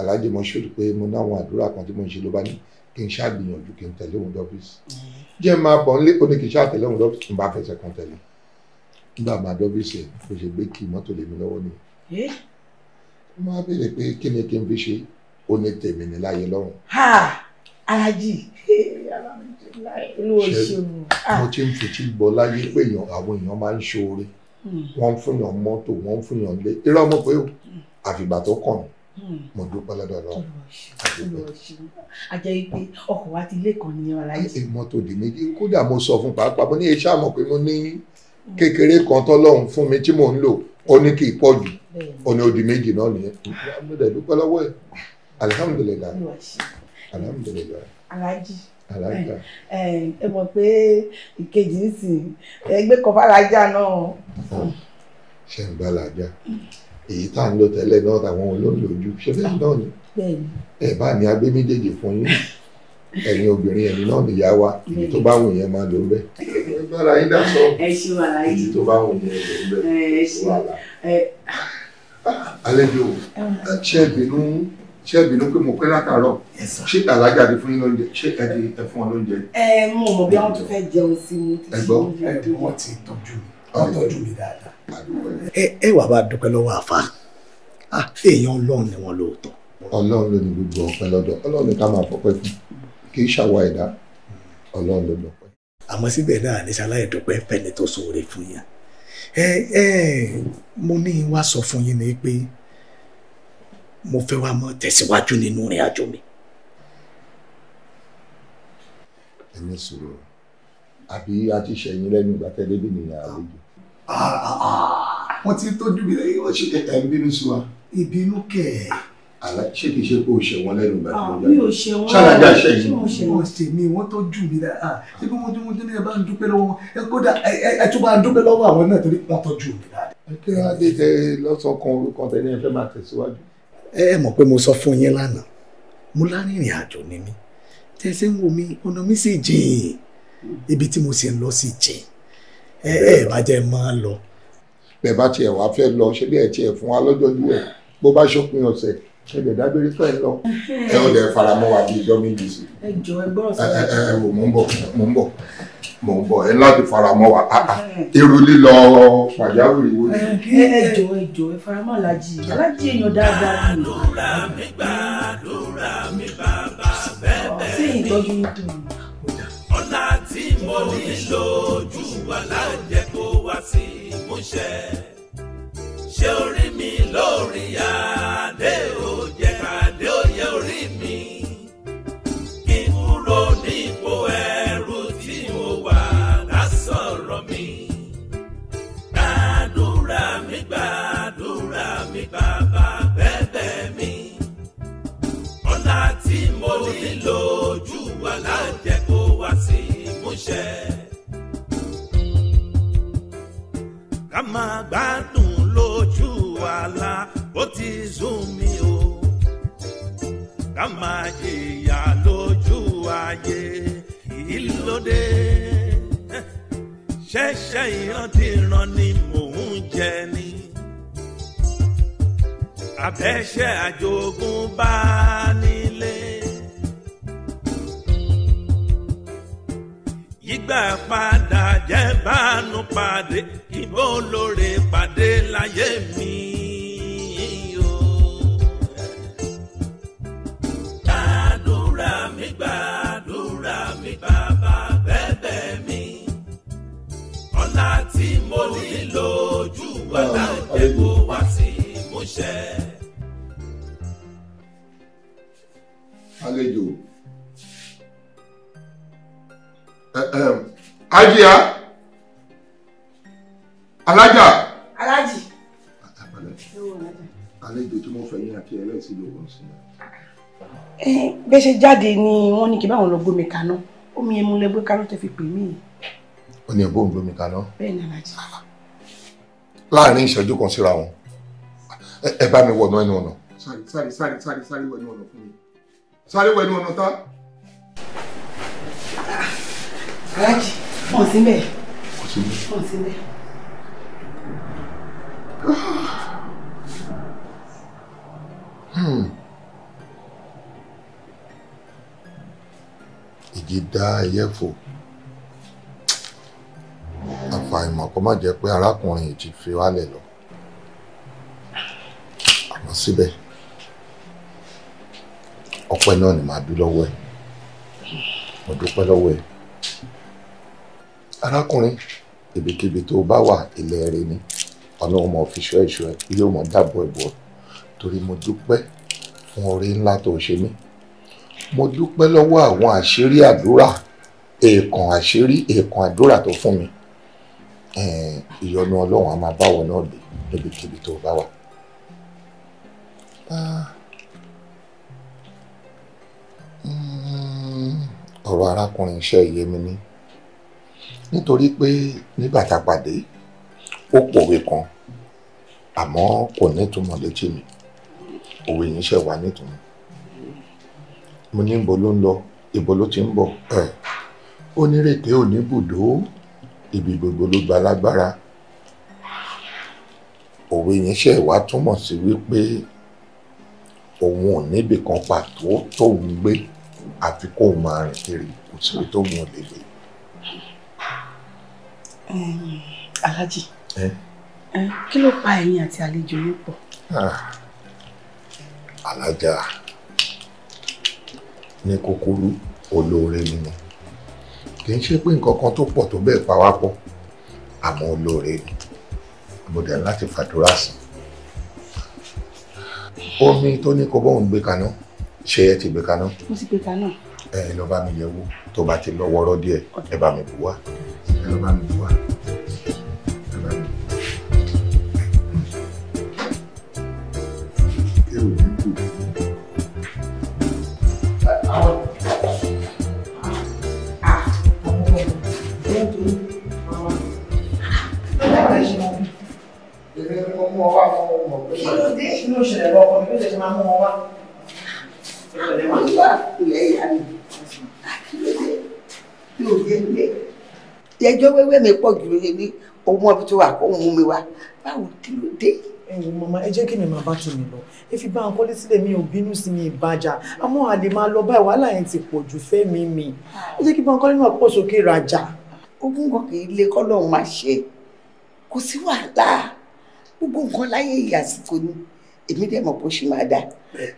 alhaji moshood pé mo náwọn àdúrà kan tí mo ń ṣe ló bá ní kí n ṣáà gbìyànjú kí n tẹ̀lé òun lọ́fíìsì mm. jẹ́ máa bọ̀ nílé ó ní tẹ̀lé òun lọ́fíìsì n bá fẹsẹ̀ kan tẹ̀lé nígbà máa dọ́bí ṣe kò ṣe gbé kí mọ́tò lèmi lọ́wọ́ ni. mo máa béèrè pé kí ni kí n fi ṣe ó ní tèmi ní láyé lọ́rùn. alájì olúwo ṣeun. Ah. mo ti ń fìtí gbọ́ láyé pé àwọn èèyàn máa ń ṣoore hmm. wọ́n ń fúnyàn mọ́tò wọ́n ń fúnyàn lé irọ́ mọ̀ pé o hmm. àfìgbà tó kàn hmm. mo dúpẹ́ lọ́dọ̀ lọ. àjẹ́ ipe ọkọ̀ wa ti lé kan ní ọ̀la yìí. mọ́tò di méjì kódà mo sọ fún pàápàá mo ní iṣẹ́ àmọ̀ pé mo ní kékeré kan tọ́lọ́run fún mi tí mò ń lò ó ní kì í pọ̀ jù ó ní odi méjì náà nìyẹn mo dẹ̀ dúpẹ́ lọ́wọ́ ẹ̀ alihamudulilayi alihamudulilayi. alhaji alájà. ẹ mọ̀ pé ìkejì ń sìn ẹgbẹ́ kan fàlájà náà. Ah, ṣé ń bá làjà èyí tá à ń lò tẹ́lẹ̀ náà táwọn olóńlò ojú ṣẹlẹ̀ náà ni ẹ bá ní agbé méjèèjì fún yín ẹ̀yin obìnrin ẹ̀yin náà nìyá wa ibi tó bá wù yẹn máa lò bẹ́ẹ̀. bára yín dá sọ ibi tó bá wù yẹn lò bẹ́ẹ̀ wàhálà. àlejò ṣé ìbínú ṣé ìbínú pé mo pẹ́ látàárọ̀ ṣé alájà ti fún yín lóúnjẹ ṣé ẹ ti ẹ fún wọn lóúnjẹ. ẹ mú ọmọ bí wọn tún fẹ́ jẹun sí mi. ẹ gbọ́ ẹ wọ́n ti tọ́jú mi wọ́n tọ́jú mi dáadáa. ẹ wàá bá dúpẹ́ lọ́wọ́ àfa ah, èèyàn ọlọ́run ni wọ́n lóòótọ́. ọlọ́run ló ní gbogbo ọpẹ́ lọ́dọ̀ ọlọ́run ká máa fọpẹ́ fún un kì í ṣàwa ẹ̀dá ọlọ́run ló dọ̀pẹ́. àmọ́ síbẹ̀ náà ní ṣaláì dọ̀pẹ́ fẹ́ni tó ṣoore fún yín ẹ ẹ mo ní wá sọ fún yín ni pé mo fẹ́ wá mọ́ tẹ̀síwájú nínú ìrìn àjò mi. ẹni sọ̀rọ̀ àbí a ti ṣẹ̀yìn lẹ́nu ìgbà tẹ́lẹ̀ bí nìyẹn àlejò. wọ́n ah, ah, ah. ti tọ́jú mi lẹ́yìn wọ́n ṣe kẹta ìbínú sí wa. ìbínú kẹ̀ àlá ṣé kìí ṣe pé o ṣẹ̀wọ̀n lẹ́nu ìgbà tó ń jà ṣálájà ṣe yìí. wọ́n ṣe wọ́n ṣe mí wọ́n tó jù mí dáa ah, ṣé bí wọ́n dúró dúró bá ń dúpẹ́ lọ́wọ́ ẹ kódà ẹ tún bá ń dúpẹ́ lọ́wọ́ àwọn náà torí wọ́n tó jù mí dáa. kí wọ́n á dé tẹ lọ́sọ̀ kan orúkọ tẹ́lẹ̀ fẹ́ máa tẹ̀síwájú. ẹ mọ̀ pé mo sọ fún yín lánàá mo lárìnrìn àjò ni mí tẹ́ ṣe ń wo mi ọ̀nà mi sì jìn ibi tí mo sì ń lọ sí jìn ẹ ẹ bá jẹ́ máa lọ. bẹ́ẹ̀ bá tiẹ̀ wá fẹ́ lọ ṣé bí ẹ tiẹ̀ fún wa lọ́jọ́ yìí ẹ̀ bó bá ṣópin ọ̀sẹ̀ ṣẹlẹ̀ dágbére sọ ẹ lọ. ẹ ò lè fara mọ́ wa bí ijọ́ méjì sí. ẹ jọ ẹ gbọ́dọ̀ sí. ẹ ẹ wò mò ń bọ̀ mò ń bọ̀ mò ń bọ̀ ẹ láti fara mọ́ wa irú ah, ah, lílọ pàjáwìrì wo. ẹ jọ ẹ jọ ẹ fara mọ́ alájí alájí èèyàn dáadáa ni. lóra mi gbà lóra mi bàbá bẹ́ẹ̀ bẹ́ẹ̀. sí ọ̀la tí mo nílò ojú wa láǹjẹ́ kó wá sí ìmúṣẹ ṣé orí mi lórí adé. bẹ́ẹ̀ ṣe jáde ni wọ́n ní kí báwọn lọ gbómi kaná omi ẹmu lẹ gbé kaná tó fi pè mí. ó ní ẹ̀bùn gbómi kaná. bẹ́ẹ̀ ni alájí. láàárín ìṣẹ́jú kan síra wọn ẹ bá mi wọnú ẹnu ọ̀nà. sáré sáré sáré sáré sáré wẹnu ọ̀nà fún mi sáré wẹnu ọ̀nà tá. alájí wọn sí bẹ́ẹ̀. kò sí bẹ́ẹ̀. Hmm. ìgídá ẹyẹfò àfàìmọ̀ kó má jẹ́ pé arákùnrin yìí ti fi wálẹ̀ lọ àmọ́ síbẹ̀ ọpẹ́ náà ni màá dú lọ́wọ́ ẹ̀ mo dúpẹ́ lọ́wọ́ ẹ̀ arákùnrin ibikíbi tó bá wà ilẹ̀ rẹ ni ọlọ́run mọ̀ fi ṣọ́ ẹ̀ṣọ́ ẹ̀ yóò mọ̀ dáàbò ẹ̀bọ̀ torí mo dúpẹ́ fún oore ńlá tó ṣe mí mo dúpẹ́ lọ́wọ́ àwọn àṣírí àdúrà èèkàn àṣírí èèkàn àdúrà tó fún mi ìyọ́nú ọlọ́run a máa báwọ náà lè níbikíbi tó bá wà. ọ̀rọ̀ arákùnrin iṣẹ́ yẹmi ni nítorí pé nígbà tá a pàdé ó pòwe kan àmọ́ kò nítumọ̀ létí mi òwe yìí ṣẹ̀ wá nítumọ̀ mo ní ibo ló ń lọ ibo ló ti ń bọ̀ ẹ̀ ó nírèké ò ní bùdó ibi gbogbo ló gba lágbára òwe yẹn ṣe wá túmọ̀ sí wípé òun ò níbì kan pàtó tóun gbé àfi kóun máa rìn kiri kò síbi tóun ò lè gbé. Alhaji kí ló pa ẹ̀yin àti àlejò yín pọ̀. Alájà. Ah ní kúkúrú olóore ni mo kì í ṣe pé nǹkan kan tó pọ̀ tó bẹ́ẹ̀ pa wá pọ̀ àmọ́ olóore ni mo dẹ̀ láti fàdúrà sí omi tó ní kó bóun gbé kaná ṣe é ti gbé kaná. mo ti gbé kaná. ẹ lọ bá mi yẹ̀ wò tó bá ti lọ wọrọ díẹ̀ ẹ bá mi bù wá ẹ lọ bá mi bù wá. ètò èmi ni mo mú ọ wá mo ẹjọ́ wẹ́wẹ́ mi pọ̀ jù lóye ní owó ọbí tó wà kó mú mi wá báwo kí ló dé ẹ wò màmá ẹ jẹ́ kí mi máa bá tèmi lọ ẹ fi bá àǹkọ́lé sílẹ̀ mi ò bínú sí mi ìbàjá àmọ́ àlè máa lọ báyìí wàhálà yẹn ti pọ̀ jù fẹ́ mi mi ẹ jẹ́ kí bá àǹkọ́lé náà pọ̀ sókè rajà ogún kan kì í lé kọ́lọ́run máa ṣe kò sí wàhálà gbogbo nǹkan láyé ìyàsìkò ni èmi dẹ̀ mọ̀ bó ṣe máa dà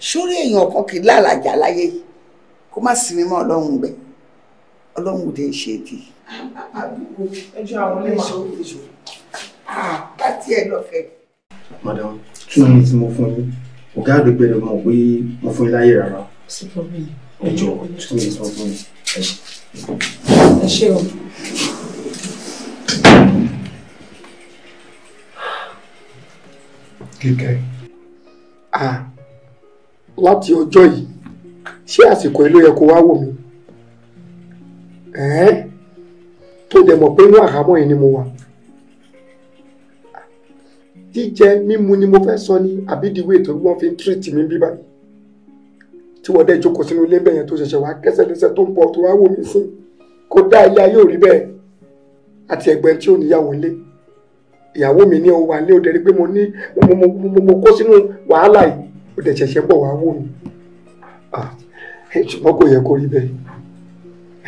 sórí èèyàn kan kì í lálàjà láyé kó má sí mímọ́ ọlọ́run gbẹ ọlọ́run ò dé ṣe èdè. ẹjọ́ àwọn ilé ìṣòro ìṣòro. Ah, bá tiẹ̀ lọ madam kí ni tí mo fún yín ọ̀gá àgbègbè rẹ̀ mọ̀ pé mo fún yín láyé rárá. ẹjọ́ kí ni tí mo fún yín. ẹ ṣé o. kíkẹ́. à láti ọjọ́ yìí ṣé àsìkò yìí ló yẹ kó wá wò mí ẹ̀ẹ́n tó dẹ̀ mọ̀ pé inú àhámọ́ yìí ni mo wà jíjẹ mímu ni mo fẹ́ sọ ní àbídìwé tó wọ́n fi ń tírìtì mi bíbá tí wọ́n dẹ̀ jókòó sínú ilé bẹ́ẹ̀ yẹn tó ṣẹ̀ṣẹ̀ wá kẹsẹ̀kẹsẹ̀ tó ń bọ̀ tó wá wò mí sí kó dá ilé ayé òrí bẹ́ẹ̀ àti ẹ̀gbẹ́ tí ò níyàwó lé ìyàwó mi ní o wà ní o dẹ̀ rí pé mo ní mo kó sínú wàhálà yìí o dẹ̀ ṣẹ̀ṣẹ̀ bọ̀ wá wò mí ah, eh, ṣùgbọ́n kò yẹ kó rí bẹ́ẹ̀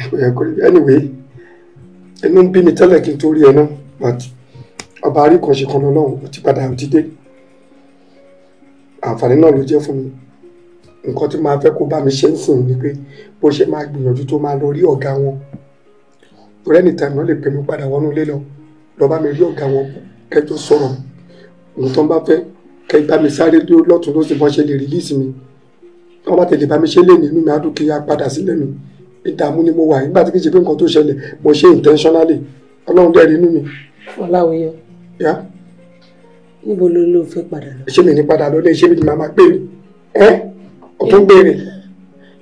eh, kò yẹ kó rí bẹ́ẹ̀ anyway inú ń bí mi tẹ́lẹ̀ kí n tó rí ẹ náà but ọba àríkànṣe kan lọ́lọ́run ó ti padà ó ti dé àǹfààní náà ló jẹ́ fún mi nǹkan tí máa fẹ́ kó bá mi ṣe ń sìn ni pé bó ṣe máa gbìyànjú tó máa lọ rí ọ̀gá wọn torí náà lè pè mí padà wọnú ilé lọ lọ bá mi rí ọ̀gá wọn kẹjọ sọ̀rọ̀ ohun tó ń bá fẹ́ kẹ bá mi sáré dé lọ́tún lọ́sìn bọ́n ṣe lè rìlíìsì mi wọ́n bá tẹ̀lé bá mi ṣe lè nínú mi adùn kí a padà sílẹ̀ mi ìdààmú ni mo wà nígbà tí kì í ṣe pé nǹkan tó ṣẹlẹ̀ mo ṣe intentionally ọlọ́run dẹ̀ rí inú mi. ọ̀làwìyọ. yá. níbo ló ló fẹ́ padà lọ. ṣé mi ní padà lọ ní ṣé mi ní màmá pè mí ẹ ò tún béèrè.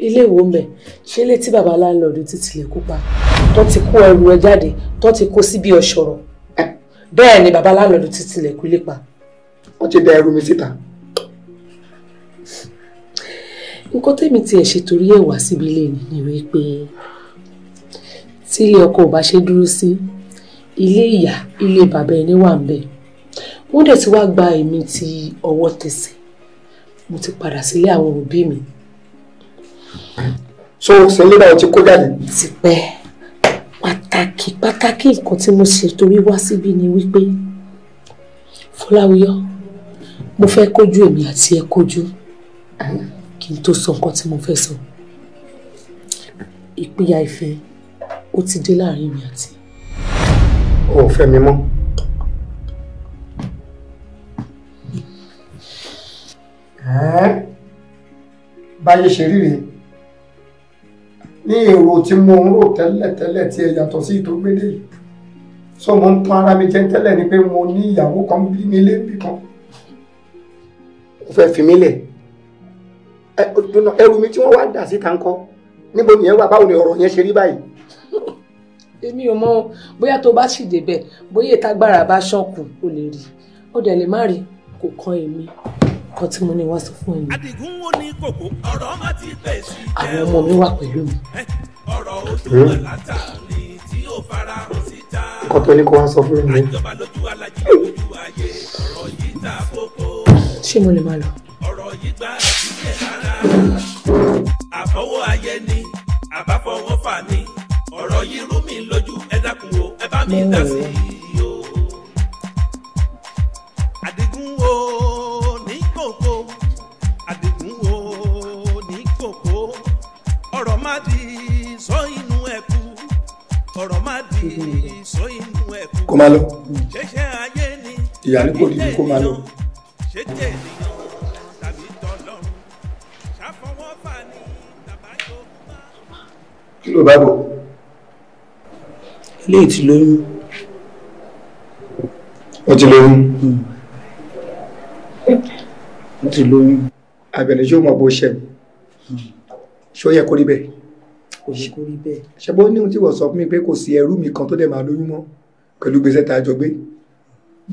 ilé ìwò mẹ ṣé ilé tí bàbá láńlọ́ọ̀dù ti tilẹ̀ kópa tó ti kó ẹrù ẹ jáde tó ti kó síbi ọ̀ṣọ̀rọ̀ bẹ́ẹ̀ ni bàbá lálọ́ọ̀dù ti tilẹ̀kùn ilé pa. wọ́n ti da ẹrù mi síta. nǹkan tẹ́mi tiẹ̀ ṣe torí ẹ̀ wá síbi ilé ni ni wípé tí ilé ọkọ ò bá ṣe dúró sí ilé ìyá ilé bàbá ẹni wà ń bẹ̀ wọ́n dẹ̀ ti wá gba èmi ti ọwọ́ tẹsẹ̀ mo ti padà sílé àwọn òbí mi. so sẹ́lẹ̀ náà ti kó jáde. ti pẹ́ pàtàkì pàtàkì nǹkan tí mo ṣètò wíwá síbí ni wípé Fọláwíyọ mo fẹ́ kójú èmi àti ẹ kójú kí n tó sọ nǹkan tí mo fẹ́ sọ ìpínyà ìfẹ́ ó ti dé láàrin mi àti. o ò fẹ́ mi mọ́. báyé ṣe rí rèé ní èrò tí mo ń rò tẹ́lẹ̀ tẹ́lẹ̀ tí ẹ yàtọ̀ sí ìtò gbélé yìí so mo ń tan ara mi jẹ tẹ́lẹ̀ ni pé mo ní ìyàwó kan bí mi lé bì kan ó fẹ́ fi mí lẹ̀ ẹrù mi tí wọ́n wá dà síta ń kọ́ níbo nìyẹn wà báwo ni ọ̀rọ̀ yẹn ṣe rí báyìí. èmi ò mọ bóyá tó bá sì débẹ̀ bóyá ìtagbára bá ṣànkù ó lè rí ó dẹ̀ lè má rí kò kan èmi nǹkan tí mo ní wá sọ fún ẹni. àdìgún wo ni kòkó ọ̀rọ̀ má ti bẹ̀ sí i. àwọn ọmọ mi wà pẹ̀lú mi. ọ̀rọ̀ ojú àlàtà ni tí ó fara hàn síta. nǹkan tó ní kó wá sọ fún mi. àjọba lójú alájí lójú ayé ọ̀rọ̀ yìí ta kókó. ṣé mo lè máa lọ. ọ̀rọ̀ yìí gba ìpínlẹ̀ rárá. àfọwọ́ ayé ni àbáfọwọ́ fà ni ọ̀rọ̀ yìí rú mi lójú ẹ dákun o ẹ bá mi dá sí i o. àdìgún o. kó máa lọ ìyàlẹ́ kò dídí kó máa lọ. kí ló bá bọ̀. ilé ti lóyún. ó ti lóyún. Hmm. ó ti lóyún. àbẹ̀lẹ̀ mọ̀ bó ṣe hmm. ṣó yẹ kó rí kò ní kó rí bẹ́ẹ̀. ṣebó ní ohun tí wọ́n sọ fún mi pé kò sí ẹrú mi kan tó dẹ̀ máa lóyún mọ́ pẹ̀lú gbèsè tá a jọ gbé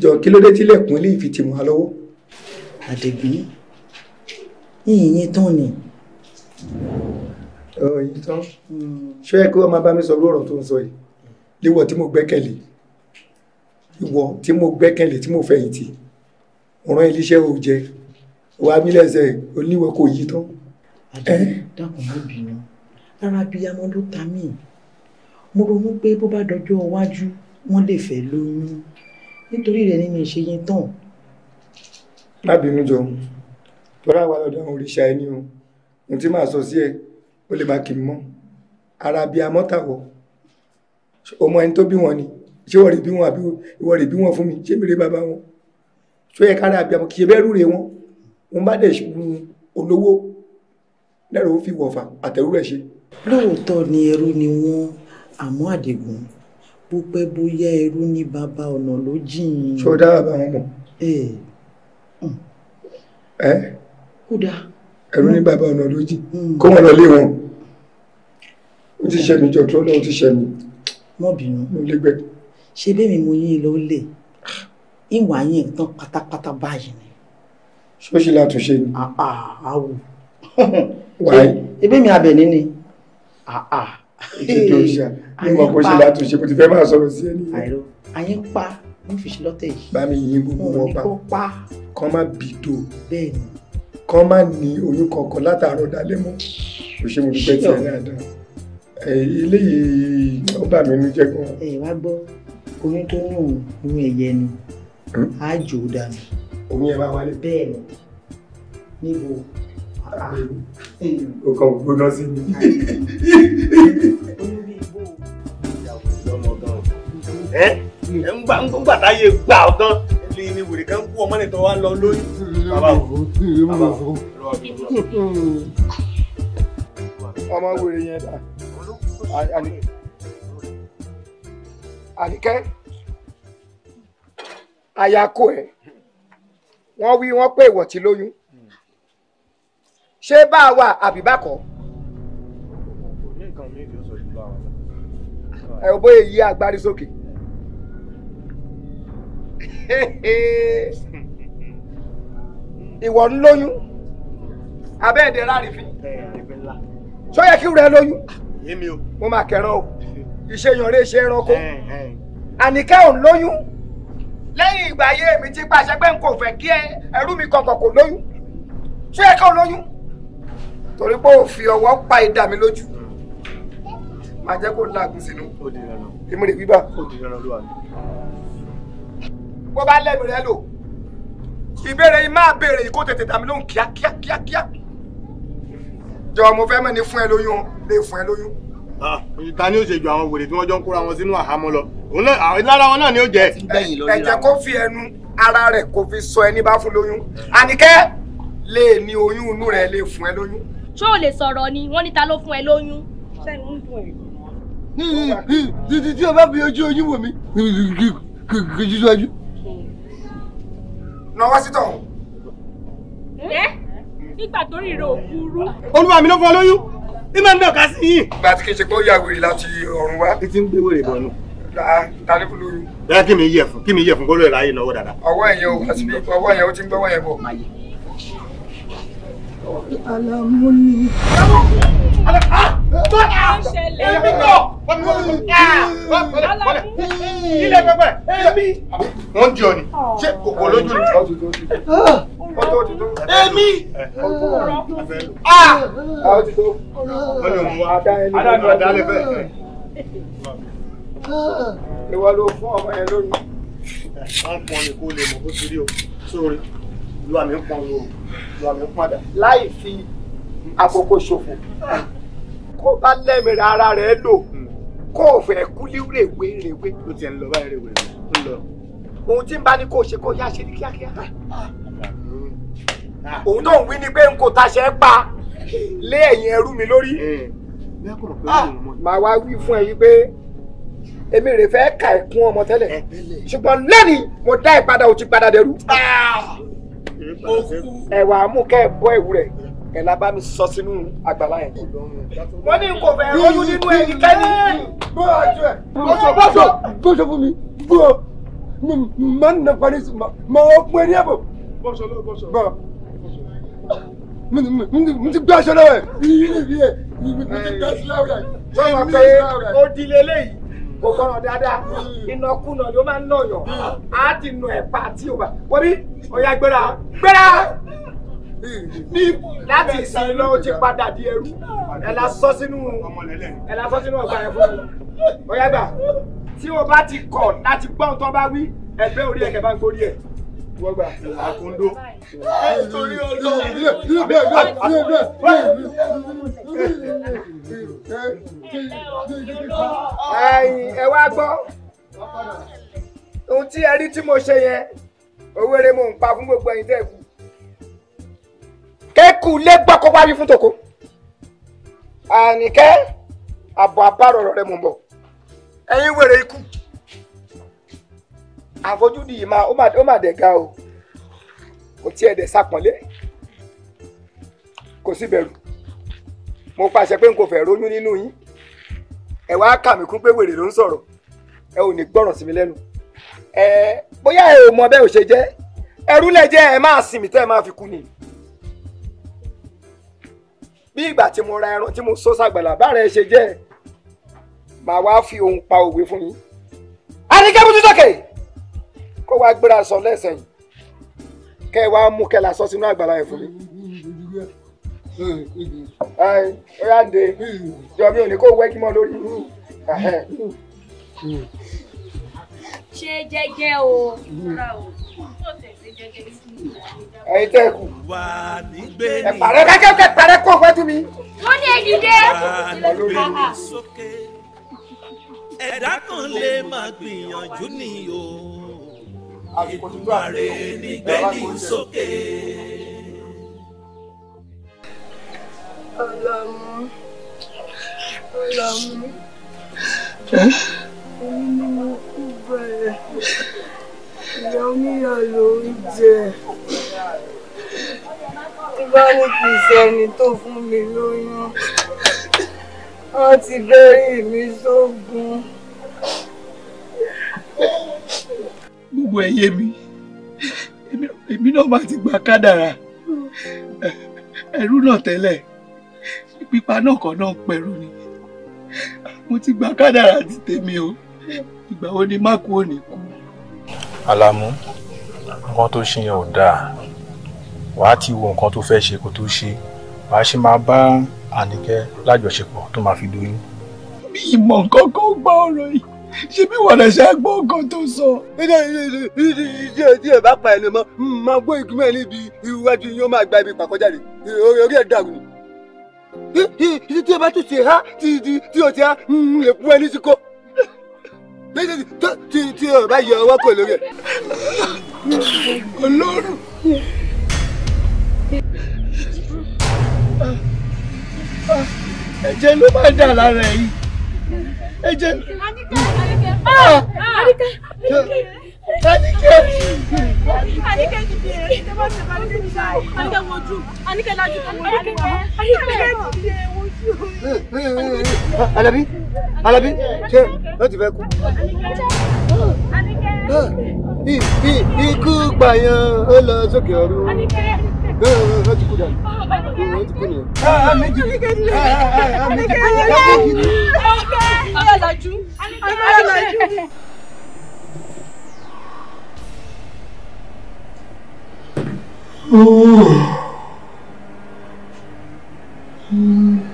jọ kí ló dé tílẹ̀kùn ilé ìfitì mọ́ lọ́wọ́. àdègbè yìnyín tán ni. ọ̀yìn tán ṣé ẹ kí wọ́n máa bá mi sọ irú ọ̀rọ̀ tó ń sọ yìí léwọ̀ tí mo gbẹ́kẹ̀lé ìwọ tí mo gbẹ́kẹ̀lé tí mo fẹ̀yìntì ọ̀ràn iléeṣẹ́ ò jẹ wàá mílẹ̀ ẹsẹ̀ oníwọ̀ kò yí tán. àdègbè dákun má bínú lára abiyamọ ló ta mí mo ronú pé bó bá dọjọ́ iwájú wọ́n lè fẹ́ lóyún nítorí rẹ̀ nínú ìṣe yẹn tán. má bínú jọ tọ́lá wa lọ́dọ̀ àwọn òrìṣà ẹni o ohun tí màá sọ sí ẹ ó lè má kì í mọ́ ara abiyamọ tàwọ̀ ọmọ ẹni tó bí wọn ni ṣé wọ́n rí bí wọn àbí ìwọ́n rí bí wọn fún mi ṣé mi rí bàbá wọn ṣó yẹ kára abiyamọ kì í ṣe bẹ́ẹ̀ rúre wọn wọn bá dẹ̀ ṣùgbọ́n olówó lẹ́rọ ó fi wọ̀fà àtẹ̀rú rẹ̀ ṣe lóòótọ́ ni ẹrú ni wọ́n àmọ́ àdìgún bó pẹ́ bóyá ẹrú ní bàbá ọ̀nà ló jìn. ṣé o dá bàbá wọn mọ̀. ẹ. ó dáa. ẹrú ní bàbá ọ̀nà ló jìn kó wọn lọ lé wọn ó ti ṣẹnu jọ tó lọ́wọ́ ti ṣẹnu. mọ́ bínú. mo lè gbẹ. ṣé bẹ́ẹ̀ mo yín ló lè ìwà yín tán pátápátá báyìí ni. ṣó ṣe látúnṣe ni. àwò. wáyé. ebí mi abẹ nínú ètò ìṣà ní ìwà kò ṣe látúnṣe kò ti fẹ́ máa sọ̀rọ̀ sí ẹni. àìrò àyín pa ní ìfìṣẹ́ lọ́tẹ̀ yìí. bá mi yin gbogbo wọn pa kán má bìtò kán má ní oyún kankan látàárọ̀ dalẹ́ mọ́ kò ṣe mo dúpẹ́ tiẹ̀ dáadáa eléyìí ó bà mí nínú jẹ́ gan. ẹ wá gbọ́ oyún tó ní òun oyún ẹ̀yẹ ni hmm? á jò dànù. oyún ẹ wá wálé. bẹ́ẹ̀ níbo o kàn gbóná sí mi. ẹ ńgbà táyé gbà ọ̀gán lè ní wèrè kan kú ọmọ nìkan wá lọ lóyún. bàbá o bàbá o. ọmọ wèrè yẹn dà àníkẹ́ àyàkó ẹ̀ wọ́n wí wọ́n pé ìwọ̀ tí lóyún ṣé bá a wà àbí bá kọ́. ẹ ò bóyá yí agbárí sókè. ìwọ ń lóyún abẹ́ẹ̀dẹ̀ láàrin fi sọ yẹ kí rẹ lóyún mo máa kẹran o ìṣèyànrè ṣe ẹranko àníkẹ́ ò ń lóyún lẹ́yìn ìgbà ayé mi ti pàṣẹ pé n kò fẹ́ kí ẹrú mi kankan kò lóyún sọ yẹ kí ó lóyún torí pé ó fi ọwọ́ pa ìdá mi lójú máa jẹ́ kó láàgùn sínú ìmúre bíbá. bó bá lẹ́nu rẹ lò ìbéèrè yìí máa béèrè yìí kó tètè dàmí lóhùn kíákíá kíákíá jọ mo fẹ́ mọ̀ ní fún ẹ lóyún lè fún ẹ lóyún. Ah, ta ni ó ṣe ju àwọn wèrè tí wọ́n jọ ń kóra wọn sínú àhámọ́ lọ lára wọn náà ni ó jẹ. ẹ jẹ́ kó fi ẹnu ara rẹ̀ kó fi sọ ẹni bá fún lóyún àníkẹ́ lè ní oyún inú rẹ̀ lè fún ẹ lóyún ṣé o lè sọ̀rọ̀ ni wọ́n ní ta ló fún ẹ lóyún. títí tí o bá fi ojú ojú wò mí kò jí lọ wá sí tọ̀hún. nígbà tó rí rò kúrú. olúwa mi ló fún ọ lóyún bí máa ń dọ̀ka sí yìí. ìgbà tí kì í ṣe pé ó yà wèrè láti ọ̀run wá. etí ń gbé wèrè bọ̀ nù ẹ kí mi yẹ fún kí mi yẹ fún kó lóye láàyè lọ́wọ́ dáadáa. ọwọ́ ẹ̀yẹ o ọwọ́ ẹ̀yẹ o ti ń gbọ́wọ́ yẹn bọ̀. Àlàmú ni. Èmi kọ̀! Ilé pẹpẹ! Èmi! Wọ́n di ọ̀nì. Ṣé kòkò lójú ni? Èmi! Adánù adálẹ̀ bẹ́ẹ̀. Ìwà ló fún ọmọ yẹn lóyún. Wọ́n pọn ni kó lè mọ̀ bó ti rí o. Sórí lọ́wọ́ mi ń pọn o lọ́wọ́ mi ń pọn dà láì fi àkókò ṣòfò kó bá lẹ́mìí ara rẹ̀ lò kó o fẹ́ kúlí rèwé rèwé. ó ti ẹ̀ ń lọ báyìí rèwé ń lọ. ohun tí ń bá ní kó o ṣe kó o yá ṣe ní kíákíá. òun ah, ah. náà ń wí ni pé n kò taṣẹ́ pa lé ẹ̀yìn ẹrú mi lórí. Eh. Ah, màá wá wí fún ẹ yí pé èmi rè fẹ́ ka ẹ̀kún ọmọ tẹ́lẹ̀ ṣùgbọ́n lẹ́ni mo dá ẹ̀ padà ò ti padà dẹrú ẹ̀wà mú kẹ́ ẹ̀ bọ́ ìwúrẹ̀ ẹ̀ la bá mi sọ sínú àgbàlá yẹn. wọ́n ní kò fẹ́ ọdún nínú ẹ̀yìn kẹ́lí. bó o jọ ẹ bó o bó o bó o sọ fún mi bó o má nà parí sí ma ọ pé ní ẹ̀bọ̀. bó o sọ bó o sọ. bó mo ti gbé aṣọ náà ẹ̀ mo ti gbé aṣọ náà ẹ̀. sọ ma pé ó di kò kọ́rọ̀ dáadáa ìnàkúnà hmm. ló máa ń nàyàn á hmm. ti nà ẹ̀pà àti òbá wọ́n bí ọ̀yà gbéra gbéra hmm. ní láti ìsìn lọ ó ti padà di ẹrú ẹ̀ la sọ sínú ẹ̀ la sọ sínú ọgbà yẹn fún mi ọ̀yà gbà tí o bá ti kọ̀ láti gbọ́n tó bá wí ẹgbẹ́ orí ẹ̀kẹ́ bá ń gorí ẹ̀ wọ́n gbà àkóńdó. nítorí ọjọ́ ilé ilé bẹ́ẹ̀ ẹ wá gbọ́ ohun tí ẹ rí tí mo ṣe yẹn owó eré mo ń pa fún gbogbo ẹ̀yin tẹ́ ẹ kú. kéèkù lé gbọ́ wáyé fún tòkó àníkẹ́ àbọ̀ àbárò rẹ̀ mò bọ̀ ẹ̀yin wèrè ikú àfojúdi yìí máa ó mà dẹ̀ ga o kò tiẹ̀ dẹ̀ sàpọ̀nlé kò sí bẹ̀rù mo pàṣẹ pé n kò fẹ́ róyún nínú yín ẹ wá kà mí kún pé wèrè ló ń sọ̀rọ̀ ẹ ò ní gbọ́ràn sí mi lẹ́nu ẹ bóyá ẹ ò mọ bẹ́ẹ̀ ò ṣe jẹ́ ẹrú lẹ ẹ máa sìn tẹ́ ẹ máa fi kú ni bí ìgbà tí mo ra ẹran tí mo sọ sàgbàlà bára ẹ ṣe jẹ́ màá wá fi ohun pa òwe fún yín. àníkẹ́ mú tún sókè wá gbéra sọ lẹ́sẹ̀ yìí kẹ́ ẹ wá mú kẹ́ la sọ sínú àgbàlá yẹn fún mi. ó yá ń de jọ mi ò ní kó wẹ́kí mọ́ lórí. ṣe jẹ́jẹ́ o ẹ̀yin tẹ kù ẹ pàrẹ kẹkẹ kẹ pàrẹ kó wájú mi. ó ní ẹni dé. kan lè máa gbìyànjú nìyó. Èdùmàrè nígbẹ́ni sókè. Ọlọ́mú Ọlọ́mú èmi ni mo kú bẹ̀rẹ̀ ìyá oníyà ló ń jẹ tí bá ní kì í ṣe ẹni tó mi sógun gbogbo ẹ̀ yé mi èmi náà má ti gba kádàrà ẹrú náà tẹ́lẹ̀ pípa náà kan náà pẹ̀rù ni mo ti gba kádàrà ti tèmi o ìgbà wo ni má kú ò ní kú. Alamu nǹkan tó ṣe yẹn ò dáa wàá ti wo nǹkan tó fẹ́ ṣe kó tó ṣe wàá ṣe máa bá Àníkẹ́ lájọṣepọ̀ tó máa fi doyún. mi ì mọ̀ nǹkan kan gbọ́ ọ̀rọ̀ yìí ṣé bí wọn lè ṣe gbọ́ nǹkan tó sọ. tí ẹ bá pa ẹnu mọ máa gbọ́ ìgbìmọ̀ níbi iwájú yóò máa gba ibi pàkọ́jáde orí ẹ̀ dàrú ni. tí ẹ bá tún ṣe há tí o ti há lè fún ẹ ní síkó. tí ẹ bá yọ ọwọ́ kò lórí ẹ̀. ọlọ́run. ẹ̀jẹ̀ ló máa dà lára ẹ̀ yìí ẹ jẹ́. Àdìkẹ́ Àdìkẹ́ Àdìkẹ́. Anike. Anike dìde. Anike dìde. Anike wojú. Anike lajú kan wọlé. Anike dìde wojú. Alabi Alabi ṣe o ti fẹ́ kú. Ikú pààyàn ó lọ sókè ọ̀run. Ó ti kú dànù. Ó ti kú nìyẹn. Méjì. Anike. Anike. Anike lajú. Anike lajú. Oh. Mm.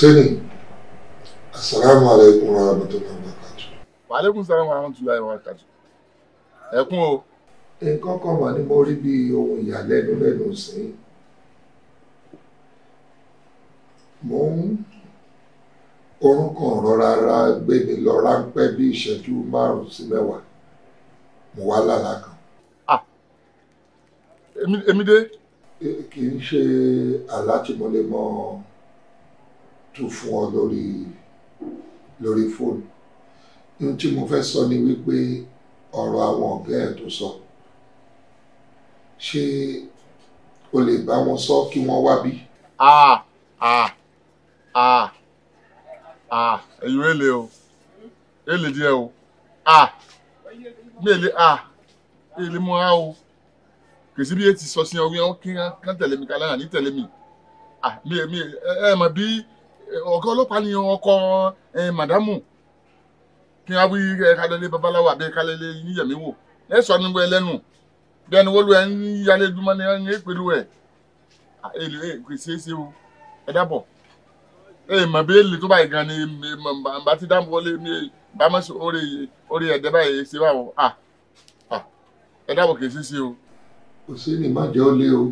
Hussaini, Assalamu alaikum wa rahmatullahi wa barakatuh. Wa alaikum salam wa rahmatullahi wa barakatuh. Ẹkún o. Nǹkan kan mà ní mo rí bí ohun ìyàlẹ́nu lẹ́nu sí. Mo ń orun kan rọra ra gbé mi lọ ráńpẹ́ bí ìṣẹ́jú márùn-ún sí mẹ́wàá. Mo wá lálàá kan. Ah! Èmi dé. Kì í ṣe àlá tí mo lè mọ tù fún ọ lórí lórí fóònù ohun tí mo fẹ́ sọ ni wípé ọ̀rọ̀ àwọn ọ̀gá ẹ̀ tó sọ ṣé o lè bá wọn sọ kí wọ́n wá bí. ah ah ah ah ẹ̀yin rẹ̀ o èlè díẹ̀ o ah mi èlè ah èlè mọ́ a o kèsì bí e ti sọ sí ọ wí ọ kí n tẹ̀lé mi kálá ní tẹ̀lé mi ah mi ẹ ẹ mọ̀ bí ọ̀gá ọlọ́pàá ni ọkọ màdámù kí wọ́n wí kálẹ́lẹ́ babaláwo àbí kálẹ́lẹ́ yíyẹ̀mí wò ẹ̀sọ́ ni wọ́n ẹlẹ́nu bẹ́ẹ̀ni wọ́n lu ẹ̀ ń yálé dúmọ́ ni ẹ̀ ń pẹ̀lú ẹ̀ èlò ẹ̀ kò ṣeé ṣe o ẹ̀ dàbọ̀ ẹ̀ mọ̀ bí èlò tó báyìí gan ni bá ti dáàbò wọlé mi bàmọ́ sí orí orí ẹ̀dẹ́ báyìí ṣe wà wọ́n ẹ̀ dàbọ̀ kò ṣeé ṣe o. kò sí ní ìbàjẹ́ ó lé o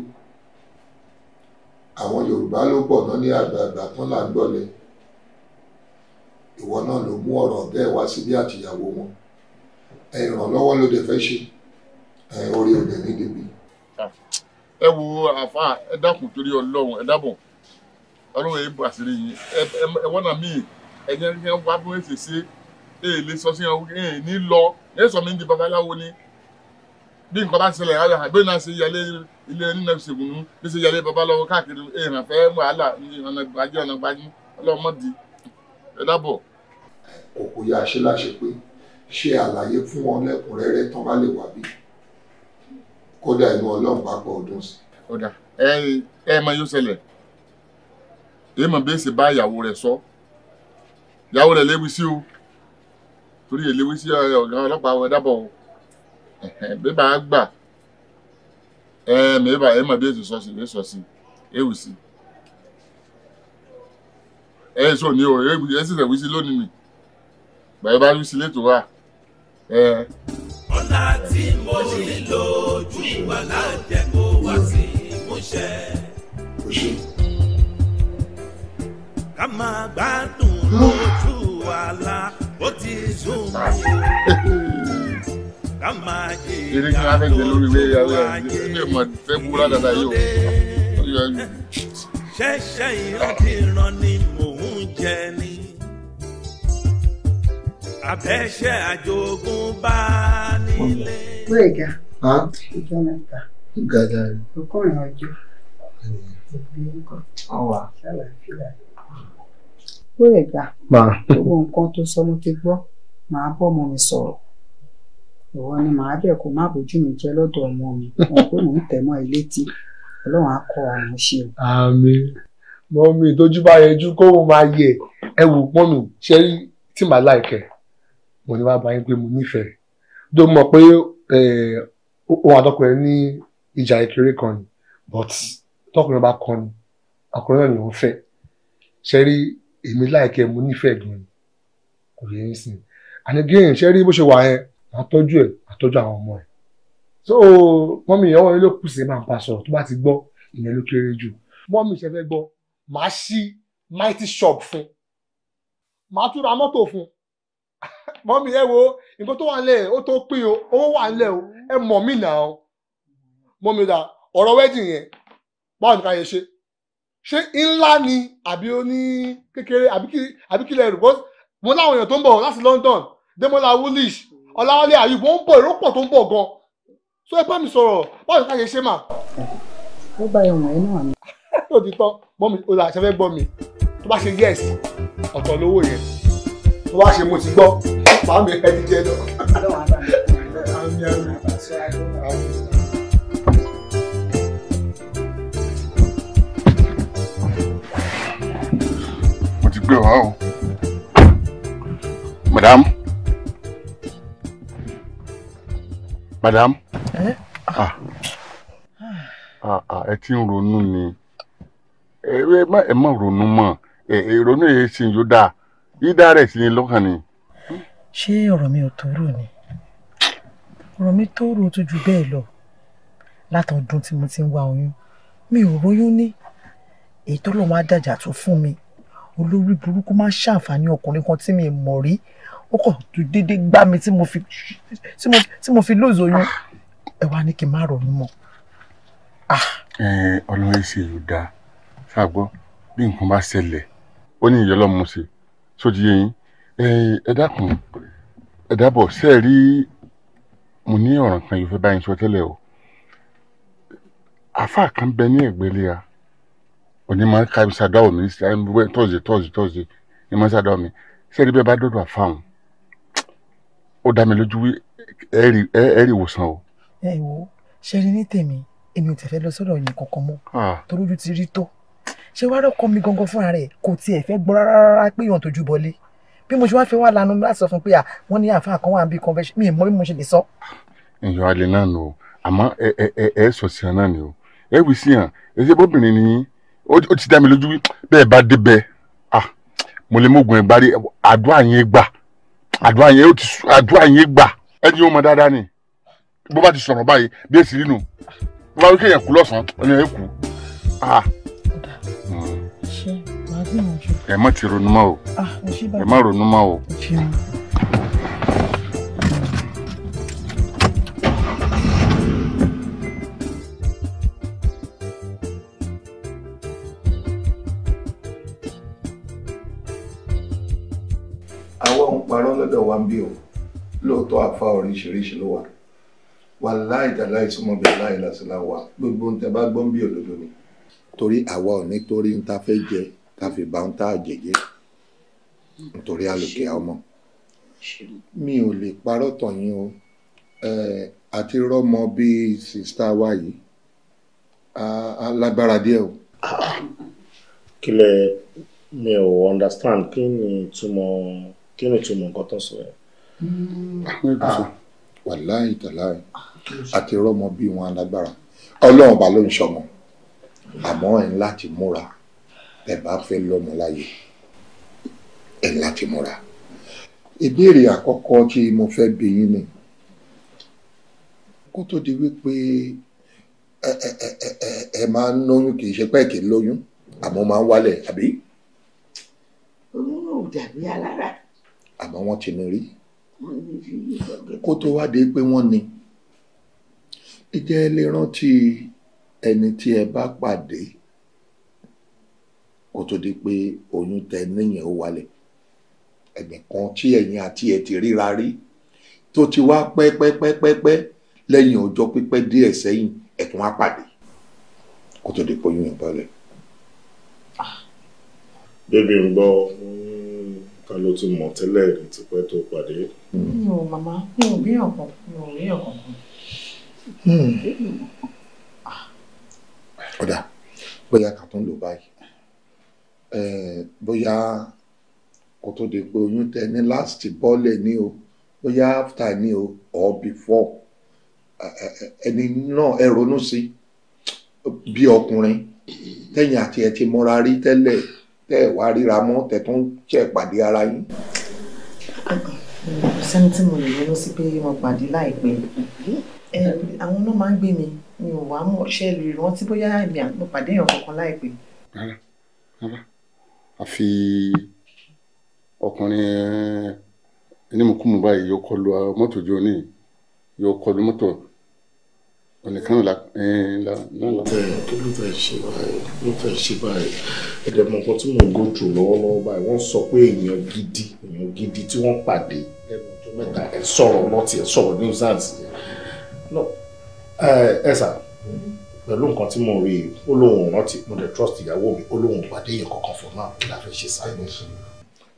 àwọn yorùbá ló bọ̀ náà ní àgbààgbà tán là ń gbọ́lẹ̀ ìwọ náà ló mú ọ̀rọ̀ ọ̀gá ẹ̀ wá síbí àtìyàwó wọn ìrànlọ́wọ́ ló dẹ̀ fẹ́ ṣe orí ọ̀dẹ̀ ní débi. ẹ wo àfa ẹ dákun torí ọlọ́run ẹ dábọ̀ ọlọ́run èyí bọ̀ àṣírí yìí ẹ wọ́n náà míì ẹ̀yẹ ẹ wá bí wọ́n ṣe ṣe é lè sọ sí ẹ ní lọ ẹ sọ mi ní babaláwo ni bí nǹkan bá ṣẹlẹ̀ àgbẹ̀ náà ṣe yẹ lẹ́yìn ilé ẹni náà ṣègùn nù bí ṣe yẹlé babaláwo káàkiri èèyàn fẹ́ wàhálà ọ̀nà gbajú ọ̀nà gbajú ọlọ́mọdì ẹ dábọ̀. kò kò yá ṣe láṣẹ pé ṣe àlàyé fún wọn lẹ́kùnrẹ́rẹ́ tán bá lè wà bí kódà inú ọlọ́run bá gbọ́ ọdún sí. kódà ẹ ẹ mọ yóò ṣẹlẹ̀ èyí mọ̀ bí èsì bá ìyàwó rẹ̀ sọ ìyàwó rẹ̀ léwu sí o torí èléwu sí ọ̀gá ọlọ́pàá wọn dábọ̀ o bébà á gbà ɛɛ eh, mɛ eba ɛma eh, bi esi sɔsi ne sɔsi ewusi eh, ɛyɛ sɔ ni o ewu esi sɛ wusi lónìí mi bàyɛ bá wusi létò wa ɛɛ. ọ̀la tí mo ṣe lójú ìwà láǹjẹ́ kó wá sí ìmúṣẹ. ká máa gbádùn lójú àlá ó ti sùn. Diri kan avec de l'olivier ya ya. Ebe mo fẹ́ búra dada yìí o. Ṣẹ̀ṣẹ̀ ìrọ̀kìrán ni òun jẹ ni. Abẹ́ṣẹ́ àjogún bá nílé. Wúrẹ̀ ìgà. Ìjọ mẹ́ta. Ìgà dáre. Ọkùnrin ọjọ́. Ìgbìyànjú kan. Ọwà. Ṣàlàyé. Wúrẹ̀ ìgà. Gbogbo nǹkan tó sọ mo ti gbọ́, màá bọ́ ọmọ mi sọ̀rọ̀ ìwọ ni màá bẹ̀ kó má bójú mi jẹ́ lọ́dọ̀ ọmọ mi wọn pé mò ń tẹ̀ mọ́ ilé tí ọlọ́run á kọ àmọ́ ṣe o. àmín mọ́mí ìtọ́jú bá yẹjú kó o máa yẹ ẹ wò pọ́nù ṣé tí màá láìkẹ́ mo ní wá bá yín pé mo nífẹ̀ẹ́ tó mọ̀ pé ohun àtọkùnrin ní ìjà ìkéré kan ni but tọkùnrin bá kọ ni ọkùnrin náà ló ń fẹ́ ṣe rí èmi láìkẹ́ mo nífẹ̀ẹ́ gan-an kò yẹ yín sìn and again ṣe rí bó ṣe wà yẹn àtọ́jú ẹ̀ àtọ́jú àwọn ọmọ ẹ̀ so mọ́mí ọwọ́ yín ló kù sí máa ń pa sọ̀rọ̀ tó bá ti gbọ́ ìyẹn ló kéré jù mọ́mí ṣe fẹ́ gbọ́ màá ṣí mighty shop fún màá tún ra mọ́tò fún mọ́mí ẹ wo nǹkan tó wà ń lẹ̀ ó tó pín o owó wà ń lẹ̀ o ẹ mọ̀ mí nà o mọ́mí dà ọ̀rọ̀ wedding yẹn báwo ni ká yẹ ṣe ṣé ńlá ni àbí ó ní kékeré àbí kí lẹ rò bọ́ mo láwọn èèyàn tó ń bọ̀ láti London Demola Woolish ọ̀làwálẹ̀ àyùbó ń bọ̀ èrò pọ̀ tó ń bọ̀ gan so ẹ bá mi sọ̀rọ̀ báwo ni ká ṣe ṣe mà. ó bá ẹ wọ̀nyí náà ni. ó ti tán gbọ́ mi ó làṣẹ fẹ́ gbọ́ mi tó bá ṣe yes ọ̀tọ̀ lówó yẹn tó bá ṣe mo ti gbọ́ màá mi ẹ ti jẹ lọ. madam eh? ah. Ah, ah, ẹ ti ń ronú ni ẹ má ronú mọ́ ìrònú yìí sì ń yóò dáa yìí dáa rẹ̀ sí ni lọ́kàn ni. ṣé ọ̀rọ̀ mi ò tóóró ni ọ̀rọ̀ mi tóóró tó ju bẹ́ẹ̀ lọ látọdún tí mo ti ń wá oyún mi ò róyún ní èyí tó lọ́wọ́ á dàjà tó fún mi olórí burúkú máa ń ṣàǹfààní ọkùnrin kan tí mi mọ̀ rí ó kàn tó dédé gbá mi tí mo fi tí mo fi lóòzó yún ẹ wá ní kí n má ronú mọ́. Ah. ọlọ́run ṣe ìlú dáa ṣàgbọ́ bí nǹkan bá ṣẹlẹ̀ ó ní ìyọ́ lọ́mú sí sójú yẹn ẹ dákun ẹ dábọ̀ ṣe é rí mo ní ọ̀ràn kan yóò fẹ́ báyìí sọ tẹ́lẹ̀ o àfa kan bẹ ní ẹ̀gbẹ́lẹ́ ya òní máa ń ka ibi sàdáwò mi tọ́sí tọ́sí tọ́sí ni máa ń sàdáwò mi ṣé ẹni bẹ́ẹ̀ bá dọ́dọ̀ àfa òun ó dá mi lójú wí ẹ rí ìwòsàn o. ẹ wo ṣe rí ní tèmi èmi ò tẹ̀ fẹ́ lọ sọ́dọ̀ yín kankan mọ́ torí ojú ti rí tó ṣé wàá rọ̀ kọ́ mi gangan fúnra rẹ̀ kò tiẹ̀ fẹ́ gbọ́ rárá pé ìyàn tójú bọlé bí mo ṣe wá fẹ́ wá lanu láti sọ fún pé à wọ́n ní àǹfààní kan wà níbi convention mi ì mọ bí mo ṣe lè sọ. ìyọ alẹ náà nù o àmọ́ ẹ ẹ ẹ ẹ sọ sí hàn náà ni o ẹ wí sí hàn ẹ bóbìnrin ni ó ti dá mi lójú bẹ́ẹ̀ bá débẹ̀ ah mo lè mú oògùn bá rí àdúrà yẹn gbà àdúrà yẹn ó ti àdúrà yẹn gbà ẹni yóò mọ dáadáa ni bó bá ti sọ̀rọ̀ báyìí bí èsì nínú bó bá wí kéèyàn kú lọ́sàn-án ẹni yẹn kú. ẹ má ti ronú mọ́ o ah, ẹ má ronú mọ́ o. ọwọ́ ń parọ́ lọ́dọ̀ wa ń bí o lóòótọ́ àfa oríṣiríṣi ló wà wà láì dá láì súnmọ́ bẹ́ẹ̀ láì lásìlá wa gbogbo ń tẹ bá gbọ́n bí òdodo ni. torí àwa ò ní torí ń ta fẹ́ jẹ ká fi bá ń ta àjẹjẹ nítorí àlòkè ọmọ mi ò lè parọ́ tàn yín o àti rọ́mọ bíi sista wa yìí lágbára díẹ̀ o. kílẹ̀ mi ò understand kí ni ìtumọ̀ kí ni ìtumọ̀ nǹkan tó ń sọ yẹn. àwọn ìgbésẹ̀ wàláì tàláì àti rọmọ bí wọn alágbára ọlọ́run bá ló ń ṣọmọ mm. àmọ́ ẹ̀ ń láti múra ẹ̀ bá fẹ́ lọ́mọ láyè ẹ̀ láti múra. ìbéèrè àkọ́kọ́ tí mo fẹ́ bi ni kó tó di wípé ẹ ẹ máa ń lóyún kì í ṣe pé lóyún àmọ́ máa ń wálẹ̀ àbí. oyún ò dàbí alára àmọ́ wọ́n ti ní rí kó tó wá dé pé wọ́n ní ìjẹ́ lè rántí ẹni tí ẹ bá pàdé kó tó di pé oyún tẹ níyẹn ó wálẹ̀ ẹnìkan tí ẹ̀yin àti ẹ̀ ti ríra rí tó ti wá pẹ́pẹ́pẹ́pẹ́ lẹ́yìn ọjọ́ pípẹ́ díẹ̀ sẹ́yìn ẹ̀tún á pàdé kó tó di pé oyún yẹn bọ́lẹ̀. bébí ń gbọ́ ta ló ti mọ̀ tẹ́lẹ̀ rí tipẹ́ tó pàdé. mi ò màmá mi ò rí ọ̀kan mi ò rí ọ̀kan kan. Hmm. ọ̀dà bóyá kà tó ń lò báyìí bóyá kò tó di pé oyún tẹ ní last bọ́ọ̀lẹ̀ ni o bóyá after ni o or before ẹni náà ẹ ronú sí bí ọkùnrin tẹ̀yìn àti ẹ ti mọ́ra rí tẹ́lẹ̀ tẹ́ ẹ̀ wá ríra mọ́ tẹ́ tó ń ṣe pàdé ara yín. kò sẹ́ni tí mo lè ronú sí pé mo pàdé láìpẹ́ àwọn náà máa ń gbé mi mi ò wá mọ̀ ṣe lè rántí bóyá èmi àti pàdé èèyàn kankan láìpẹ́. rárá rárá àfi ọkùnrin ẹni mú kú mú báyìí yóò kọlu ah, mọ́tò jóni yóò kọlu mọ́tò ọ̀nìkan la la lọ́la. kí ló fẹ́ ṣe báyìí ló fẹ́ ṣe báyìí ẹ̀dẹ̀mọ̀ nǹkan tí mò ń go through lọ́wọ́lọ́wọ́ báyìí wọ́n sọ pé èèyàn gidi èèyàn gidi tí wọ́n pàdé lẹ́nu ọjọ́ mẹ́ta ẹ̀ sọ̀rọ̀ lọ́tì ẹ̀ sọ̀rọ̀ ní ọ̀sán no ẹ sà pẹ̀lú nǹkan tí mo rí ó lóun rántí mo dẹ̀ trust ìyàwó mi ó lóun pàdé èèyàn kankan fún náà kí la fẹ́ ṣe sáyẹn.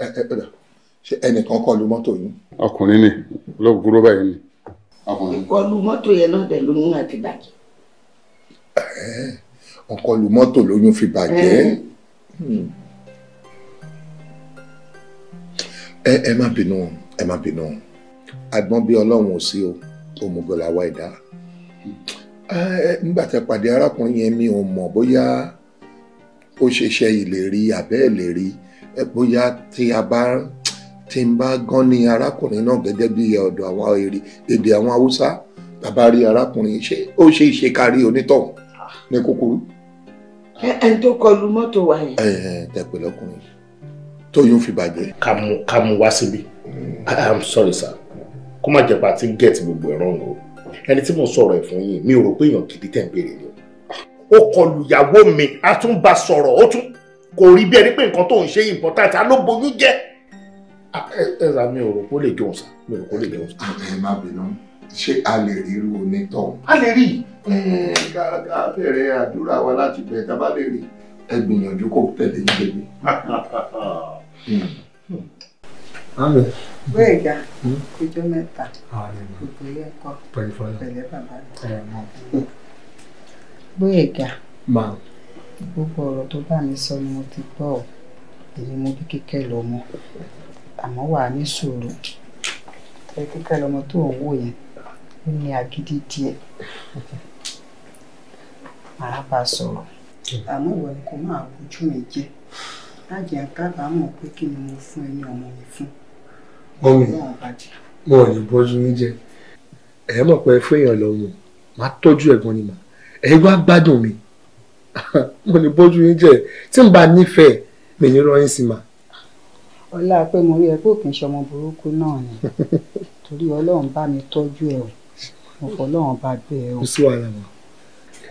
ẹ ẹ ṣe ẹnìkan kọ lu mọ́tò yìí. ọkùnrin ni lọ́gùn gúrọ́ báyìí ni ìkọlù mọ́tò yẹn náà dẹ̀ lóyún àti bàjẹ́. ọkọlù mọ́tò lóyún fi bàjẹ́. Hmm. ẹ ẹ má bínú ẹ má bínú àgbọn bí ọlọ́run ò sí o òmùgọ̀lá wa ẹ̀dá nígbà tẹ pàdé arákùnrin yẹn mi ò mọ̀ bóyá ó ṣe ṣe ìlérí àbẹ́ ìlérí bóyá tí a bá tí n bá gán ní arákùnrin náà gẹ́gẹ́ bí ọ̀dọ̀ àwọn èdè àwọn haúsá bàbá rí arákùnrin ṣe ó ṣe ìṣekárí onítọ̀hún ní kúkúrú. ẹni tó kọlu mọ́tò wa yẹn. ẹ ẹ tẹpẹ lọkùnrin tóyún fi bàjẹ́. ká mú ká mú wá síbi hmm. i am sorry sir kó má jẹ́ pa àti get gbogbo ẹ̀ wrong o ẹni tí mo sọ̀rọ̀ ẹ̀ fún yín mi ò rò pé èèyàn gidi tẹ̀ ń béèrè ni ó kọlu ìyàwó mi a tún bá sọ̀rọ̀ ó tún kò rí bí ẹni pé nǹkan tó ń ṣe important a ló jẹ́ Ah, ẹ̀rà mi ò rò kó lè jọun sá mi ò rò kó lè jọun sá. Ah, ẹ má bínú ṣé a lè rí irú onítọ̀. a lè rí ká bẹ̀rẹ̀ àdúrà wa láti bẹ̀rẹ̀ tá a bá lè rí ẹ gbìyànjú kó tẹ̀lé ní bẹ́ẹ̀. bẹ́ẹ̀ ga ọjọ́ mẹ́ta ah, gbogbo ilé ẹ̀kọ́ pẹ̀lẹ́ bàbá rẹ̀ bóyá ga gbogbo ọ̀rọ̀ tó bá mi sọ ni mo ti gbọ́ èmi mo bí kíkẹ́ lọ́mọ àmọ́ wàá ní sùúrù tẹ kíkẹ́ lọmọ tó ń wò yẹn ó ní agídí díẹ̀ màá bá a sọ̀rọ̀ àmọ́ ìwọ ni kò máa bójú mi jẹ́ láti àkábàámọ̀ pé kí ni mo fún ẹni ọmọ mi fún. mọ́mí wọn ò ní bójú mi jẹ ẹ mọ̀ pé fún èèyàn lọ́mọ màá tọ́jú ẹ̀gbọ́n ni mà ẹ wá gbádùn mi mo ní bójú yín jẹ tí n bá nífẹ̀ẹ́ mi ní rọyìn sí màá ọlá pé mo rí ẹ pé òkè ṣọmọ burúkú náà ni torí ọlọ́run bá mi tọ́jú ẹ o mo fọ ọlọ́run bá bẹ ẹ o. kò sí wàhálà mọ́.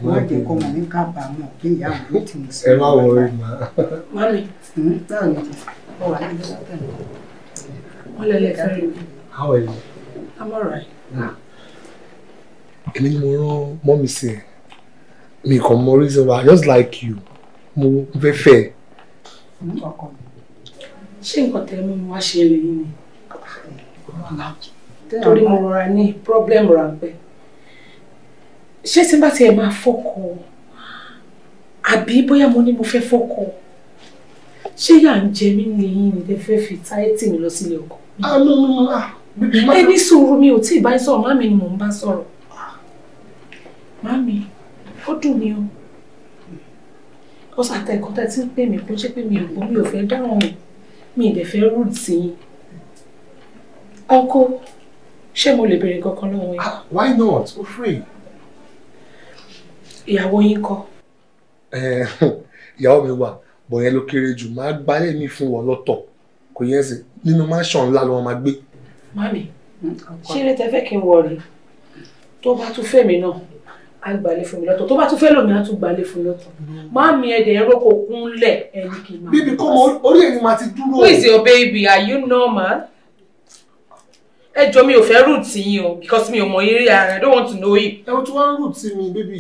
má jẹ́ kó mọ̀ ní kábàámọ̀ kí ìyá mi ó ti mú sí i. ẹ má wọrí mà. náà ni ọ wà ní ìlú ọ̀tẹ̀ wọn lẹ́lẹ̀ fẹ́rẹ̀ mi. how are you. i'm alright. èmi hmm. ni mo rán mọ́mí sí ẹ mi kàn mọ reason why just like you mo fẹ́ fẹ́. Hmm, ọkọ mi ṣé nǹkan tẹ́ mú mi wá ṣe lèyí ni torí mo rọra ní problem ráńpẹ́ ṣé tí n bá tiẹ̀ máa fọ́kọ àbí bóyá mo ní mo fẹ́ fọ́kọ ṣé yà ń jẹ mí nìyí ni tẹ́ fẹ́ fi táyẹ́tì mi lọ sílé ọkọ. Ah, ah, ẹni sùúrù mi ò tí ì bá sọ̀rọ̀ màmí ni mò ń bá sọ̀rọ̀ màmí ó dùn mí o ó sàtẹ̀kọ́tẹ̀ tí ń pè mí kó ṣe pé mi ò gbọ́ mi ò fẹ́ dáhùn mi ì dẹ̀ fẹ́ rúùtì yín uncle ṣé mo lè béèrè kankan lọ́wọ́ yín. Ah, why not o free. ìyàwó yín kọ́. Eh, ìyàwó mi wà bọ̀yẹn ló kéré jù máa gbálẹ̀ mi fún wọn lọ́tọ̀ kò yẹn sì nínú mansion ńlá ló wọn máa gbé. mami mm, ṣé ilé tẹ fẹ́ kí n wọ̀ rí tó bá tún fẹ́ mi náà á gbalẹ̀ fún mi lọ́tọ̀ tó bá tún fẹ́ lòmìnira tún gbalẹ̀ fún mi lọ́tọ̀ mi ẹ̀dẹ̀ ẹ̀rọ kò ẹni kì í máa. bíbí kọ́ mọ orí ẹ̀yin máa ti dúró. who is your baby are you normal? ẹ jọ mi ò fẹ́ root yín o because mi ò mọ eré ara i don't want to know you. ẹ o ti wá root mi baby.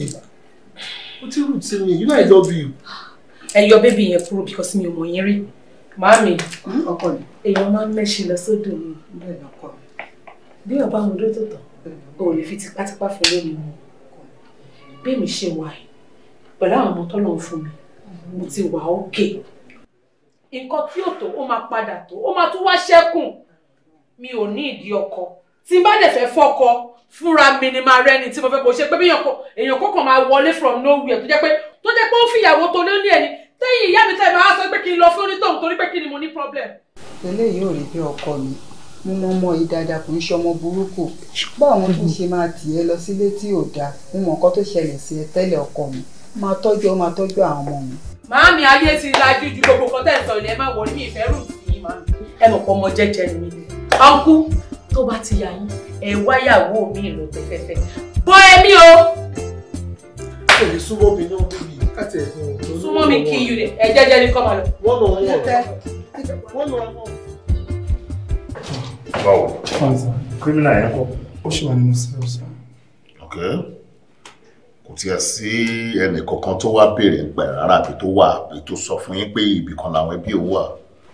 o ti root mi you know i love you. ẹ yọ baby yẹn kúrò because mi ò mọ yín rí màámi hmm, ọkọ mi èèyàn máa ń mẹ́ṣin lọ sódò mi bí ọba mo dó tó tán o ò lè fi tipátipá fún lórí mi bí mi ṣe wà yìí pẹ̀lú àwọn ọmọ tọ́lọ̀ ń fún mi mo ti wà ókè nǹkan tí ò tó ó máa padà tó ó máa tún wá ṣẹ́kùn mi ò ní ìdí ọkọ tí n bá dẹ̀ fẹ́ fọ́kọ fúnra mi ni máa rẹ́ni tí mo fẹ́ kó ṣe pé bí èèyàn kọ̀ọ̀kan máa wọlé from nowhere tó jẹ́ pé tó jẹ́ pé ó fìyàwó tó lé ní ẹni tẹ́yìn ìyá mi tẹ́ máa sọ pé kí n lọ fún onítọ̀hún torí pé kí ni mo ní problem. eléyìí ò rí bí ọkọ mi mo mọ ọmọ yìí dáadáa kò ń ṣe ọmọ burúkú báwo wọn tún ṣe máa tì ẹ lọ sílé tí ò dáa mo mọ nǹkan tó ṣẹlẹ̀ sí ẹ tẹ́lẹ̀ ọkọ mi máa tọ́jú ọ máa tọ́jú àwọn ọmọ mi. màámi ayé ti lajú ju gbogbo nǹkan tẹ̀ ń sọ ilẹ̀ ẹ má wọ ní ìfẹ́ rù sí màámi. ẹ mọ̀ pọ̀ ọmọ jẹ́jẹ́ mi ọkú tó bá ti yà yín ẹ wáyàwó mi ìlò tẹ́fẹ́fẹ́ bọ́ ẹmí o. kò ní súnmọ́ mi náà bíbí káàtì ẹ̀ fún mi. súnmọ́ mi kí iyùn ẹ̀ jẹ́jẹ́ ní kọ́ máa lọ. wọ́n lọ wọ́n lọ báwo. kírímìnà yẹn kọ́. ó ṣì wà nínú sẹ́ẹ̀ sọ. ok kò tiẹ̀ sí ẹnì kankan tó wá béèrè nípa ẹ̀ rárá àbí tó wà àbí tó sọ fún yín pé ibì kan làwọn ẹbí òun wà.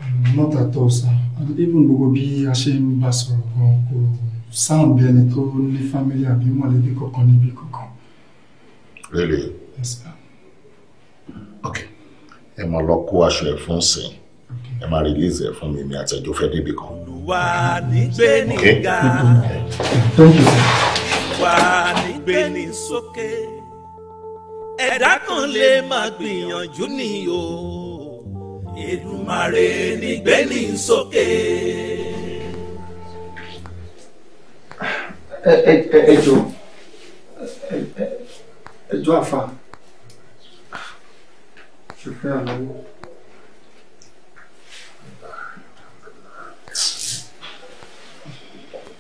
Mm, not at all sir even gbogbo bí a ṣe ń bá sọ̀rọ̀ gan kò sound bí ẹni tó ní family àbí mọ̀lẹ́bí kankan níbí kankan. really. yes sir. ok ẹ máa lọ kó aṣọ ẹ fún sẹ́yìn ẹ máa release ẹ fún mi mi àtẹjọ fẹ débi kan. wà á ní gbé ní ga wà á ní gbé ní sókè ẹ̀dá kan lè máa gbìyànjú ni o Èdùmàrè ní gbé ní sókè. ẹ ẹ ẹ jọ̀ọ́ ẹ jọ̀ọ́ àfa ṣe àlọ́.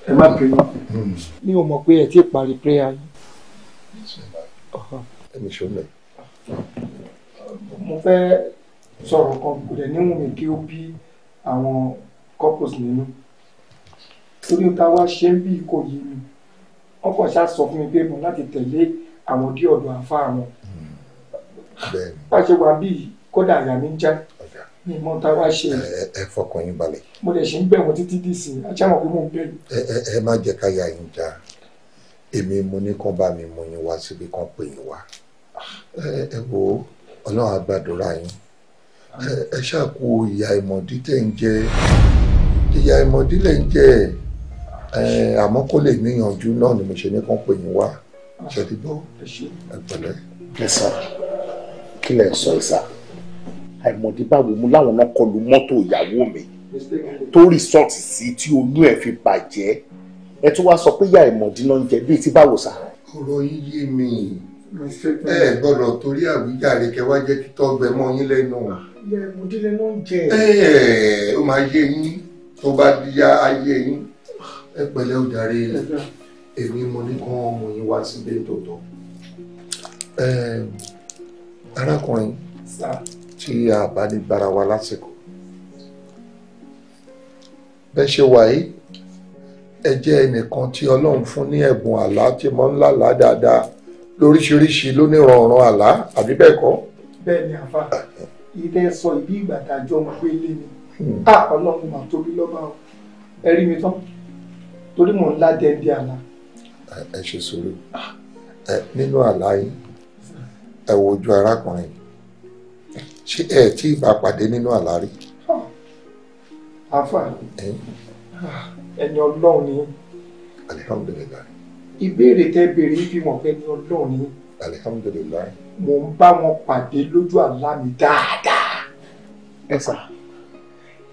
ẹ má bínú hmm. mi o mọ̀ pé ẹ ti parí prayer yìí. ẹni ṣọlẹ. mo fẹ́ sọ̀rọ̀ kan kò dẹ̀ níwọ̀n mi kí ó bí àwọn couples nínú torí ta wá ṣe ń bí ikọ̀ yìí mi wọ́n kàn ṣáà sọ fún mi pé mo láti tẹ̀lé àwọn dé àfa àwọn. bá a ṣe wà bíi kódà àyà mi ń já ni mo ta wá ṣe. ẹ ẹ fọkàn yín balẹ̀. mo lè ṣe ń bẹ̀wò títí dìsì àti àwọn òbí mò ń bẹ̀rù. ẹ ẹ ẹ má jẹ́ ká ya yín já èmi mo ní kán bá mi mú yín wá síbi kan pè yín wá ẹ wo ọlọ́run á yín ẹ ṣàkó ìyá ìmọ̀dí tẹ̀ ń jẹ ìyá ìmọ̀dí lẹ̀ ń jẹ àmọ́ kó lè níyànjú náà ni mo ṣe ní kán pè yín wá ṣe ti gbọ́ ẹ pẹ̀lẹ́. kí lẹ sọ ìsà àìmọ̀dé báwo mu láwọn náà kọlu mọ́tò ìyàwó mi tó rìsọ́ọ̀tì sí tí olú ẹ̀ fi bàjẹ́ ẹ tún wá sọ pé ìyá àìmọ̀dé náà ń jẹ bíi ti báwo sá. ọ̀rọ̀ yín yé mi ẹ gbọ́dọ̀ torí àwíjàre kẹ wá jẹ́ títọ́ ọgbẹ́ mọ́ yín lẹ́nu. ìyá àìmọ̀dé lẹ́nu ń jẹ. ẹ ẹ ó máa yé yín tó bá yá ayé yín ẹ pẹ̀lẹ́ òdàrí èmi mo ní kán ọmọ yín wá síbẹ̀ tòótọ́ arákùnrin tí a bá ní bára wa lásìkò bẹ́ ṣe wà yìí ẹ jẹ́ ẹnìkan tí ọlọ́run fún ní ẹ̀bùn àlá tí mọ́ ńlá là dáadáa lóríṣiríṣi lónírànràn àlá àbí bẹ́ẹ̀ kọ́. bẹ́ẹ̀ni àfa ilé sọ ìbí ìgbà tá a jọ ń gbé lé ni hmm. a ah, ọlọ́run mà tóbi lọ́ba o ẹ rí mi tán torí mò ń lá dẹ́ndé àlá. ẹ ṣe sùúrù nínú àlá yìí ẹ wojú arákùnrin yìí ṣé ẹ tí ìbá pàdé nínú àlárí. Ah, àfà ah, ẹni ọlọ́run ni. alihamudulilayi. ìbéèrè tẹ béèrè ibi mọ̀ pé ẹni ọlọ́run ni. alihamudulilayi. mo ń bá wọn pàdé lójú àlá mi dáadáa. ẹ sà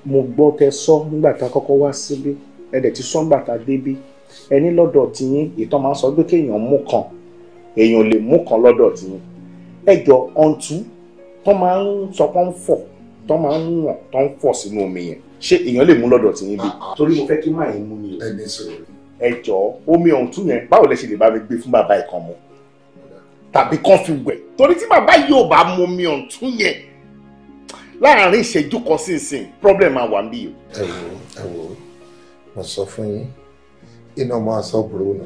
mo gbọ́ tẹ sọ nígbà tá a kọ́kọ́ wá síbí ẹ dẹ̀ ti sọ nígbà tá a débí ẹni lọ́dọ̀ tiyín ìtàn máa ń sọ pé kéèyàn mú kan èèyàn lè mú kan lọ́dọ̀ tiyín ẹ jọ ọ̀ǹtún tán máa ń sọ pé ń fọ̀ tán máa ń wọ̀n tán ń fọ̀ sínú omi yẹn ṣé èèyàn lè mú lọ́dọ̀ tí yín bí. Ah, ah. torí mo fẹ́ kí máa yín mú mi o. ẹni sọ̀rọ̀. ẹ jọ omi ọ̀hún tún yẹn báwo lẹ ṣe lè bá mi gbé fún bàbá ìkan mu tàbí kán fi wẹ̀ torí tí bàbá yìí ò bá mu omi ọ̀hún tún yẹn láàárín ìṣẹ́jú kan sínsìn problem máa wà níbí o. ẹ wò ẹ wò mo sọ fún yín iná máa sọ bùrù nù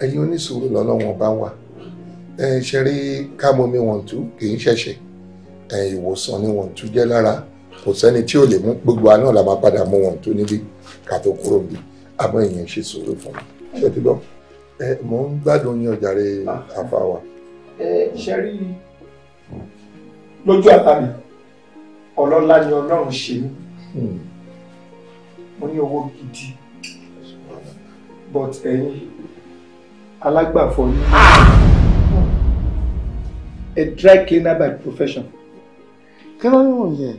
ẹ̀yin oníṣòro lọ́lọ́wọ́n bá wà ẹ ṣe rí ká mọ omi wọ̀n kì í ṣẹ̀ṣẹ̀ ìwòsàn ni wọ́n tún jẹ́ lára kò sẹ́ni tí ò lè mú gbogbo àná la máa padà mú wọn tó níbi ká tó kúrò bí àmọ́ ìyẹn ṣe sòrò fún mi ṣe ti gbọ́ ẹ mò ń gbádùn yín ọjàre àfàwà. ẹ ṣe rí i lójú àlá mi ọlọ́lá ni ọlọ́run ṣe mí hmm. mo ní owó gidi but ẹ̀yin alágbàfọ̀ ni ah! a dry cleaner by profession kí ló ń yẹn.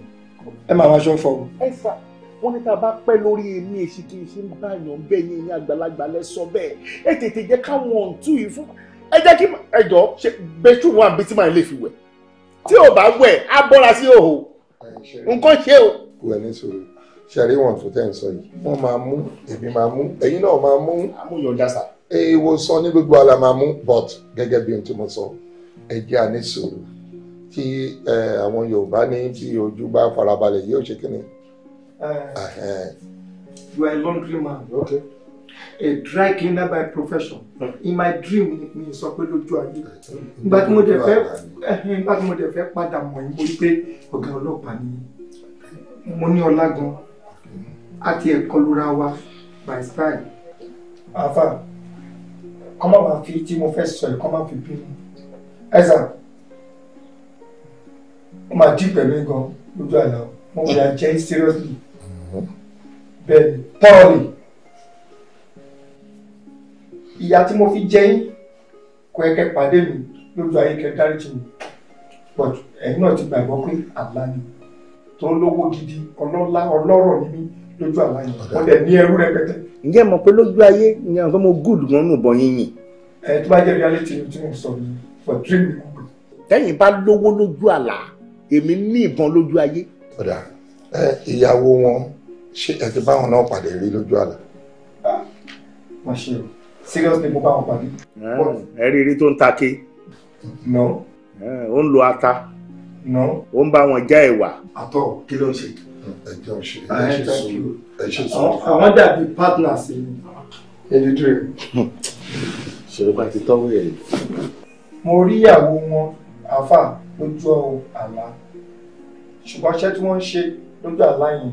ẹ máa wá aṣọ fọ. ẹ sà wọn ní tá a bá pẹ́ lórí èmi èsì kì í ṣe ń bá èèyàn bẹ́ẹ̀ ni èmi àgbàlagbà lẹ sọ bẹ́ẹ̀ ẹ tètè jẹ́ káwọn ọ̀ǹtú yìí fún ẹ jẹ́ kí ẹ jọ ṣe bẹ́tù wọn àbí tí màá lè fi wẹ̀ tí ò bá wẹ̀ á bọ́ra sí òhò nǹkan ṣe o. wẹ̀ ní sòrò ṣàrí wọn tó tẹ́ ń sọ yìí wọ́n máa mú èmi máa mú ẹ̀yin náà máa mú. amúyọ̀dá sà. èèwọ̀ sọ ní gbogbo ara máa mú but gẹ́gẹ́ bí ohun tí mo sọ ẹ jẹ́ àníṣòro tí àwọn Yorùbá ní bí ojú bá farabalẹ̀ yóò ṣe kí ni. you are a laundry man. Okay. a dry cleaner by profession. in my dream mi sọ pé lójú ayé. nígbà tí mo dẹ̀ fẹ́ nígbà tí mo dẹ̀ fẹ́ padà mọ̀ yín mo rí pé ọ̀gá ọlọ́pàá ni mo ní ọlá gan àti ẹ̀kọ́ lóra wa by style. àfà kọ́mọ̀ máa fi tí mo fẹ́ sọ ẹ̀ kọ́mọ̀ fi bínú. ẹ sà ó máa dí pẹ̀lú gan lójú àná mo wòye àjẹ́ seriously bẹ́ẹ̀ ni tọ́ọ̀lì ìyá tí mo fi jẹ́ yín kó ẹ̀kẹ́ pàdé mi lójú ayé kẹ́ dáríjì mi but ẹ̀yin náà ti gbàgbọ́ pé àlá ni tó lówó gidi ọlọ́lá ọlọ́rọ̀ ni mí lójú àlá yẹn wọ́n dẹ̀ ní ẹrú rẹpẹtẹ. ǹjẹ́ mọ̀ pé lójú ayé ni àwọn ọmọ gúùdù wọn nù bọ yín yìn. ẹ tó bá jẹ́ reality tí mo sọ ni for dream tẹ́yìn bá lówó lójú àlá èmi ní ìbọn lójú ayé. ọ̀dà ẹ ìyàwó wọn ṣé ẹ ti báwọn náà pàdé rí lójú àlá. má ṣe o seriously mo bá wọn pàdé. ẹ rí eré tó ń ta ké. no. ó ń lo ata. no. ó ń bá wọn já ẹ̀wà. àtọ kí ló ń ṣe. ẹ jẹ́ ọ ṣe ẹ ṣe sùn ẹ ṣe sùn. àwọn dàbí partners ni ẹni dúró. ṣèlú bá ti tọ́wọ́ yẹn. mo rí ìyàwó wọn àáfà lójú àlá ṣùgbọ́n iṣẹ́ tí wọ́n ń ṣe lójú àlá yẹn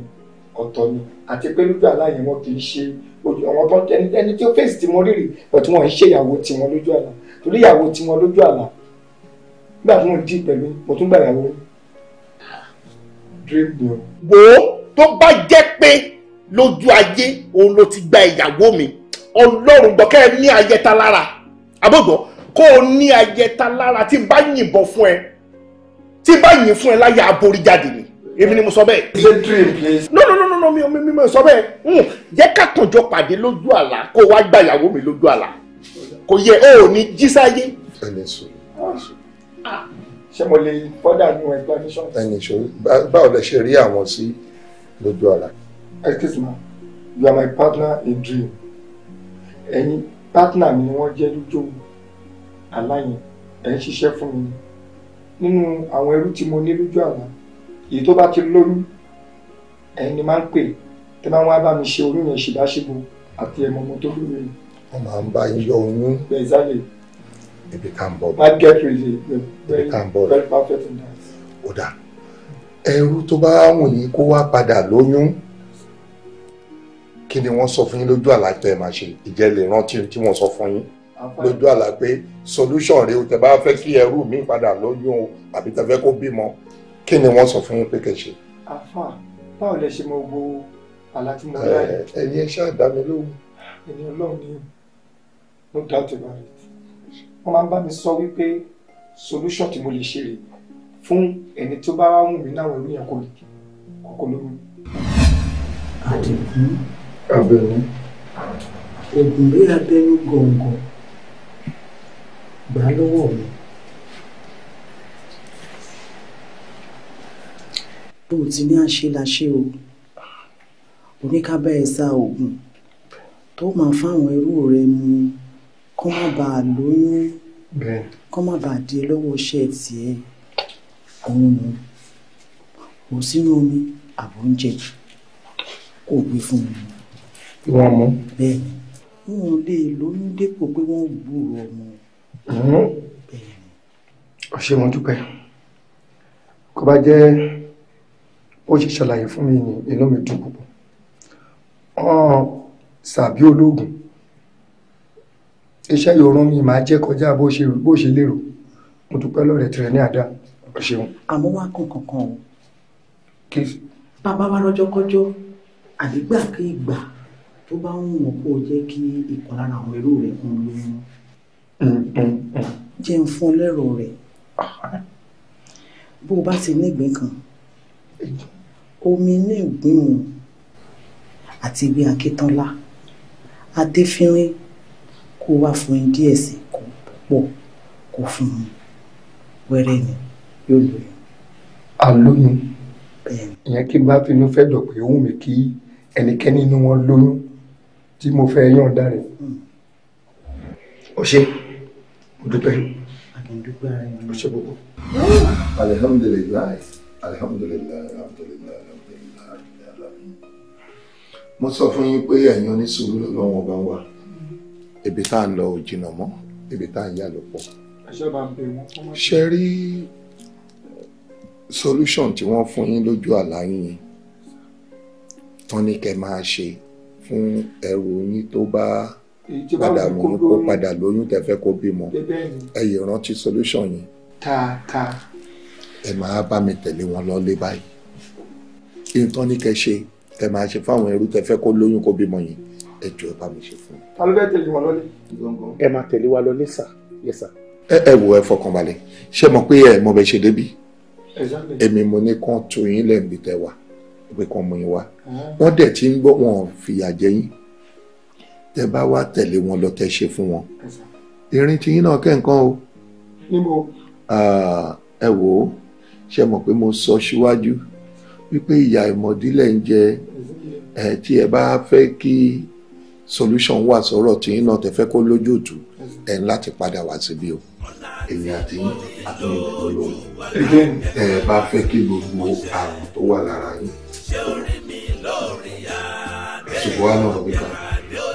ọ̀tọ̀ ni àti pé lójú àlá yẹn wọn kì í ṣe àwọn tó ẹni ẹni tí ó fèsì tí mo rírì bọ̀tí wọn ń ṣe ìyàwó tiwọn lójú àlá torí ìyàwó tiwọn lójú àlá nígbà tí mo dì pẹ̀lú mo tún gbà ìyàwó dream ni o. wo tó bá jẹ́ pé lójú ayé òun ló ti gba ìyàwó mi ọlọ́run gbọ́kẹ́ ní ayẹta lára àbọ̀gbọ́ kó o ní ayẹta lára tí bá yìnbọn fún ẹ tí bá yìn fún ẹ láyé aborí ni èmi ni mo sọ bẹ́ẹ̀. it's a dream please. no no no no no mi mi mi sọ bẹ́ẹ̀ hmm, jẹ́ ká kànjọ pàdé lójú àlá kó o wá gba ìyàwó mi lójú àlá kò yẹ o ò ní jí sáyé. ẹni sọ̀rọ̀ ah. ah. ṣé mo lè fọ́dà nínú ẹgbẹ́ admission. ẹni sọ̀rọ̀ báwo lẹ ṣe rí àwọn sí lójú àlá. excuse me you are my partner in dream ẹ̀yin partner mi ni wọ́n jẹ́ lójú òun aláyìn ẹ̀ ń ṣiṣẹ́ fún mi nínú àwọn ẹrú tí mo ní lójú àlá èyí tó bá ti lóyún ẹ̀yin ni máa ń pè tẹ́ máa ń wá bá mi ṣe oyún yẹn ṣìbáṣìbò àti ẹ̀mọ ọmọ tó lóyún yẹn. wọ́n máa ń bá yọ oyún. exactly. ibi ká ń bọ̀ bọ̀. might get ready. ibi very perfect in that. ó dà ẹrú tó bá wùn yín kó wá padà lóyún kí ni wọ́n sọ fún yín lójú àlá tẹ́ ẹ máa ṣe ìjẹ́ lè rántí tí wọ́n sọ fún yín lójú àlá pé solution rèé o tẹ bá fẹ́ kí ẹrú mi padà lóyún o àbí tẹ fẹ́ kó bímọ kí ni wọ́n sọ fún yín pé kẹ́ ṣe. àfà báwo lẹ ṣe mọ gbogbo àlá tí mo dá yìí. ẹ̀yin ẹ ṣáà dá mi lóhùn. ẹni Ọlọ́run ni no doubt about it wọ́n máa ń bá mi sọ wípé solution tí mo lè ṣe rèé fún ẹni tó bá wù mí náà lóyún ẹ̀kọ́ kọ̀ọ̀kan lóyún. àdìgún abẹnú ògùn rí abẹnú gọ̀ǹgọ̀ gbà á o ti ní àṣeláṣe o oníkábẹ́ ẹ̀sà oògùn tó máa fáwọn ẹrú rẹ mu kó má bàa lóyún kó má bàa di lọ́wọ́ iṣẹ́ tiẹ̀ òun nu kò sínú omi àbò oúnjẹ kò gbé fún mi. wọ́n mú. bẹ́ẹ̀ wọn lè lóyún dépò pé wọ́n gbúròó ọmọ ó ṣé mo dúpẹ́ kó bá jẹ́ ó ṣe ṣàlàyé fún mi ní inú mi dùn púpọ̀ ọ̀n sàbí ológun iṣẹ́ yòórùn mi máa jẹ́ kọjá bó ṣe bó ṣe lérò mo dúpẹ́ lọ́rẹ̀ tirẹ̀ ní àdá ó ṣeun. àmọ́ wá kàn kankan o bàbá wa lọ́jọ́kọ́jọ́ àdígbàkigbà tó bá ń wọ̀n kó jẹ́ kí ìkan àwọn èrò rẹ̀ kún un lóyún jẹ́ ń fún lẹ́rọ rẹ̀ bó o bá ti nígbín kan omi inú ìgbín òun àti ìwé akíntọ́lá adéfínrín kó wá fún un díẹ̀ sí kó pọ̀ kó fún un wẹ́rẹ́ ni yóò lóyún. àlóyún ìyẹn kí n bá finú fẹ́ dọ̀ pé òun mi kí ẹnikẹ́ni inú wọn lóyún tí mo fẹ́ yọ̀ǹda rẹ̀. ó Mm dúpẹ́ ọṣẹ gbogbo. alihamudulilayi alihamudulilayi alihamudulilayi alihamudulilayi mo sọ fún yín pé ẹ̀yin oníṣòwò lọ́wọ́ bá wà ibi tá à ń lọ ò jìnnà mọ́ ibi tá à ń yà ló pọ̀. ṣe rí solution tí wọ́n fún yín lójú àlá yín tán ni kẹ́ máa ṣe fún ẹrù yín tó bá. Ba padà lóyún kó padà lóyún tẹ́ fẹ́ kó bímọ ẹ yìí rántí solution yìí. ta ta. ẹ máa bá mi tẹ̀lé wọn lọ lé báyìí nǹkan ní kẹ́ ṣe tẹ́ máa ṣe fáwọn ẹrú tẹ́ fẹ́ kó lóyún kó bímọ yìí ẹ jọ̀ọ́ ẹ bá mi ṣe fún mi. ta ló fẹ́ tẹ̀lé wọn lọ́lé. ẹ máa tẹ̀lé wa lọ́lé sà yes sà. ẹ ẹ wo ẹ fọkànbalẹ̀ ṣé mo pé ẹ mọ bẹ ṣe débi èmi mo ní kán tó yín lẹ́ǹdí tẹ wà pé kán mú yín wá wọ́n dẹ̀ ti ń gbọ́ wọn fìyà jẹ yín tẹ bá wá tẹ̀lé wọn lọ tẹ ṣe fún wọn ìrìn tiyín náà kẹ́ǹkan o. níbo. ẹ wò ó ṣe mọ̀ pé mo sọ síwájú wípé ìyá ìmọ̀dílẹ̀ ń jẹ ẹ tí ẹ bá fẹ́ kí solution wà sọ̀rọ̀ tiyín náà tẹ fẹ́ kó lójútùú ẹ̀ ń láti padà wá síbí o èmi àti àtúnyẹ̀ ọlọ́run ẹ bá fẹ́ kí gbogbo àrùn tó wà lára yín ṣùgbọ́n àná ọ̀gbìn kan.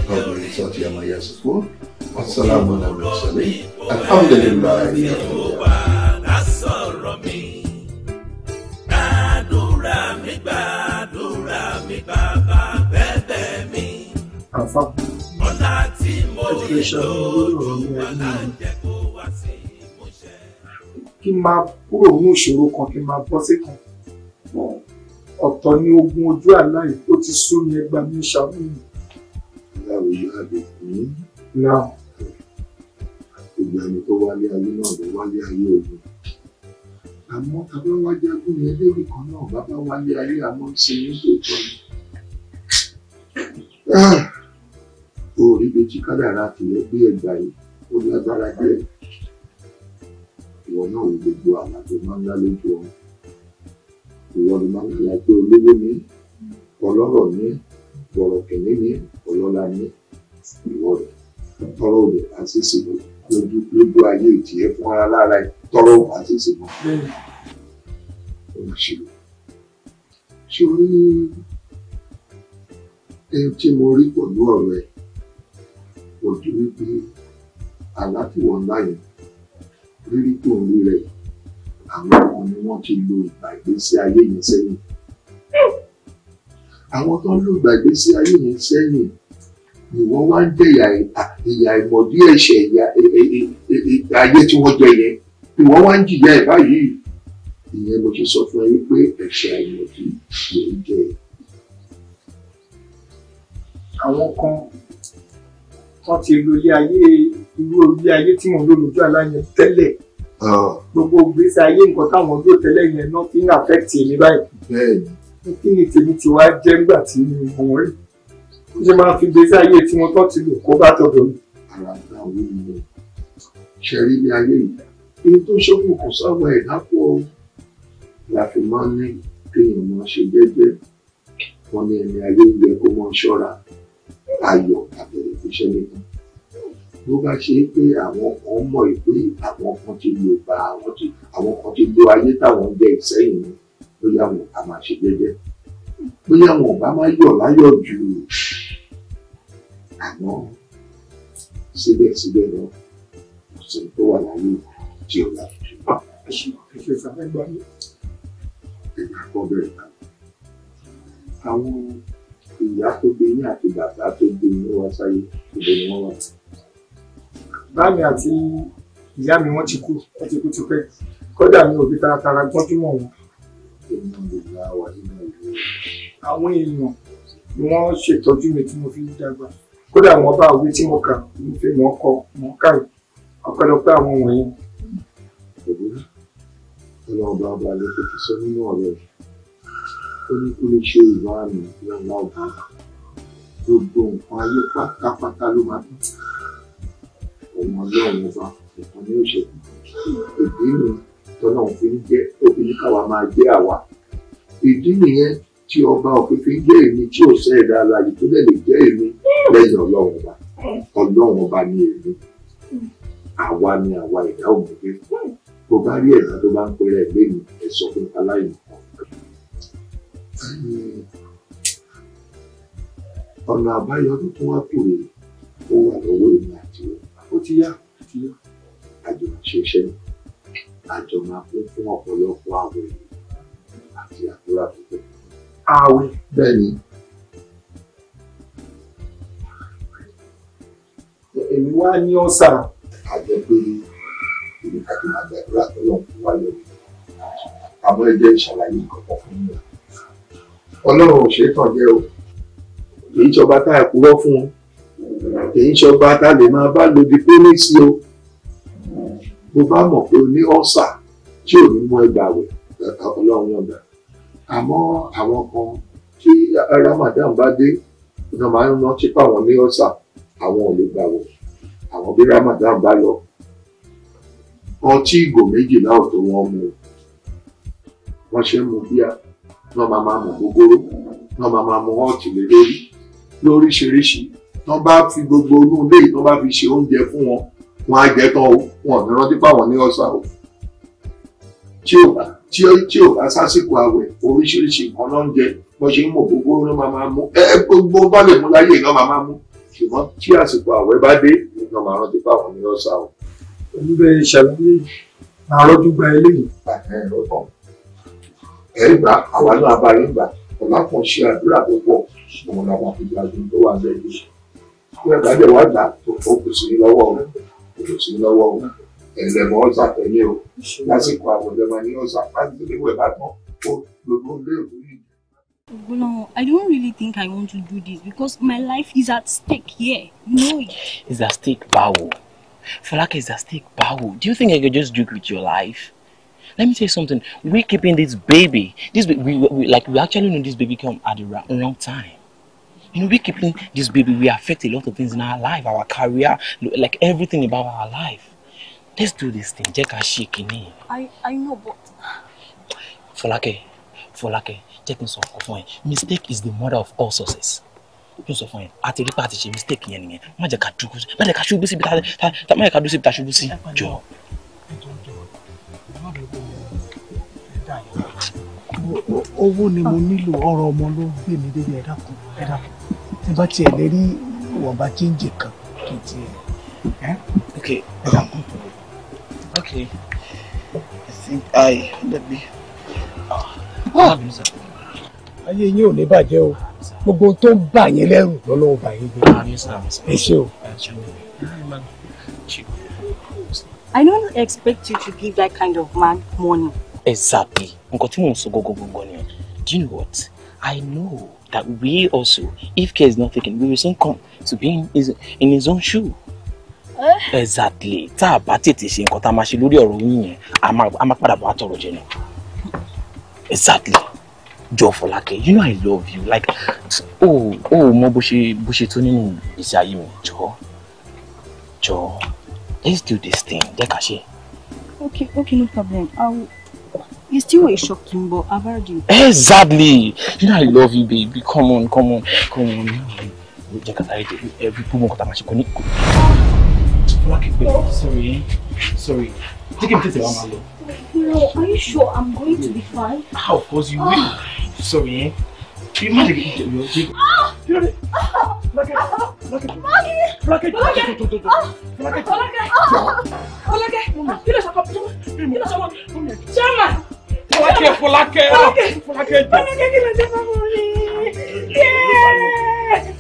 فضله ساتي ما يصفون والسلام على المرسلين الحمد لله رب العالمين àfa kí n máa kúrò ní ìṣòro kan kí n máa bọ́ sí kan ọ̀tọ̀ ni ogun ojú àlá yìí ó ti sú mi ẹgbàá mi ṣàmúlò Now you have it in. Now. Ìgbà ẹni tó wálé ayé náà ló wálé ayé ogun. Àmọ́ tàbá wá jagun yẹn débi kan náà bàbá wálé ayé àmọ́ ń sin ní tòótọ́ ni. Ah! Orí méjì kádàrá tìlẹ̀ bí ẹgbàá yìí ó lágbára díẹ̀. Ìwọ náà wo gbogbo àlàjò máa ń lá lójú ọ̀run. Ìwọ ni máa ń gbàgbé olówó ní ọlọ́rọ̀ ní bọ̀rọ̀kìnní ní ọlọ́lá ní ìwọ rẹ̀ tọrọ òde àti ìsìnkú lójú lójú ayé ìjìyẹ fún ara lára tọrọ àti ìsìnkú olùṣirò ṣé o ní ẹ tí mo rí pẹ̀lú ọ̀rọ̀ ẹ kò ju wípé aláfíwọ̀ ńlá yẹn rírí tó ń rí rẹ àwọn kan ni wọ́n ti lo ìgbà ìgbésí ayé yẹn sẹ́yìn àwọn tó ń lo ìgbà ìgbésí ayé yẹn sẹ́yìn ìwọ wá ń jẹyà ìyà ìmọ̀dí ẹ̀ṣẹ̀ ìyà ayé tí wọ́n jẹ yẹn ìwọ wá ń jìyà ẹ̀ báyìí ìyẹn mo ti sọ fún ẹ wípé ẹ̀ṣẹ̀ ìmọ̀dí ló ń jẹ. àwọn kan wọ́n ti lo ilé ayé irú ilé ayé tí mò ń lò lójú àlá yẹn tẹ́lẹ̀ ah. gbogbo ìgbésí ayé nǹkan táwọn lò tẹ́lẹ̀ yẹn náà fi ń àfẹ́tì mi báyìí kí ni tèmi ti wá jẹ́ nígbà tí mo wọ́n rí ó ṣe máa fi gbèsè ayé tí mo tọ́ ti lò kó bá tọ̀dọ̀ mi. àràgbà òun ni ṣẹ̀rí ní ayé ìgbà ní tó ṣókùn kò sáwọ ẹ̀dá pọ̀ la fi máa ń ní kéèyàn máa ṣe jẹ́jẹ́ wọn ní ẹni ayé ń yẹ kó máa ṣọ́ra ayọ̀ àbẹ̀rẹ̀ iṣẹ́ nìkan bó bá ṣe é pé àwọn kan mọ̀ pé àwọn kan ti lo bá àwọn kan ti lo ayé táwọn ń jẹ ìsẹ́yìn ni lóyàwó a máa ṣe jẹ́jẹ́ bóyá wọn bá má yọ̀ láyọ̀ jù àmọ́ síbẹ̀síbẹ̀ lọ sọ tó wà láyé tí ò láyé jù. Ìgbà kan bẹ̀rẹ̀ náà. Àwọn ìyá tó gbé ní àti bàbá tó gbé ní wá sáyé ìbò ni wọ́n wà. Báàmì àti ìyá mi wọ́n ti kú, wọ́n ti kú tipẹ́. Kódà mi ò fi taratara gbọ́n tó mọ̀ wọn. Ìmọ̀ ìlà wà nínú ìlú àwọn èèyàn ni wọ́n ṣètọ́jú mi tí mo fi ń dàgbà kódà wọn bá wí tí mo kà mo fi mọ̀ kọ mọ̀ káyì ọpẹ́lọpẹ́ àwọn wọ̀nyí. ọlọ́run bá ọba ló fi sọ nínú ọ̀rọ̀ rẹ̀ ó ní kó lè ṣe ìwà àmì ìyọ̀nà ọ̀gá gbogbo nǹkan ayé pátápátá ló máa tún ọmọ ọlọ́run ọba nǹkan ní òṣèlú ìdí nìyẹn tọ́lọ́run fi jẹ́ obìnrin káwa máa jẹ́ àwa ìdí nìyẹn tí ọba òfìfì jẹ́ èmi tí ò sẹ́ ẹ̀dá alàyè tó lè lè jẹ́ èmi lẹ́yìn ọlọ́run ọba ọlọ́run ọba ni èmi àwa ni àwa ẹ̀dá òmùgbé tó bá rí ẹ̀dá tó bá ń pẹ́rẹ́ lẹ́nu ẹ̀ fún aláìní ọ̀nà àbáyọ tó tún wá kúrò ó wà lọ́wọ́ èmi àti wọn. ó ti yá àjọ àṣeṣe àjọ máa kún fún ọ̀pọ̀lọpọ̀ àwẹ̀ àti àdúrà tó ààwẹ̀. bẹ́ẹ̀ni èmi wá ní ọ̀sà. a jẹ pé èmi kàkí máa gbàdúrà tó lọ fún wa lórí àmọ́ ẹ jẹ́ ìṣàlàyé ìkọ̀kọ̀ fún mi. ọlọ́run ò ṣe é tàn jẹ́ o kì í ṣọba tá a kúrọ́ fún un kì í ṣọba tá a lè máa bá lo diplomacy o bó bá mọ̀ pé o ní ọ̀sà tí ò ní mú ẹgbàá wẹ̀ ọlọ́run yọ̀ǹda àmọ́ àwọn kan tí Ramadan bá dé iná máa ń ná tipa wọn ní ọ̀sà àwọn ò lè gbàwọ̀ àwọn bí Ramadan bá lọ ọtí ìgò méjìlá ò tó wọn mu wọn ṣe ń mu bíà náà máa máa mu gbogbooro náà máa máa mu ọtí lé lórí lóríṣiríṣi tó bá fi gbogbo inú ilé tó bá fi ṣe oúnjẹ fún wọn wọn á jẹ tán o wọn ò ní rántí pa ní ọ̀sà o tí ò bá tí ó tí ò bá sásìkò àwẹ̀ oríṣiríṣi nǹkan ló ń jẹ bó ṣe ń mọ̀ gbogbo ló máa máa mú ẹ gbogbo bá lè mú láyé iná máa máa mú ṣùgbọ́n tí àsìkò àwẹ̀ bá dé iná máa rántí fáwọn ní ọ̀sà o. pẹ̀lú bẹ́ẹ̀ ṣàlàyé àròjù gba eléyìí. ẹ gbà àwa náà bá yín gbà ọ̀làkùn ṣe àdúrà tó pọ̀ òun làwọn fi gbà tó wà bẹ́ẹ̀ bí ẹ bá dẹ̀ o kò sí lọ́wọ́ o. ẹ̀rẹ̀mọ́ ṣàtẹ̀lé o lásìkò ni ó gbogbo léèrú yìí. I don't really think I want to do this because my life is at stake here. You know it. It's at stake, Bawo. Falaka is at stake, Bawo. Do you think I could just joke with your life? Let me tell you something. We're keeping this baby. This we, we, we like we actually know this baby come at the wrong, wrong time. You know, we're keeping this baby. We affect a lot of things in our life, our career, like everything about our life. let's do this thing jẹ́ ká ṣe kìíní. i i know but. fọlákẹ́ fọlákẹ́ jẹ́ kí n sọ ọkọ fún ẹ mistake is the mother of all success yóò sọ fún ẹ àti rí pàtì ṣe mistake yẹn nìyẹn má jẹ́ ká dúró má jẹ́ ká ṣubú síbi tá má jẹ́ ká dúró síbi tá ṣubú sí jọ. owó ni mo nílò ọ̀rọ̀ ọmọ ló gbé mi débi ẹ̀dá kan ẹ̀dá kan tí bá tiẹ̀ lè rí ìwọ̀nba jíǹjì kan kì í tiẹ̀ ẹ̀dá kan Okay. I think I let me. Ah! Ayé yín you ní bàjẹ́ o. Gbogbo ohun tó ń bà yín no, lọ́lọ́wọ́ bà yín gbé. I don't expect you to give that kind of man money. Exactly. Nǹkan tí mò ń sọ gógógógó ni. Do you know what? I know that we also, if K is not taken, we will soon come to be in his own shoe. Eh? exactly tá a bá tètè ṣe nǹkan tá a máa ṣe lórí ọ̀rọ̀ yín yẹn a máa padà bọ̀ àtọ̀rọ̀ jẹ náà exactly jọ Fọlákẹ́ you know i love you like o ò mọ bó ṣe bó ṣe tó nínú ìgbésí ayé mi jọ jọ let's do this thing jẹ́ ká ṣe. okay okay no problem i will. It's still a shock to me, but I've heard you. Exactly. You know I love you, baby. Come on, come on, come on. Every woman got a machine. Lucky baby, sorry. Sorry. Take him to the Amalo. No, are you sure I'm going to be fine? Ah, of course you will. Sorry, eh? You might get your jig. Look at Look at Look at Look at Look at Look at Look at Look at You know what? You know what? Chairman! Folake, Folake, Folake, Folake, Folake, Folake,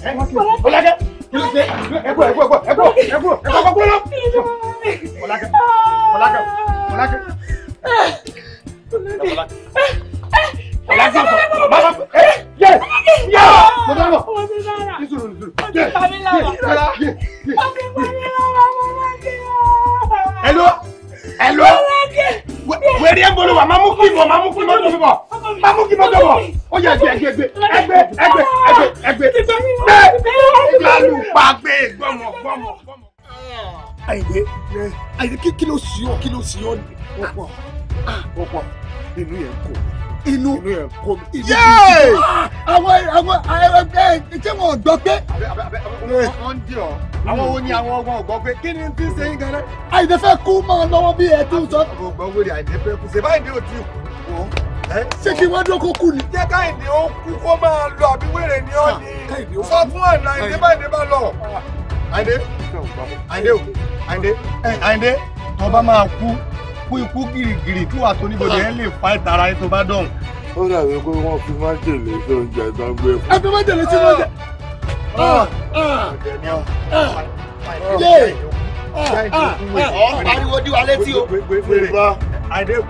Folake, Folake, Folake, kílódé Hello hello wẹ̀rí ẹ̀ ń bolo wa máa mú kí bọ̀ máa mú kí mọ́tò mi bọ̀ máa mú kí mọ́tò bọ̀ ó yẹ ẹgbẹ́ ẹgbẹ́ ẹgbẹ́ ẹgbẹ́ ẹgbẹ́ ẹgbẹ́ ẹgbẹ́ ìbálòpàgbé gbọ́mọ̀ gbọ́mọ̀. àyìnbé àyìnbé kí ló sì yọ kí ló sì yọ ọ̀pọ̀ ọ̀pọ̀ nínú yẹn kò inú yé ah, àwọn àwọn ẹ ṣé wọn ò gbọ́ pé. àwọn wo ni àwọn ọgbọ́n ò gbọ́ pé kí ni tí ń ṣe yín gan-an. àìdè fẹ́ kú mọ́ ọ lọ́wọ́ bí ẹ tún sọ. ọgbọ́n wèrè àìdè fẹ́ kú ṣe báyìí ni ò tí kú ṣé kí wọ́n dókó kú ni. jẹ́ káyìndé ó kú kó máa lọ àbí wèrè ni ah, ó ní sọ fún àná àìdé báyìí bá lọ. àìdé àìdé àìdé àìdé tó bá máa kú kú ikú gìrìgìrì tí wàá tó níbodè ẹ lè fa ìtara ẹ tó bá dọ̀hún. ó dàbí pé wọ́n fi májèlé sí oúnjẹ tó ń gbé fún. ẹ fi májèlé sí oúnjẹ. Ah, ah, ah. ariwo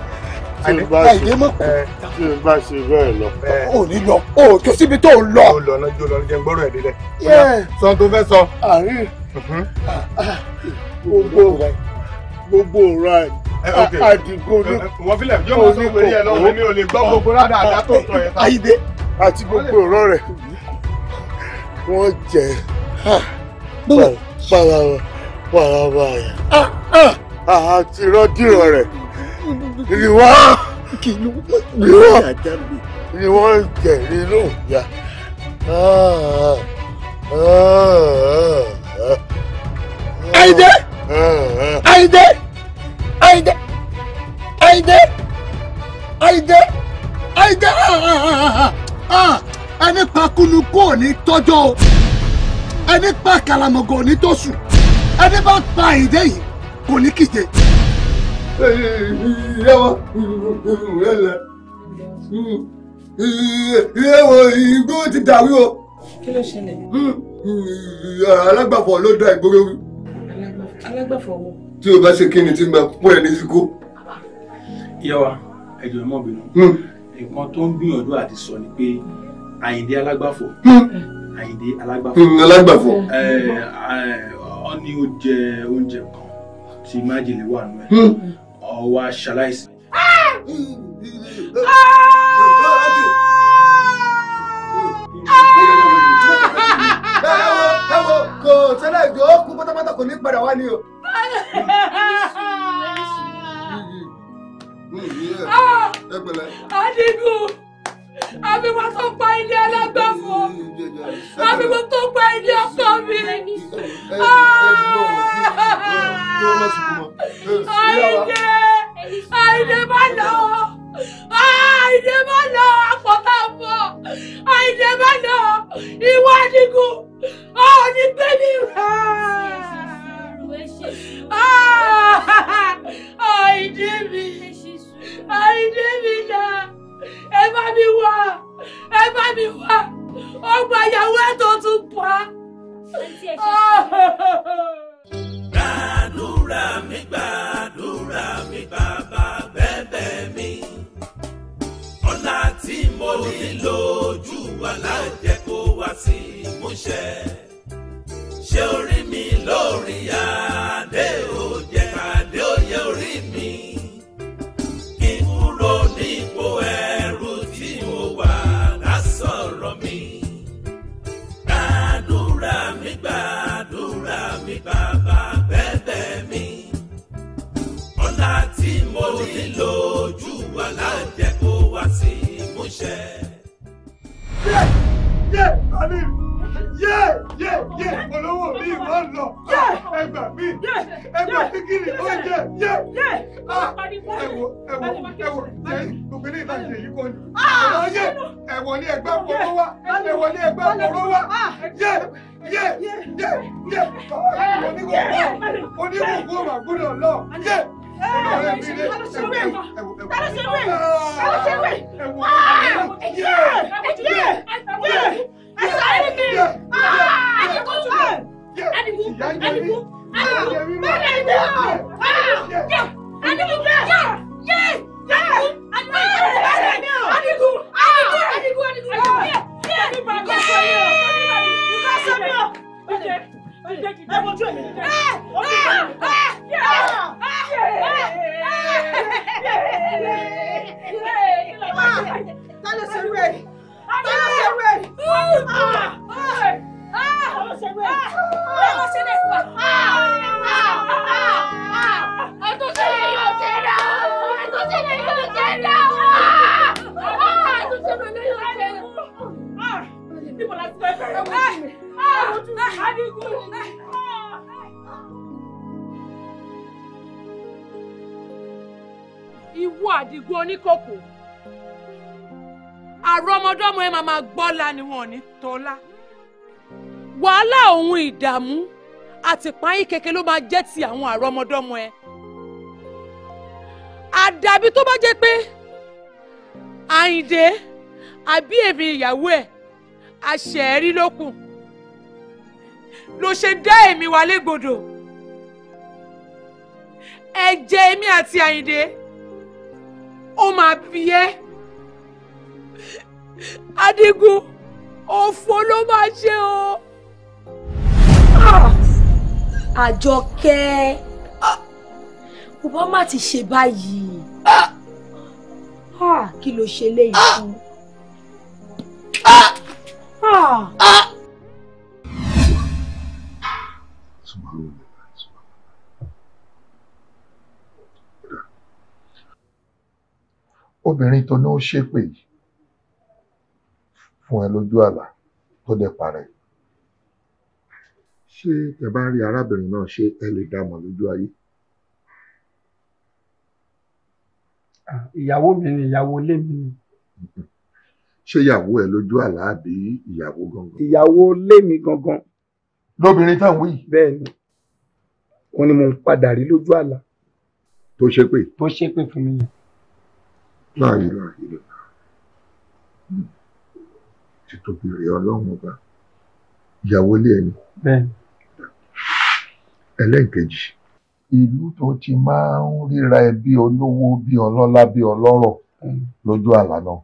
àdìgún eh, ah, ní. Eh, eh, wọ́n filẹ̀ yóò mọ sọ pé yẹn lọ́wọ́ mi ò lè gbọ́ gbogbo rádà àdá ah, tó tọ̀ yẹn. Ayíde àti gbogbo ọ̀rọ̀ rẹ̀ wọ́n jẹ́ paraba àyà àti rọ́dìrọ̀ rẹ̀ ni wọ́n ni wọ́n jẹ̀ nínú ìyá. Ayíde Ayíde. Àyìndé Àyìndé Àyìndé Àyìndé ẹni pa kúnukú ò ní tọ́jọ́ o ẹni pa kàlàmọ̀gọ̀ ò ní tóṣù ẹni bá pa Àyìndé yìí kò ní kíje. yẹ́wọ́ ẹ̀lẹ́ yẹ́wọ́ igbó ti dàrú o. kí ló ṣẹlẹ̀. Hmm, hmm, hmm, alágbàfọ̀ ló da ìgboro. alágbàfọ̀ wo tí o bá ṣe kí ni tí n bá pọ́n ẹ̀ ní síkó. ìyá wa ẹjọ́ ẹ mọ̀ bínú nǹkan tó ń gbìyànjú àti sọ ni pé àyìndé alágbàfọ̀ àyìndé alágbàfọ̀ alágbàfọ̀ ọ ní ó jẹ oúnjẹ kan tí májèlé wà nù ẹ ọwọ́ aṣaláìsí. kò tẹ́lẹ̀ ìjọ kú pátápátá kò ní padà wá ní o ẹgbẹ̀lẹ́. adigun àfihàn tó pa ilé alágbàfọ̀ àfihàn tó pa ilé ọkọ mi. àìdè àìdè ah! má lọ àìdè má lọ àpọ̀tà pọ̀ àìdè má lọ ìwọ adigun ọ̀ ní pẹ́ẹ́lí rẹ̀ àìdí mi àìdí mi dà ẹ bá mi wá ẹ bá mi wá ọgbà ìyàwó ẹ tó tún pa. gbàdúrà mi gbàdúrà mi bàbá bẹ̀bẹ̀ mi ọ̀la tí mo nílò ojú wa láì jẹ́ kó wá sí ìmúṣẹ ṣé orí mi lórí adé òjẹ́ kàdé òye orí mi kí n kúrò nípò ẹrú tí mo wà lásọ̀rọ̀ mi gbàdúrà mi gbàdúrà mi bàbá bẹ́bẹ̀ mi ọ̀la tí mo nílò ojú wa lájẹ́ kó wá sí ìmúṣẹ. Yeah! Yeah! I mean yé yé yé olówó mi má lọ ẹgbà mi ẹgbà mi ah, kí ni ó ah! jẹ yé ẹwọ ẹwọ ẹwọ lẹ́yìn gbogbo ní ìtajà yìí kọ ni ọ̀rọ̀ yé ẹ̀wọ̀ ní ẹgbẹ́ àpòrò wa ẹ̀wọ̀ ní ẹgbẹ́ àpòrò wa yé yé yé yé onígbòkó onígbòkó màgbọ́dọ̀ lọ yé ẹ̀wọ̀ ẹ̀wọ̀ ẹ̀wọ̀ ẹ̀wọ̀ ẹ sáré mi ẹni kò tún mi ẹni mú ẹni mú ẹni mú bẹ́ẹ̀ ni mú ẹni mú bẹ́ẹ̀ yé ẹni mú ẹni mú bẹ́ẹ̀ ni mú ẹni mú ẹni mú ẹni mú ẹni mú ẹni mú ẹni mú ẹ wojú ẹ mi. Tá no seu rei. Ìwọ àdìgún oníkòkò àrò ọmọdọ́mọ ẹ máa máa gbọ́la ni wọn ò ní tọ́lá wàhálà òun ìdààmú àtìpáyín kékeré ló máa jẹ́ ti àwọn àrò ọmọdọ́mọ ẹ àdàbí tó bá jẹ́ pé àyìndé àbí èmi ìyàwó ẹ̀ àṣẹ̀rí ló ló ṣe dá èmi wá légbodò ẹ̀jẹ̀ èmi àti àyìndé ó máa bí ẹ́. Adigun òfò ló máa ṣe o. Ah! Àjọkẹ́ ah! bùbá má ti ṣe báyìí ah! kí ló ṣe léyìí fún. obìnrin tó náà ṣépè yìí fún ẹ lójú àlá tó dẹ̀ parẹ́ ṣé ẹ bá rí arábìnrin náà ṣé ẹ lè dá mọ̀ lójú ayé. ìyàwó mi ni ìyàwó ilé mi ni. Mm-hmm. ṣé ìyàwó ẹ lójú àlá àbí ìyàwó gangan. ìyàwó ilé mi gangan. lóbìnrin táwọn yìí. bẹ́ẹ̀ ni wọ́n ní mo ń padà rí lójú àlá. tó ṣe pé. tó ṣe pé fún mi láàyè láàyè lọ títóbi rẹ̀ ọlọ́run ọba ìyàwó ilé ẹni. ẹlẹ́ǹkejì ìlú tó ti máa ń ríra ẹ bí olówó bí ọlọ́lá bí ọlọ́rọ̀ lójú àlá náà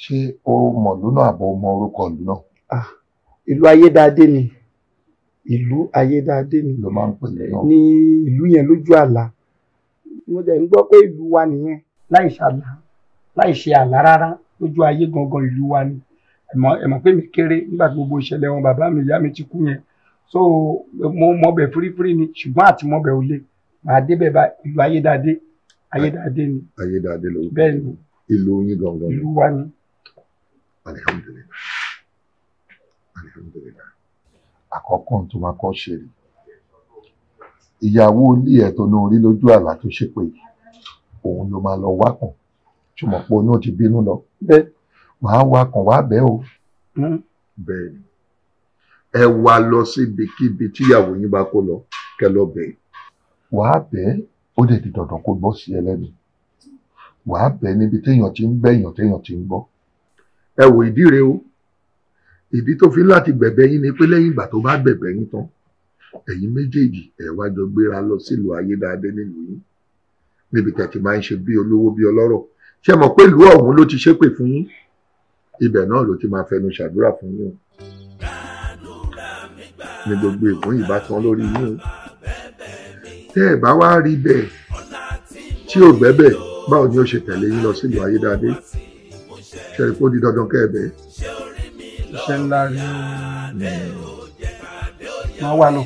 ṣé o mọ̀ lónà àbọ̀ ọmọ orúkọ ìlú náà. Ah, ìlú ayédáadé ni ìlú ayédáadé ni ló ìlú yẹn lójú àlá mo dẹ̀ ń gbọ́ pé ìlú wa nìyẹn láì ṣàlá láì ṣe àlá rárá lójú ayé gangan ìlú wa ni ẹ̀mọ̀ ẹ̀mọ̀ pé mi kéré nígbà tí gbogbo ìṣẹ̀lẹ̀ wọn bàbá mi ìyá mi ti kú yẹn so mo mọbẹ̀ fúrífúrí ni ṣùgbọ́n àti mọbẹ̀ ò le màá débẹ̀ bá ìlú ayédáadé ayédáadé ni ayédáadé ló bẹ́ẹ̀ ni ìlú yín gangan ìlú wa ni. alihamudulilayi alihamudulilayi àkọ́kọ́ tó máa kọ́ ṣe rí ìyàwó ilé ẹ̀ tó ní orí lójú àlá tó ṣe pé òun ló máa lọ wákùn ṣùgbọ́n pé òun náà ti bínú lọ. bẹ́ẹ̀ wàá wakàn wàá bẹ́ẹ̀ o. Hmm. bẹ́ẹ̀ ni ẹ wá lọ síbikíbi tíyàwó yín bá kó lọ kẹ lọ bẹ́ẹ̀. wàá bẹ́ẹ̀ ó dẹ̀ di dandan kó gbọ́ sí ẹlẹ́nu wàá bẹ́ẹ̀ níbi téèyàn ti ń bẹ́yàn téèyàn ti ń gbọ́. ẹ wò ìdí rèé o ìdí tó fi láti bẹ̀bẹ̀ yín ni pé lẹ́yìn ìgbà tó bá bẹ̀bẹ̀ yín tán ẹ̀yin méjèèjì ẹ̀ wá jọ gbéra lọ sílùú ayédáadé nílùú yín níbi tẹ̀ ti máa ń ṣe bí olówó bí ọlọ́rọ̀ ṣe mọ̀ pé ìlú ọ̀hún ló ti ṣépè fún yín ibẹ̀ náà ló ti máa fẹnu ṣàdúrà fún yín ní gbogbo ìkún yìí bá tán lórí yín tẹ́ ẹ̀ bá wá rí bẹ́ẹ̀ tí ò gbẹ́bẹ̀ báwo ni ó ṣe tẹ̀lé yín lọ sílùú ayédáadé ṣẹ́ni kó di dandan kẹ́ẹ̀bẹ́. iṣẹ́ ńlá rí máa wà lọ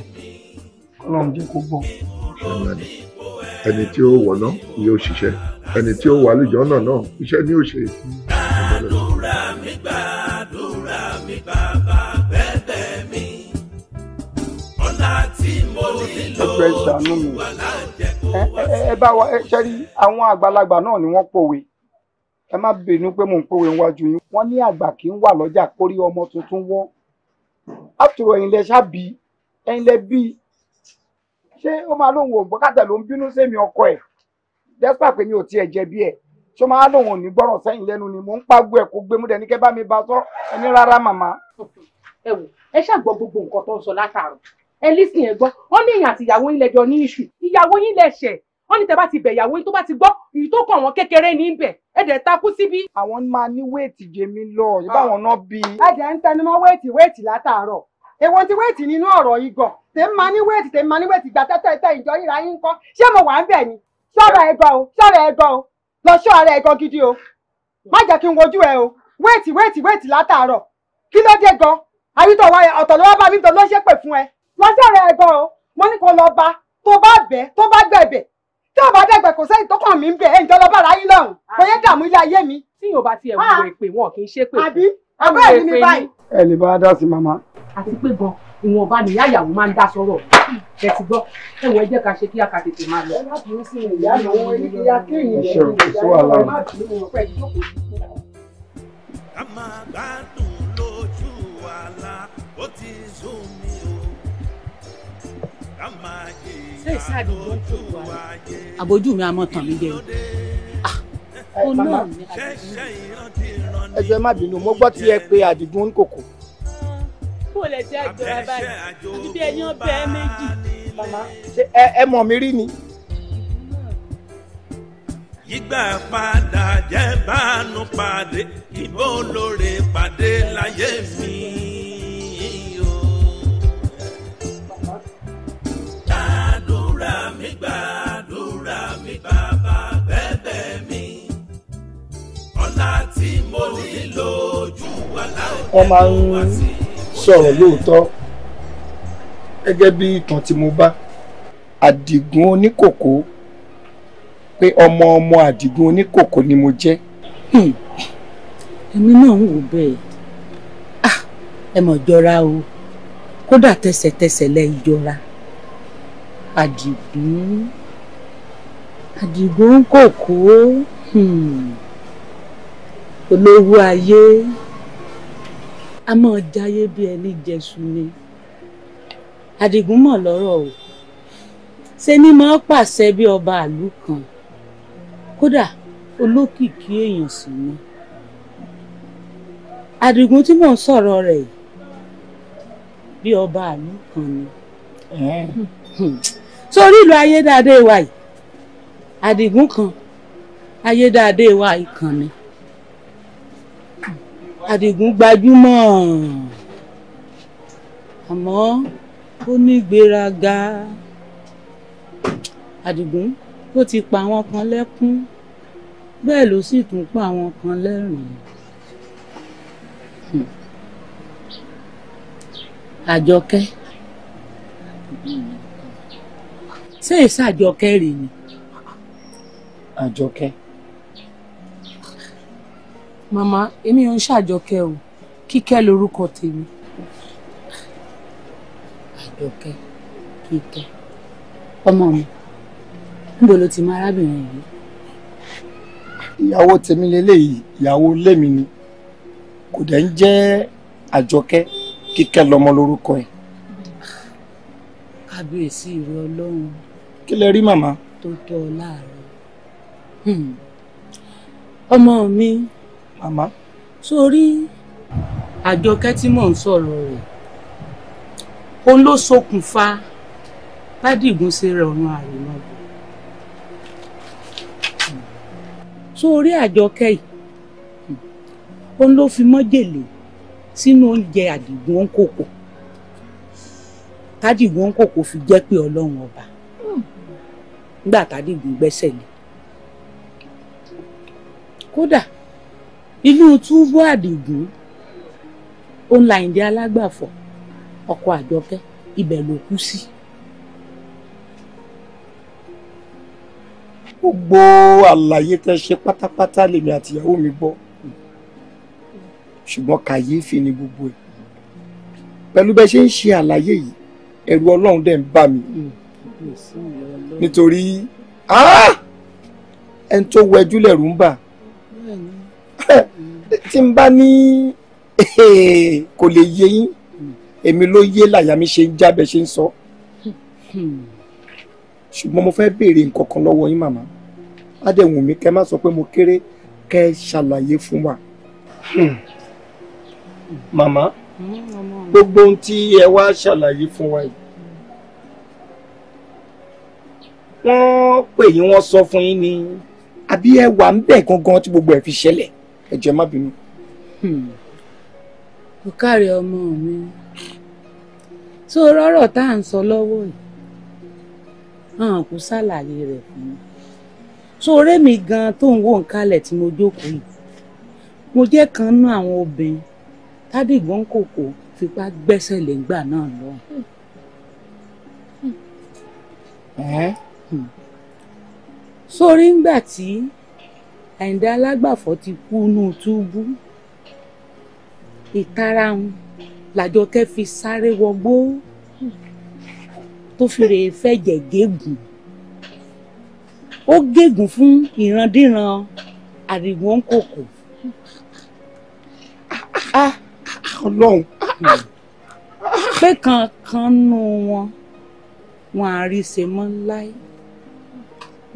ọlọ́run jẹ́ kó gbọ́. iṣẹ́ ńlá ni ẹni tí ó wọ̀ná yóò ṣiṣẹ́ ẹni tí ó wà lùjọ́ náà náà iṣẹ́ ni yóò ṣe. ẹjọ́ ẹ ṣàánú mi ẹ bá wa ṣe rí àwọn àgbàlagbà náà ni wọ́n pòwe ẹ má bínú pé mò ń pòwe níwájú yín wọ́n ní àgbà kì í wà lọ́jà kórí ọmọ tuntun wọ́ àtúrò ẹ̀yin lẹ ṣábì ẹ̀yin lẹ bí ṣé ó máa lóun ò gbọ́kàtà ló ń bínú sẹ́mi ọkọ ẹ̀ dẹ́sípà pé mi ò tiẹ̀ jẹ̀bi ẹ̀ ṣó máa lóun ò ní gbọ́rọ̀ sẹ́yìn lẹ́nu ni mò ń pàgọ́ ẹ̀ kó gbé mú dẹ́ni kẹ́ bá mi bá sọ ẹni rárá màmá. ẹ wò ẹ ṣàgbọ́ gbogbo nǹkan tó ń sọ látàárọ̀ ẹ lísìn ẹ gbọ́ wọ́n ní èèyàn àti ìyàwó yín lẹ́jọ́ ní iṣu ìyàwó yín lẹ́ṣẹ̀ wọ́n ní tẹ́ bá ti bẹ̀ ìyàwó yín tó bá ti gbọ́ èyí tó kàn wọ́n kékeré ní bẹ̀ ẹ dẹ̀ takú síbí. àwọn máa ní wéètì jèmi lọ ìbáwọn náà bí. ẹ jẹ́ ń tẹnumọ́ wéètì wéètì látàárọ̀ èwo ti wéètì nínú ọ̀rọ̀ yìí gan tèmi máa ní wéètì tèmi máa ní wéètì gbà tẹ́tẹ́ tẹ́ ìjọ ríra yín kọ́ ṣé mo wà ń bẹ̀ ni ṣọ́ọ̀rọ̀ ẹ gan o ṣọ́ọ̀rọ̀ ẹ gan o lọ wọ́n jẹ́rẹ̀ ẹ̀gọ́ o wọ́n ní kó lọ bá tó bá bẹ́ tó bá gbẹ̀bẹ̀ tí ọba dẹ̀gbẹ̀ kò sẹ́yìn tó kàn mí ń bẹ̀ ẹ̀yìn tó lọ bára yín lọ́rùn ah. kò yẹ dààmú ilé ayé mi. tí yóò bá tiẹ̀ wúwo ah. èpè wọn kì í ṣe pé àbí abẹ́ ẹ̀mí mi báyìí. ẹ lè bá a dá sí màmá. àti pé gan ìwọ̀nba nìyá ìyàwó máa ń dá sọ̀rọ̀ ẹ ti gbọ́ ẹ ẹ jẹ́ ká ṣe kí a kà tètè máa lọ. ẹ ṣe òkú sí wàhálà. ṣé ìsáàdì ló ń tó ìwà rẹ àbójú mi àmọ́ tàn mí jẹ ni. náà ní àdìgún. ẹjọ ẹ má bínú mo gbọ́ tí ẹ pé àdìgún kòkó. kó lè jẹ́ àjọ abáyé àti bí ẹyin ọbẹ̀ ẹ méjì. màmá ṣe ẹ mọ̀ mi rí ni. ìgbà padà jẹ́ báànú pàdé ìbò lóore pàdé láyé mi. àdúrà mi gbà àdúrà mi bàbá bẹ́bẹ̀ mi ọ̀la tí mo nílò ojú wa láòjẹ́ wọ́n máa ń sọ̀rọ̀ lóòótọ́ gẹ́gẹ́ bí ìtàn tí mo bá àdìgún oníkòkó pé ọmọ ọmọ àdìgún oníkòkó ni mo jẹ́. Hmm. èmi náà ń wò bẹ́ẹ̀ ah, ẹ mọ̀ jọra o kódà tẹsẹ̀tẹsẹ̀ lẹ ìjọra àdìgún àdìgún kòkó hmm. olówó ayé a máa jayé bí ẹni jẹsù ni àdìgún mọ̀ lọ́rọ̀ o ṣe ni máa pàṣẹ bí ọba àlù kan kódà olókìkí èèyàn sì ni àdìgún tí mò ń sọ̀rọ̀ rẹ̀ bí ọba àlù kan ni sórí ìlú ayédáadé wa yìí àdìgún kan ayédáadé wa yìí kan ni àdìgún gbajúmọ̀ àmọ́ ó ní ìgbéraga àdìgún tó ti pa àwọn kan lẹ́kún bẹ́ẹ̀ ló sì tún pa àwọn kan lẹ́rìn-ín. Hmm. àjọkẹ́. Mm-hmm ṣé èsì àjọkẹ́ rè ni. àjọkẹ́. màmá èmi ò ń ṣàjọkẹ́ o kíkẹ́ lorúkọ tèmi. àjọkẹ́ kíkẹ́ ọmọ mi níbo ló ti mọ arábìnrin yìí. ìyàwó tèmi lélẹ́yìí ìyàwó lémi ni kò dẹ̀ ń jẹ́ àjọkẹ́ kíkẹ́ lọmọ lórúkọ ẹ̀. kábíyèsí ìrẹ ọlọ́run kí lẹ rí màmá. tó tọ́ ọ láàárọ̀ hmm. ọmọ mi. màmá. sórí àjọkẹ́ tí mò ń sọ̀rọ̀ rẹ̀ òun ló ṣokùnfà bádìgún ṣe rẹ̀ ọ̀run àrùnà. sórí àjọkẹ́ yìí òun ló fi mọ́jèlé sínú oúnjẹ àdìgún òǹkòkò tádìgún òǹkòkò fi jẹ́ pé ọlọ́run ọba nígbà tádìgún gbẹ́sẹ̀ lé kódà inú túbú àdìgún òun làyìndé alágbàfọ̀ ọkọ àjọkẹ́ ibẹ̀ ló kú sí. gbogbo àlàyé tẹ́ ṣe pátápátá lèmi àtìyàwó mi gbọ́ ṣùgbọ́n kàyéfì ni gbogbo ẹ̀ pẹ̀lú bẹ́ ṣe ń ṣe àlàyé yìí ẹ̀rù ọlọ́run dẹ̀ ń bà mí. Mm nítorí ah! ẹni tó wẹjú lẹ̀rù ń bà tí n bá ní kò lè yé yín èmi ló yé làyà mi ṣe ń jábẹ ṣe ń sọ ṣùgbọ́n mo fẹ́ béèrè nǹkan kan lọ́wọ́ yín màmá adẹ̀wùn mi kẹ́ má sọ pé mo kéré kẹ́ ṣàlàyé fún wa. màmá gbogbo ohun tí ẹ wá ṣàlàyé fún wa yìí wọ́n pè yín wọ́n sọ fún yín ni àbí ẹ wà ń bẹ̀ gangan tí gbogbo ẹ̀ fi ṣẹlẹ̀ ẹ jẹ́ má bínú. kò hmm. kárí ọmọ mi tó rọ́rọ̀ tá à ń sọ lọ́wọ́ yìí hàn kó ṣàlàyé rẹ̀ fún mi sóore mi gan tó ń wò ń kalẹ̀ tí mo jókòó yìí mo jẹ́ kan nú àwọn obìnrin tádìgbọ́n kòkó fipá gbẹ́sẹ̀ lẹ́gbà náà lọ. Hmm. sórí ńgbà tí àyíǹda alágbàfọ́ ti kú nù túbú ìtara ń làjọkẹ́ fi sáré wọgbó tó fi rèé fẹ̀jẹ̀ gégùn ó gégùn fún ìrandíran àrìwọ́n kòkò. ọlọ́run pé kankan nù wọn wọn àríṣe mọ́ láyé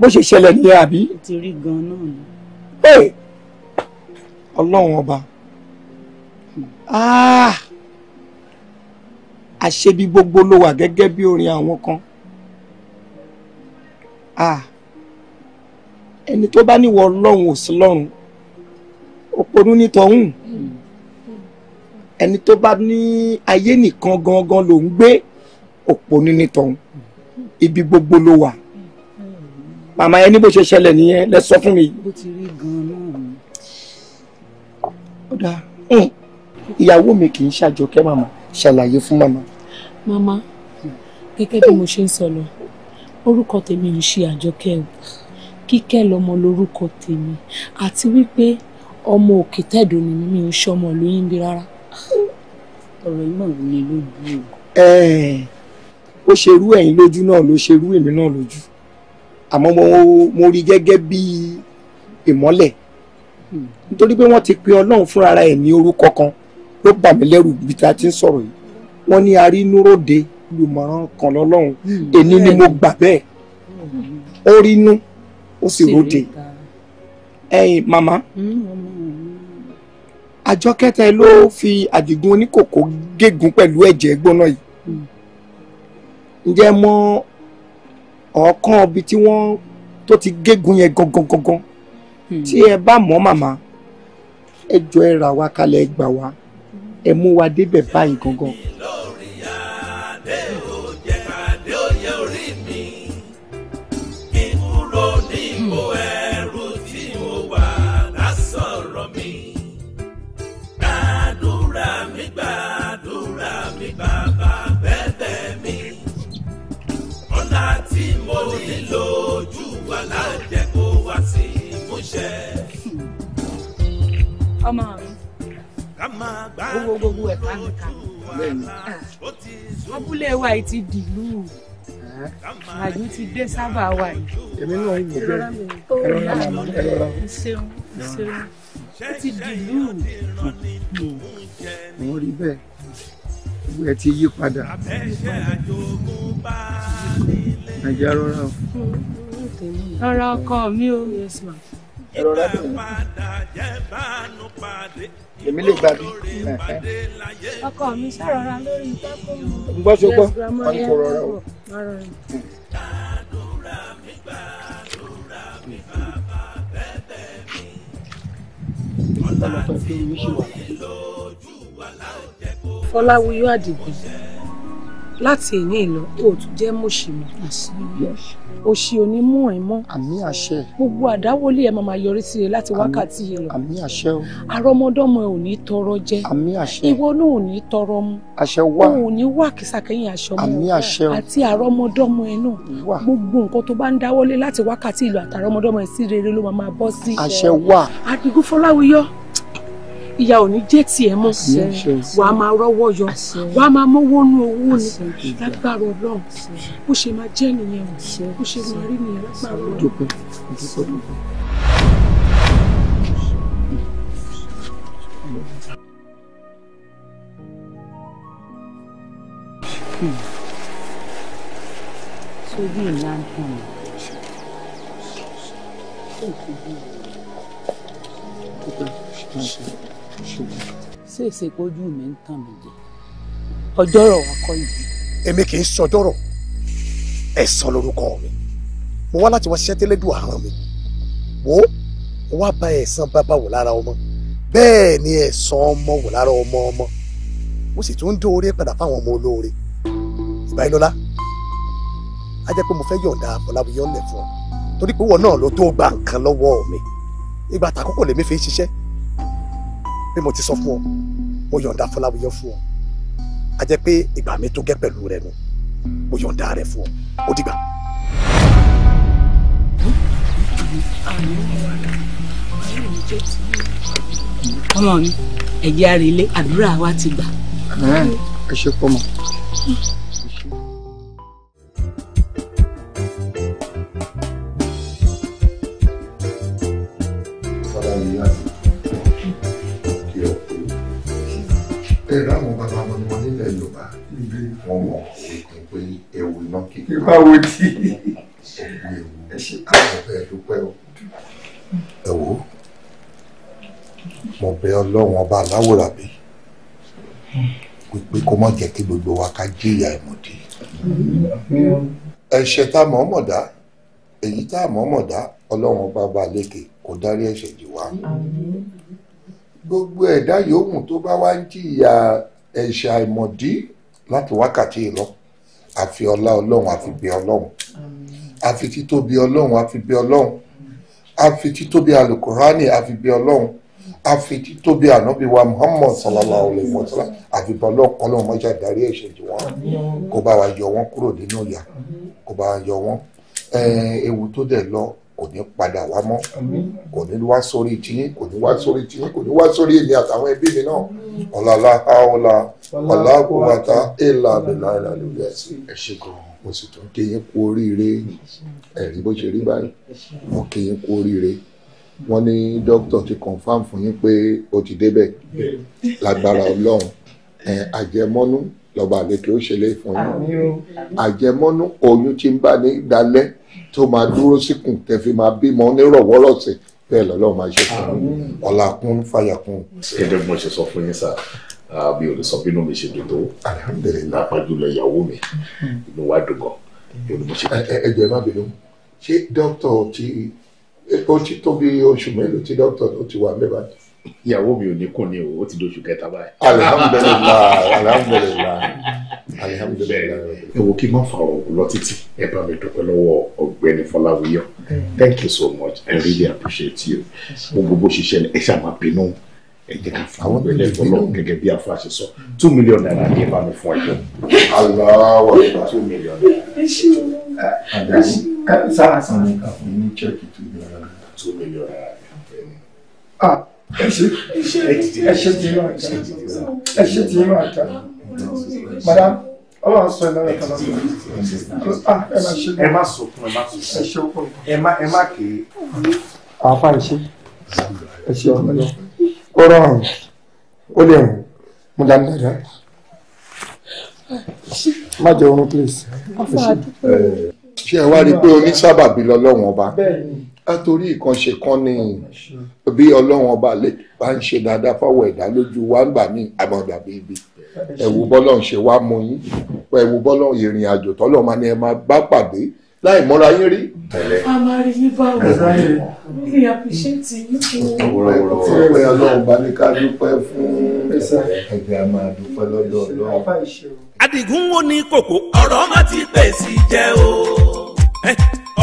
bó ṣe ṣẹlẹ̀ nìyẹn àbí. o ti rí gan-an náà ni. ọlọ́run ọba ah! àṣebi gbogbo ló wà gẹ́gẹ́ bí orin àwọn kan ah! ẹni tó bá níwọ̀ ọlọ́run ò sí lọ́run òpònú ní tọ̀hún ẹni tó bá ní ayé nìkan gangan ló ń gbé òpònú ní tọ̀hún ibi gbogbo ló wà. Mm màmá yẹn ní bó ṣe ṣẹlẹ̀ nìyẹn lẹ sọ fún mi. bó ti rí gan-an ó dáa ìyàwó mi kì í ṣàjọkẹ́ màmá ṣàlàyé fún màmá. màmá gẹ́gẹ́ bí mo ṣe ń sọ lọ orúkọ tèmi ń ṣe àjọkẹ́ o kíkẹ́ lọmọ lórúkọ tèmi àti wípé ọmọ òkè tẹ̀dọ̀ ni mi ò ṣọmọ lóyún bí rárá. ọ̀rọ̀ ìmọ̀ mi lójú o. ẹ ẹ ó ṣerú ẹ̀yin lójú náà ló ṣerú èmi náà lójú àmọ́ mo mo rí gẹ́gẹ́ bí ìmọ́lẹ̀ nítorí pé wọ́n ti pe ọlọ́run fúnra ara ẹ̀ ní orúkọ kan ló bà mí lẹ́rù bí ta ti ń sọ̀rọ̀ yìí wọ́n ní arínúròde olùmọ̀ràn kan lọ́lọ́run èní ni mo gbà bẹ́ẹ̀ ó rínú ó sì ròde ẹ̀yin màmá àjọ kẹta ẹ ló fi àdìgún oníkòkò gégùn pẹ̀lú ẹ̀jẹ̀ gbóná yìí ǹjẹ́ mọ́ ọ̀ọ́kán ibi tí wọ́n tó ti gégùn yẹn gangan gangan hmm. tí ẹ bá mọ̀ màmá ẹ jọ ẹ rà wá kalẹ̀ ẹ gbà wá ẹ mú wa débẹ̀ báyìí gangan ọmọ mi owó gbogbo ẹ̀ kánìkánì abúlé wa yìí ti dìlú àjò ti dé sábà wa yìí. èmi náà yìí wò bẹ́ẹ̀ ẹ lọ́ra ẹ lọ́ra. n ṣeun n ṣeun ó ti dìlú. mo rí bẹ́ẹ̀ ẹ ti yí padà. nàìjíríà rọra o. rọra ọkọ mi o. yes ma ẹ̀rọ rẹ dùn mí. èmi lè gbà ọkọ mi ṣàrọra lórí pápá mi. n gbọ́ wọn kò rọra o. Fọláwíyọ̀ Àdìgún láti èyí ìlọ o tún jẹ́ mọ̀ṣì mọ́ òṣì ò ní mú ẹ mọ́ àmì àṣẹ gbogbo àdáwọlé ẹ máa yọrí sí ẹ láti wákàtí yìí lọ àmì àṣẹ o àrọmọdọ́mọ ẹ ò ní tọrọ jẹ àmì àṣẹ ìwọ náà ò ní tọrọ mu àṣẹ wá o ò ní wà kìsàkẹ́yìn aṣọ mọ́ àmì àṣẹ o àti àrọmọdọ́mọ ẹ náà gbogbo nǹkan tó bá ń dáwọlé láti wákàtí ìlọ àtàrọmọdọ́mọ ẹ sí rere ló máa bọ́ sí àṣẹ wá ìyá ò ní jẹ́ tiẹ̀ mọ́ wàá máa rọ́wọ́ yọ wàá máa mówó nú owó ni lágbára ọlọ́run bó ṣe máa jẹ́ nìyẹn o bó ṣe máa rí nìyẹn lágbára ọlọ́run. sójú ìlà ń tàn mí. Thank ṣòwò ṣèṣe pójú mi ń tàn mí jẹ ọjọ́rọ̀ wa kọ́ ìdí. èmi kì í sọjọ́rọ̀ ẹ̀san lorúkọ mi mo wá láti wá ṣiṣẹ́ tẹ́lẹ́dùn àrùn mi wo mo wá ba ẹ̀san bàbá wò lára ọmọ bẹ́ẹ̀ ni ẹ̀san ọmọ wò lára ọmọ ọmọ mo sì tún ń dóore padà fáwọn ọmọ olóore ìbáyìlọ́lá a jẹ́ pé mo fẹ́ yọ̀ǹda Fọlábíyọ́ lẹ̀ fún ọ torí pé wọn náà ló tó gba nǹkan lọ́wọ́ mi ìgbà tàkókò lèmi fi ṣiṣẹ́ pé mo ti sọ fún ọ mo yọ̀ǹda Fọláwíyọ fún ọ a jẹ́ pé ìgbà mi tó gẹ́ pẹ̀lú rẹ nu mo yọ̀ǹda rẹ fún ọ ó dìgbà. ọmọ mi ẹ̀jẹ̀ àrílé àdúrà wa ti gbà. ẹ ṣe pọ́ mọ́. ọlọ́run ọba aláwòrán bí pé kó má jẹ́ kí gbogbo wa ká jìyà ìmọ̀dé ẹ̀ṣẹ̀ tá a mọ̀ mọ̀ dá èyí tá a mọ̀ mọ̀ dá ọlọ́run ọba ọba lékè kó dárí ẹ̀ṣẹ̀ jì wá gbogbo ẹ̀dá yòówù tó bá wá ń jìyà ẹ̀ṣẹ̀ àìmọ̀dí láti wákàtí ìlọ àfi ọlá ọlọ́run àfi bí ọlọ́run àfi títóbi ọlọ́run àfi bí ọlọ́run àfi títóbi alukurani àfi bí ọlọ́run àfetí tóbi ànábì wa muhammad sallallahu alayhi wa sallam àfibọ̀ lọ́kọ́lọ́ mọ́ṣá ìdarí ẹ̀ṣẹ̀ jù wọ́n kó bá wa yọ wọ́n kúrò nínú ìyà kó bá wa yọ wọ́n ewu tó dẹ̀ lọ kò ní padà wá mọ́ kò ní wá sórí tiyín kò ní wá sórí tiyín kò ní wá sórí èmi àtàwọn ẹbí mi náà ọ̀làlá àọ̀là ọ̀làkùnbàtà èèlà àbẹ̀là ìlàlú rẹ̀ sí ẹ̀ṣẹ̀ gan mo sì tún kéyìn kú oríire ẹ̀rí bó ṣe rí báyìí mo kéyìn kú oríire wọ́n ní dókítà ti confam fún yín pé o ti débẹ̀ lágbára ọlọ́run àjẹmọ́nú lọ́ba àlejò ó ṣẹlẹ̀ fún yín àjẹmọ́nú oyún ti ń bá ní dalẹ̀ tó máa dúró síkùn tẹ̀fí máa bímọ nírọ̀wọ́rọ̀sẹ̀ bẹ́ẹ̀ lọ́lọ́run máa ṣe fún yín ọ̀làkún fàyàkún. gẹ́gẹ́ bí mo ṣe sọ fún yín sá mi ò lè sọ bínú mi ṣe dùn tó ìyàwó mi mm-hmm. inú wa dùn gan. ẹ ẹ jọ̀ọ́ ẹ má bínú ṣé dókítà ti ó ti tó bí oṣù mélòó tí dókítà tó ti wà mẹ́bàá jù. ìyàwó mi ò ní kùn ní o ó ti doṣù kẹta báyìí. alihamudulilayi alihamudulilayi alihamudulilayi. ẹ wo kí n má fa ọ̀rọ̀ lọ títí ẹ bá mi dúpẹ́ lọ́wọ́ ọ̀gbẹ́ni fọláwíyọ thank you so much i really appreciate you mo gbogbo ṣiṣẹ́ ẹ ṣáà máa bínú ẹ jẹ́ ká fún àwọn ẹlẹ fọlọ gẹ́gẹ́ bí afa ṣe sọ two million naira ni ẹ bá mi fún ẹ jọ aláwọ two million naira. ẹ ṣe o sáà sàn ní ká fún ní chẹ́ẹ̀kì two two million naira ah ẹ ṣe ẹ ṣe ti inú àjà ẹ ṣe ti inú àjà madam ọlọ́run sọ ìlànà kan lọ́sọ̀rọ̀ ah, ẹ má sọkún ẹ má sọkún ẹ ṣe okun ẹ má ẹ má kéé. àáfà ẹ ṣe ẹ ṣe ọmọ náà ó rọrùn ó lè rùn mo dá ní dáadáa má jẹ oorun please. ṣé ẹ wá rí i pé onísábàbí lọ́lọ́run ọba. bẹ́ẹ̀ ni látòrí ìkànṣe kan ni bí ọlọ́run ọba lè bá ń ṣe dáadáa fáwọn ẹ̀dá lójú wa ń gbà mí àmọ̀dà bèbè ẹ̀wù bọ́lọ́run ṣe wá mú yín ẹ̀wù bọ́lọ́run ìrìn àjò tọ́lọ́ máa ní ẹ máa bá pàdé láì mọ́ra yín rí. a máa rí yín bá wò really appreciate yín fún ọ̀rọ̀ fún ọlọ́run bá ní ká dúpẹ́ fún ẹ̀jẹ̀ a máa dúpẹ́ lọ́dọ̀ ọlọ́run. Adigun wo ni kòkó ọ̀rọ̀ má ti pèsè jẹ́ o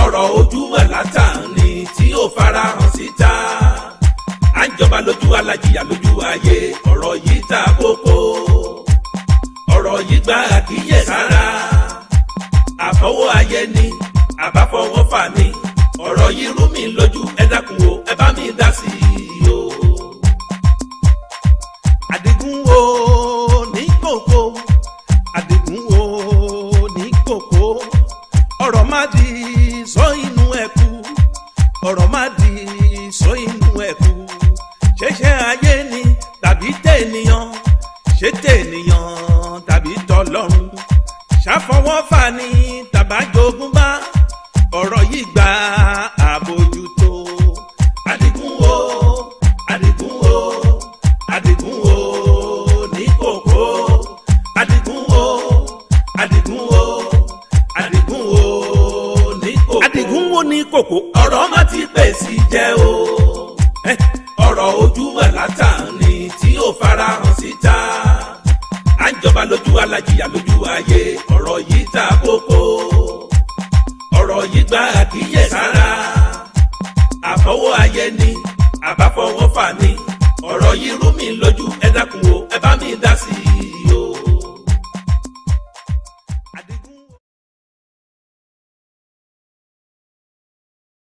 ọ̀rọ̀ ojú ẹ̀ látàn ni tí ó farahàn síta. à ń jọba lójú alájìyà lójú ayé ọ̀rọ̀ yìí ta kókó. ọ̀rọ̀ yìí gba àkíyèsára. àfọwọ́ ayé ni àbáfọwọ́ fà ni ọ̀rọ̀ yìí rú mi lójú ẹ dákun o ẹ bá mi dá sí i o. àdìgún o ní kòkó àdìgún o ní kòkó ọ̀rọ̀ má di sọ inú ẹ̀kú ọ̀rọ̀ má di sọ inú ẹ̀kú ṣẹṣẹ ayé ni tàbí tènìyàn ṣé tènìyàn tàbí tọlọ́run ṣàfọwọ́fà ni tàbájogún bá ọ̀rọ̀ yìí gbà á. kòkó. ọ̀rọ̀ má ti pèsè jẹ́ o eh. ọ̀rọ̀ ojú wà látàní tí ó farahàn síta à ń jọba lójú alájìyà lójú ayé ọ̀rọ̀ yìí ta kókó ọ̀rọ̀ yìí gba àkíyèsára àfọwọ́ ayé ni àbáfọwọ́ fà ni ọ̀rọ̀ yìí rú mi lójú ẹ dákun o ẹ bá mi dá sí i.